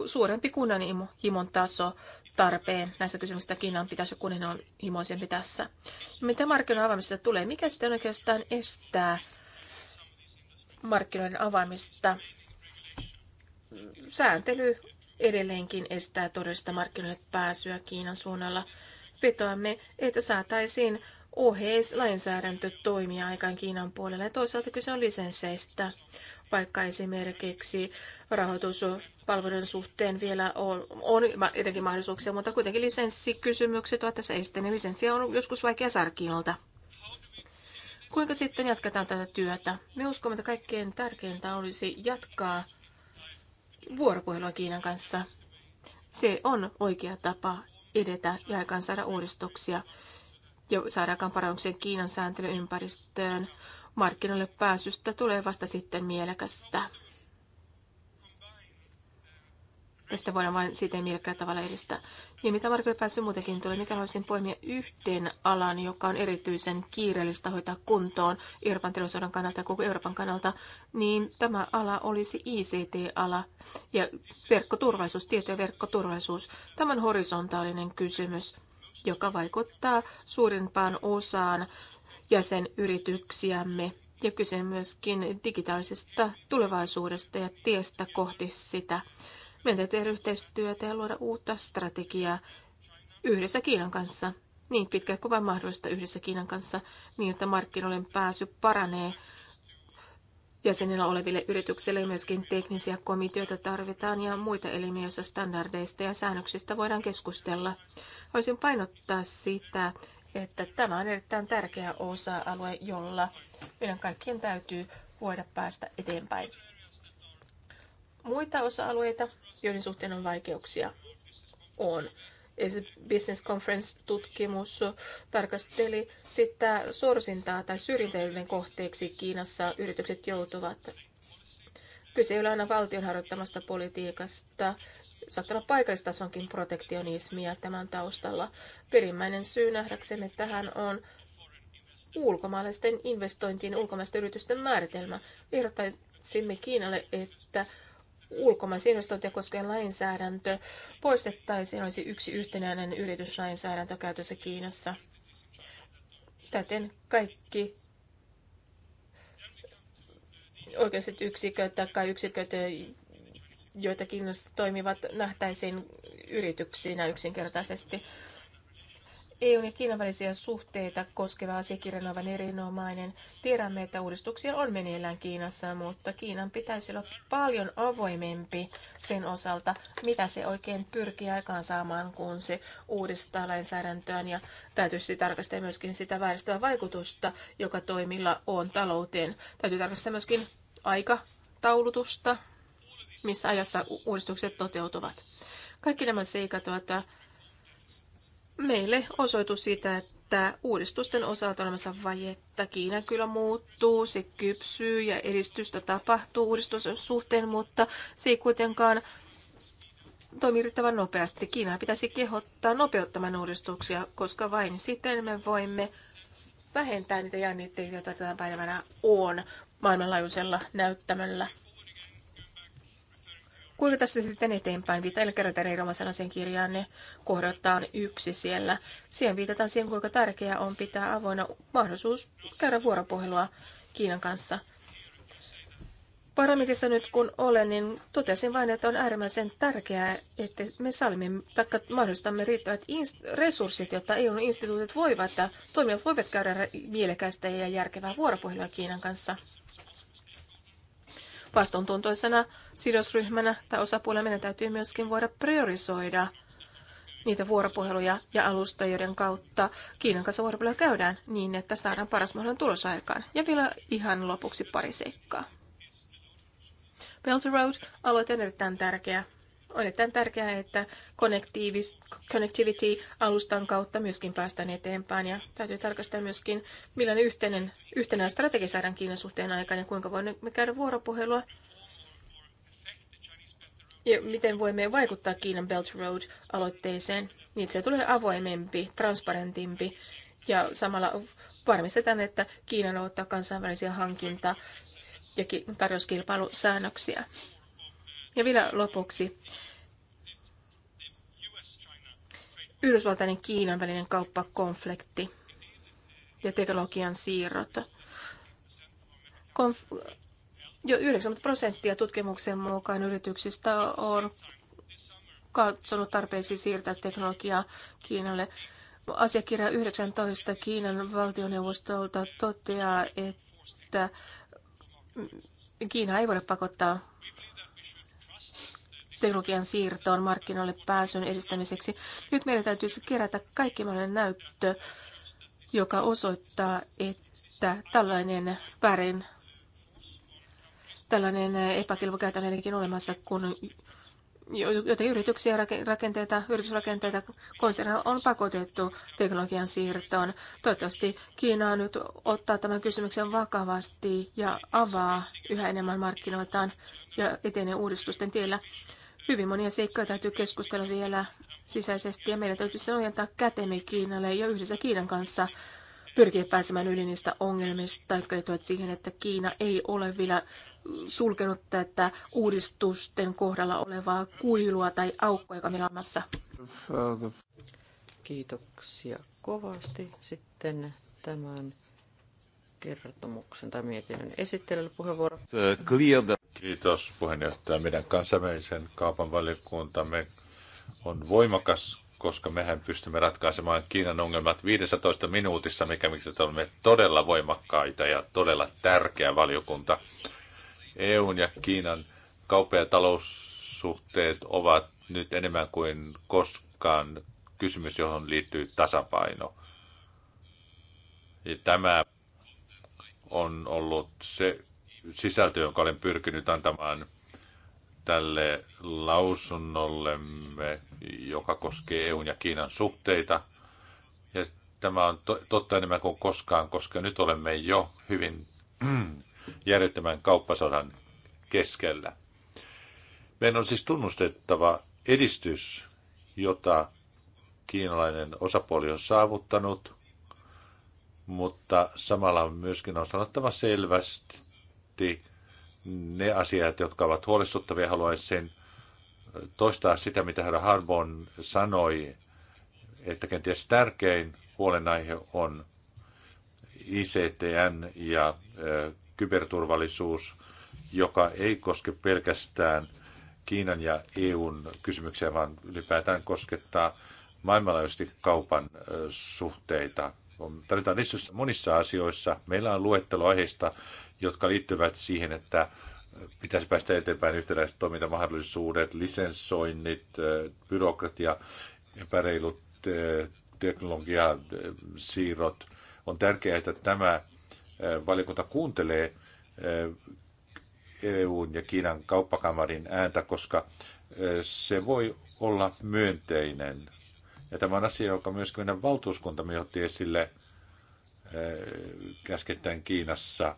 on suurempi kunnianhimon taso tarpeen näissä kysymyksissä Kiinan pitäisi kunnianhimoisempi tässä. Mitä markkinoiden avaamista tulee? Mikä sitten oikeastaan estää markkinoiden avaamista? Sääntely edelleenkin estää todellista markkinoille pääsyä Kiinan suunnalla vetoamme, että saataisiin oheislainsäädäntö toimia aikaan Kiinan puolella. Ja toisaalta kyse on lisensseistä, vaikka esimerkiksi rahoituspalveluiden suhteen vielä on, on edenkin mahdollisuuksia, mutta kuitenkin lisenssikysymykset ovat tässä esteen. Lisenssiä on joskus vaikea saada Kuinka sitten jatketaan tätä työtä? Me uskomme, että kaikkein tärkeintä olisi jatkaa vuoropuhelua Kiinan kanssa. Se on oikea tapa edetä ja aikaan saada uudistuksia ja saadaankaan parannuksia Kiinan sääntelyympäristöön. Markkinoille pääsystä tulee vasta sitten mielekästä ja sitä voidaan vain siitä mielekkäällä tavalla edistää. Ja mitä markkinoille pääsy muutenkin tulee, mikä haluaisin poimia yhteen alan, joka on erityisen kiireellistä hoitaa kuntoon Euroopan teollisuuden kannalta ja koko Euroopan kannalta, niin tämä ala olisi ICT-ala ja verkkoturvallisuus, tieto- ja verkkoturvallisuus. Tämä on horisontaalinen kysymys, joka vaikuttaa suurimpaan osaan jäsenyrityksiämme ja kyse myöskin digitaalisesta tulevaisuudesta ja tiestä kohti sitä. Meidän täytyy tehdä yhteistyötä ja luoda uutta strategiaa yhdessä Kiinan kanssa, niin pitkään kuin vain mahdollista yhdessä Kiinan kanssa, niin että markkinoiden pääsy paranee jäsenillä oleville yrityksille myöskin teknisiä komiteoita tarvitaan ja muita elimiä, joissa standardeista ja säännöksistä voidaan keskustella. Voisin painottaa sitä, että tämä on erittäin tärkeä osa-alue, jolla meidän kaikkien täytyy voida päästä eteenpäin. Muita osa-alueita, joiden suhteen on vaikeuksia, on. Business Conference-tutkimus tarkasteli sitä sorsintaa tai syrjintäyden kohteeksi Kiinassa yritykset joutuvat. Kyse ei ole aina valtion harjoittamasta politiikasta. Saattaa olla paikallistasonkin protektionismia tämän taustalla. Perimmäinen syy nähdäksemme tähän on ulkomaalaisten investointien ulkomaisten yritysten määritelmä. Ehdottaisimme Kiinalle, että ulkomaisia investointeja koskevan lainsäädäntö poistettaisiin, olisi yksi yhtenäinen yrityslainsäädäntö käytössä Kiinassa. Täten kaikki oikeiset yksiköt tai yksiköt, joita Kiinassa toimivat, nähtäisiin yrityksinä yksinkertaisesti. EUn ja Kiinan välisiä suhteita koskeva asiakirja on aivan erinomainen. Tiedämme, että uudistuksia on meneillään Kiinassa, mutta Kiinan pitäisi olla paljon avoimempi sen osalta, mitä se oikein pyrkii aikaansaamaan, kun se uudistaa lainsäädäntöön. ja täytyisi tarkastaa myöskin sitä vääristävää vaikutusta, joka toimilla on talouteen. Täytyy tarkastaa myöskin aikataulutusta, missä ajassa uudistukset toteutuvat. Kaikki nämä seikat ovat meille osoitus siitä, että uudistusten osalta olemassa vajetta. Kiina kyllä muuttuu, se kypsyy ja edistystä tapahtuu uudistusten suhteen, mutta se ei kuitenkaan toimi riittävän nopeasti. Kiinaa pitäisi kehottaa nopeuttamaan uudistuksia, koska vain siten me voimme vähentää niitä jännitteitä, joita tänä päivänä on maailmanlaajuisella näyttämällä. Kuinka tästä sitten eteenpäin? Viitaille kerätään erinomaisen asiakirjaan kohdataan yksi siellä. Siihen viitataan siihen, kuinka tärkeää on pitää avoinna mahdollisuus käydä vuoropuhelua Kiinan kanssa. Parlamentissa nyt kun olen, niin totesin vain, että on äärimmäisen tärkeää, että me salmimme taikka mahdollistamme riittävät resurssit, jotta EU-instituutit voivat ja toimijat voivat käydä mielekästä ja järkevää vuoropuhelua Kiinan kanssa vastuuntuntoisena sidosryhmänä tai osapuolella meidän täytyy myöskin voida priorisoida niitä vuoropuheluja ja alusta joiden kautta Kiinan kanssa vuoropuheluja käydään niin, että saadaan paras mahdollinen tulos aikaan. Ja vielä ihan lopuksi pari seikkaa. Belt Road aloite on erittäin tärkeä on erittäin tärkeää, että connectivity-alustan kautta myöskin päästään eteenpäin. Ja täytyy tarkastaa myöskin, millainen yhteinen, yhtenä strategia saadaan Kiinan suhteen aikaan ja kuinka voimme käydä vuoropuhelua. Ja miten voimme vaikuttaa Kiinan Belt Road-aloitteeseen, niin se tulee avoimempi, transparentimpi ja samalla varmistetaan, että Kiina noudattaa kansainvälisiä hankinta- ja tarjouskilpailusäännöksiä. Ja vielä lopuksi. Yhdysvaltainen Kiinan välinen kauppakonflikti ja teknologian siirrot. Konf- jo 90 prosenttia tutkimuksen mukaan yrityksistä on katsonut tarpeeksi siirtää teknologiaa Kiinalle. Asiakirja 19 Kiinan valtioneuvostolta toteaa, että Kiina ei voida pakottaa teknologian siirtoon markkinoille pääsyn edistämiseksi. Nyt meidän täytyisi kerätä kaikki mahdollinen näyttö, joka osoittaa, että tällainen väärin, tällainen epäkilvokäytännönkin olemassa, kun joten yrityksiä, rakenteita, yritysrakenteita, konserna on pakotettu teknologian siirtoon. Toivottavasti Kiina nyt ottaa tämän kysymyksen vakavasti ja avaa yhä enemmän markkinoitaan ja etenee uudistusten tiellä. Hyvin monia seikkoja täytyy keskustella vielä sisäisesti ja meidän täytyy se ojentaa kätemme Kiinalle ja yhdessä Kiinan kanssa pyrkiä pääsemään yli niistä ongelmista, jotka liittyvät siihen, että Kiina ei ole vielä sulkenut tätä uudistusten kohdalla olevaa kuilua tai aukkoa, joka meillä on massa. Kiitoksia kovasti. Sitten tämän kertomuksen tai mietinnön esittelylle puheenvuoro. Kiitos puheenjohtaja. Meidän kansainvälisen kaupan valiokuntamme on voimakas, koska mehän pystymme ratkaisemaan Kiinan ongelmat 15 minuutissa, mikä miksi olemme todella voimakkaita ja todella tärkeä valiokunta. EUn ja Kiinan kauppa- ja taloussuhteet ovat nyt enemmän kuin koskaan kysymys, johon liittyy tasapaino. Ja tämä on ollut se sisältö, jonka olen pyrkinyt antamaan tälle lausunnollemme, joka koskee EUn ja Kiinan suhteita. Ja tämä on to- totta enemmän kuin koskaan, koska nyt olemme jo hyvin järjettömän kauppasodan keskellä. Meidän on siis tunnustettava edistys, jota kiinalainen osapuoli on saavuttanut, mutta samalla myöskin on sanottava selvästi ne asiat, jotka ovat huolestuttavia. Haluaisin toistaa sitä, mitä herra Harbon sanoi, että kenties tärkein huolenaihe on ICTN ja kyberturvallisuus, joka ei koske pelkästään Kiinan ja EUn kysymyksiä, vaan ylipäätään koskettaa maailmanlaajuisesti kaupan suhteita tarvitaan edistystä monissa asioissa. Meillä on luettelo aiheista, jotka liittyvät siihen, että pitäisi päästä eteenpäin yhtenäiset toimintamahdollisuudet, lisensoinnit, byrokratia, epäreilut teknologiasiirrot. On tärkeää, että tämä valiokunta kuuntelee EUn ja Kiinan kauppakamarin ääntä, koska se voi olla myönteinen ja tämä on asia, joka myöskin meidän valtuuskuntamme otti esille käskettäen eh, Kiinassa.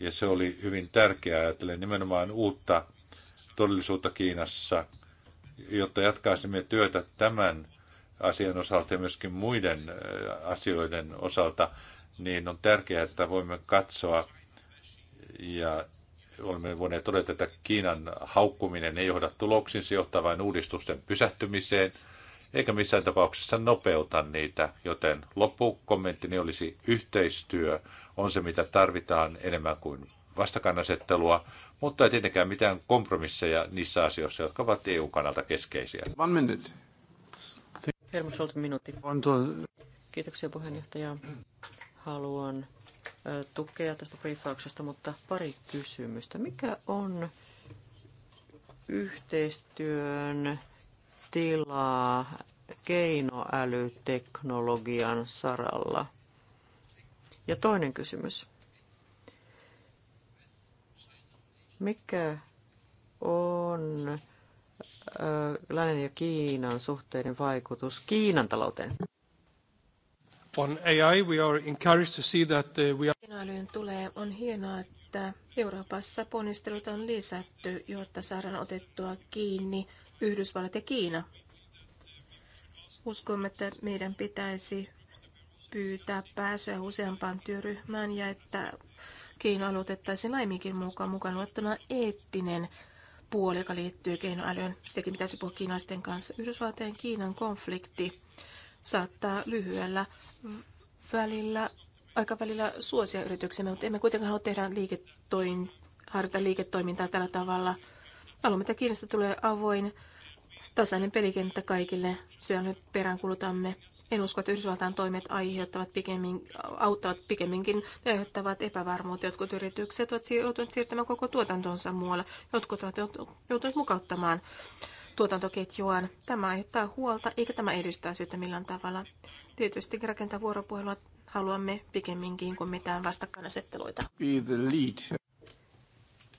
Ja se oli hyvin tärkeää ajatellen nimenomaan uutta todellisuutta Kiinassa, jotta jatkaisimme työtä tämän asian osalta ja myöskin muiden eh, asioiden osalta, niin on tärkeää, että voimme katsoa ja olemme voineet todeta, että Kiinan haukkuminen ei johda tuloksiin, se johtaa vain uudistusten pysähtymiseen – eikä missään tapauksessa nopeuta niitä, joten loppukommenttini olisi yhteistyö on se, mitä tarvitaan enemmän kuin vastakannasettelua, mutta ei tietenkään mitään kompromisseja niissä asioissa, jotka ovat eu kannalta keskeisiä. One minute. Helmut Scholz, minuutti. Kiitoksia puheenjohtaja. Haluan tukea tästä briefauksesta, mutta pari kysymystä. Mikä on yhteistyön tilaa keinoälyteknologian saralla? Ja toinen kysymys. Mikä on Lännen ja Kiinan suhteiden vaikutus Kiinan talouteen? On AI we are encouraged to see that uh, we are... Keinoälyyn tulee on hienoa, että Euroopassa ponnistelut on lisätty, jotta saadaan otettua kiinni Yhdysvallat ja Kiina. Uskomme, että meidän pitäisi pyytää pääsyä useampaan työryhmään ja että keino aloitettaisiin naimikin mukaan, mukaan luettuna eettinen puoli, joka liittyy keinoälyyn. Sitäkin pitäisi puhua kiinaisten kanssa. Yhdysvaltojen Kiinan konflikti saattaa lyhyellä välillä, aikavälillä suosia yrityksemme, mutta emme kuitenkaan halua tehdä liiketoin, harjoittaa liiketoimintaa tällä tavalla – Haluamme, että Kiinasta tulee avoin, tasainen pelikenttä kaikille. siellä me peräänkulutamme. En usko, että Yhdysvaltain toimet aiheuttavat pikemmin, auttavat pikemminkin ja aiheuttavat epävarmuutta. Jotkut yritykset ovat joutuneet siirtämään koko tuotantonsa muualle. Jotkut ovat joutuneet mukauttamaan tuotantoketjuaan. Tämä aiheuttaa huolta, eikä tämä edistää syytä millään tavalla. Tietysti rakentaa vuoropuhelua haluamme pikemminkin kuin mitään vastakkainasetteluita.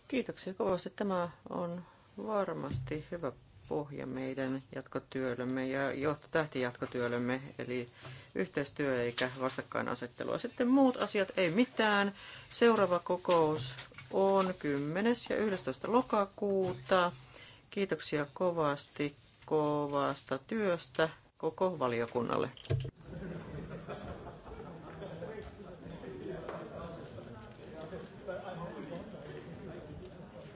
Kiitoksia kovasti. Tämä on varmasti hyvä pohja meidän jatkotyöllemme ja johtotähti jatkotyöllemme, eli yhteistyö eikä vastakkainasettelua. Sitten muut asiat ei mitään. Seuraava kokous on 10. ja 11. lokakuuta. Kiitoksia kovasti kovasta työstä koko valiokunnalle.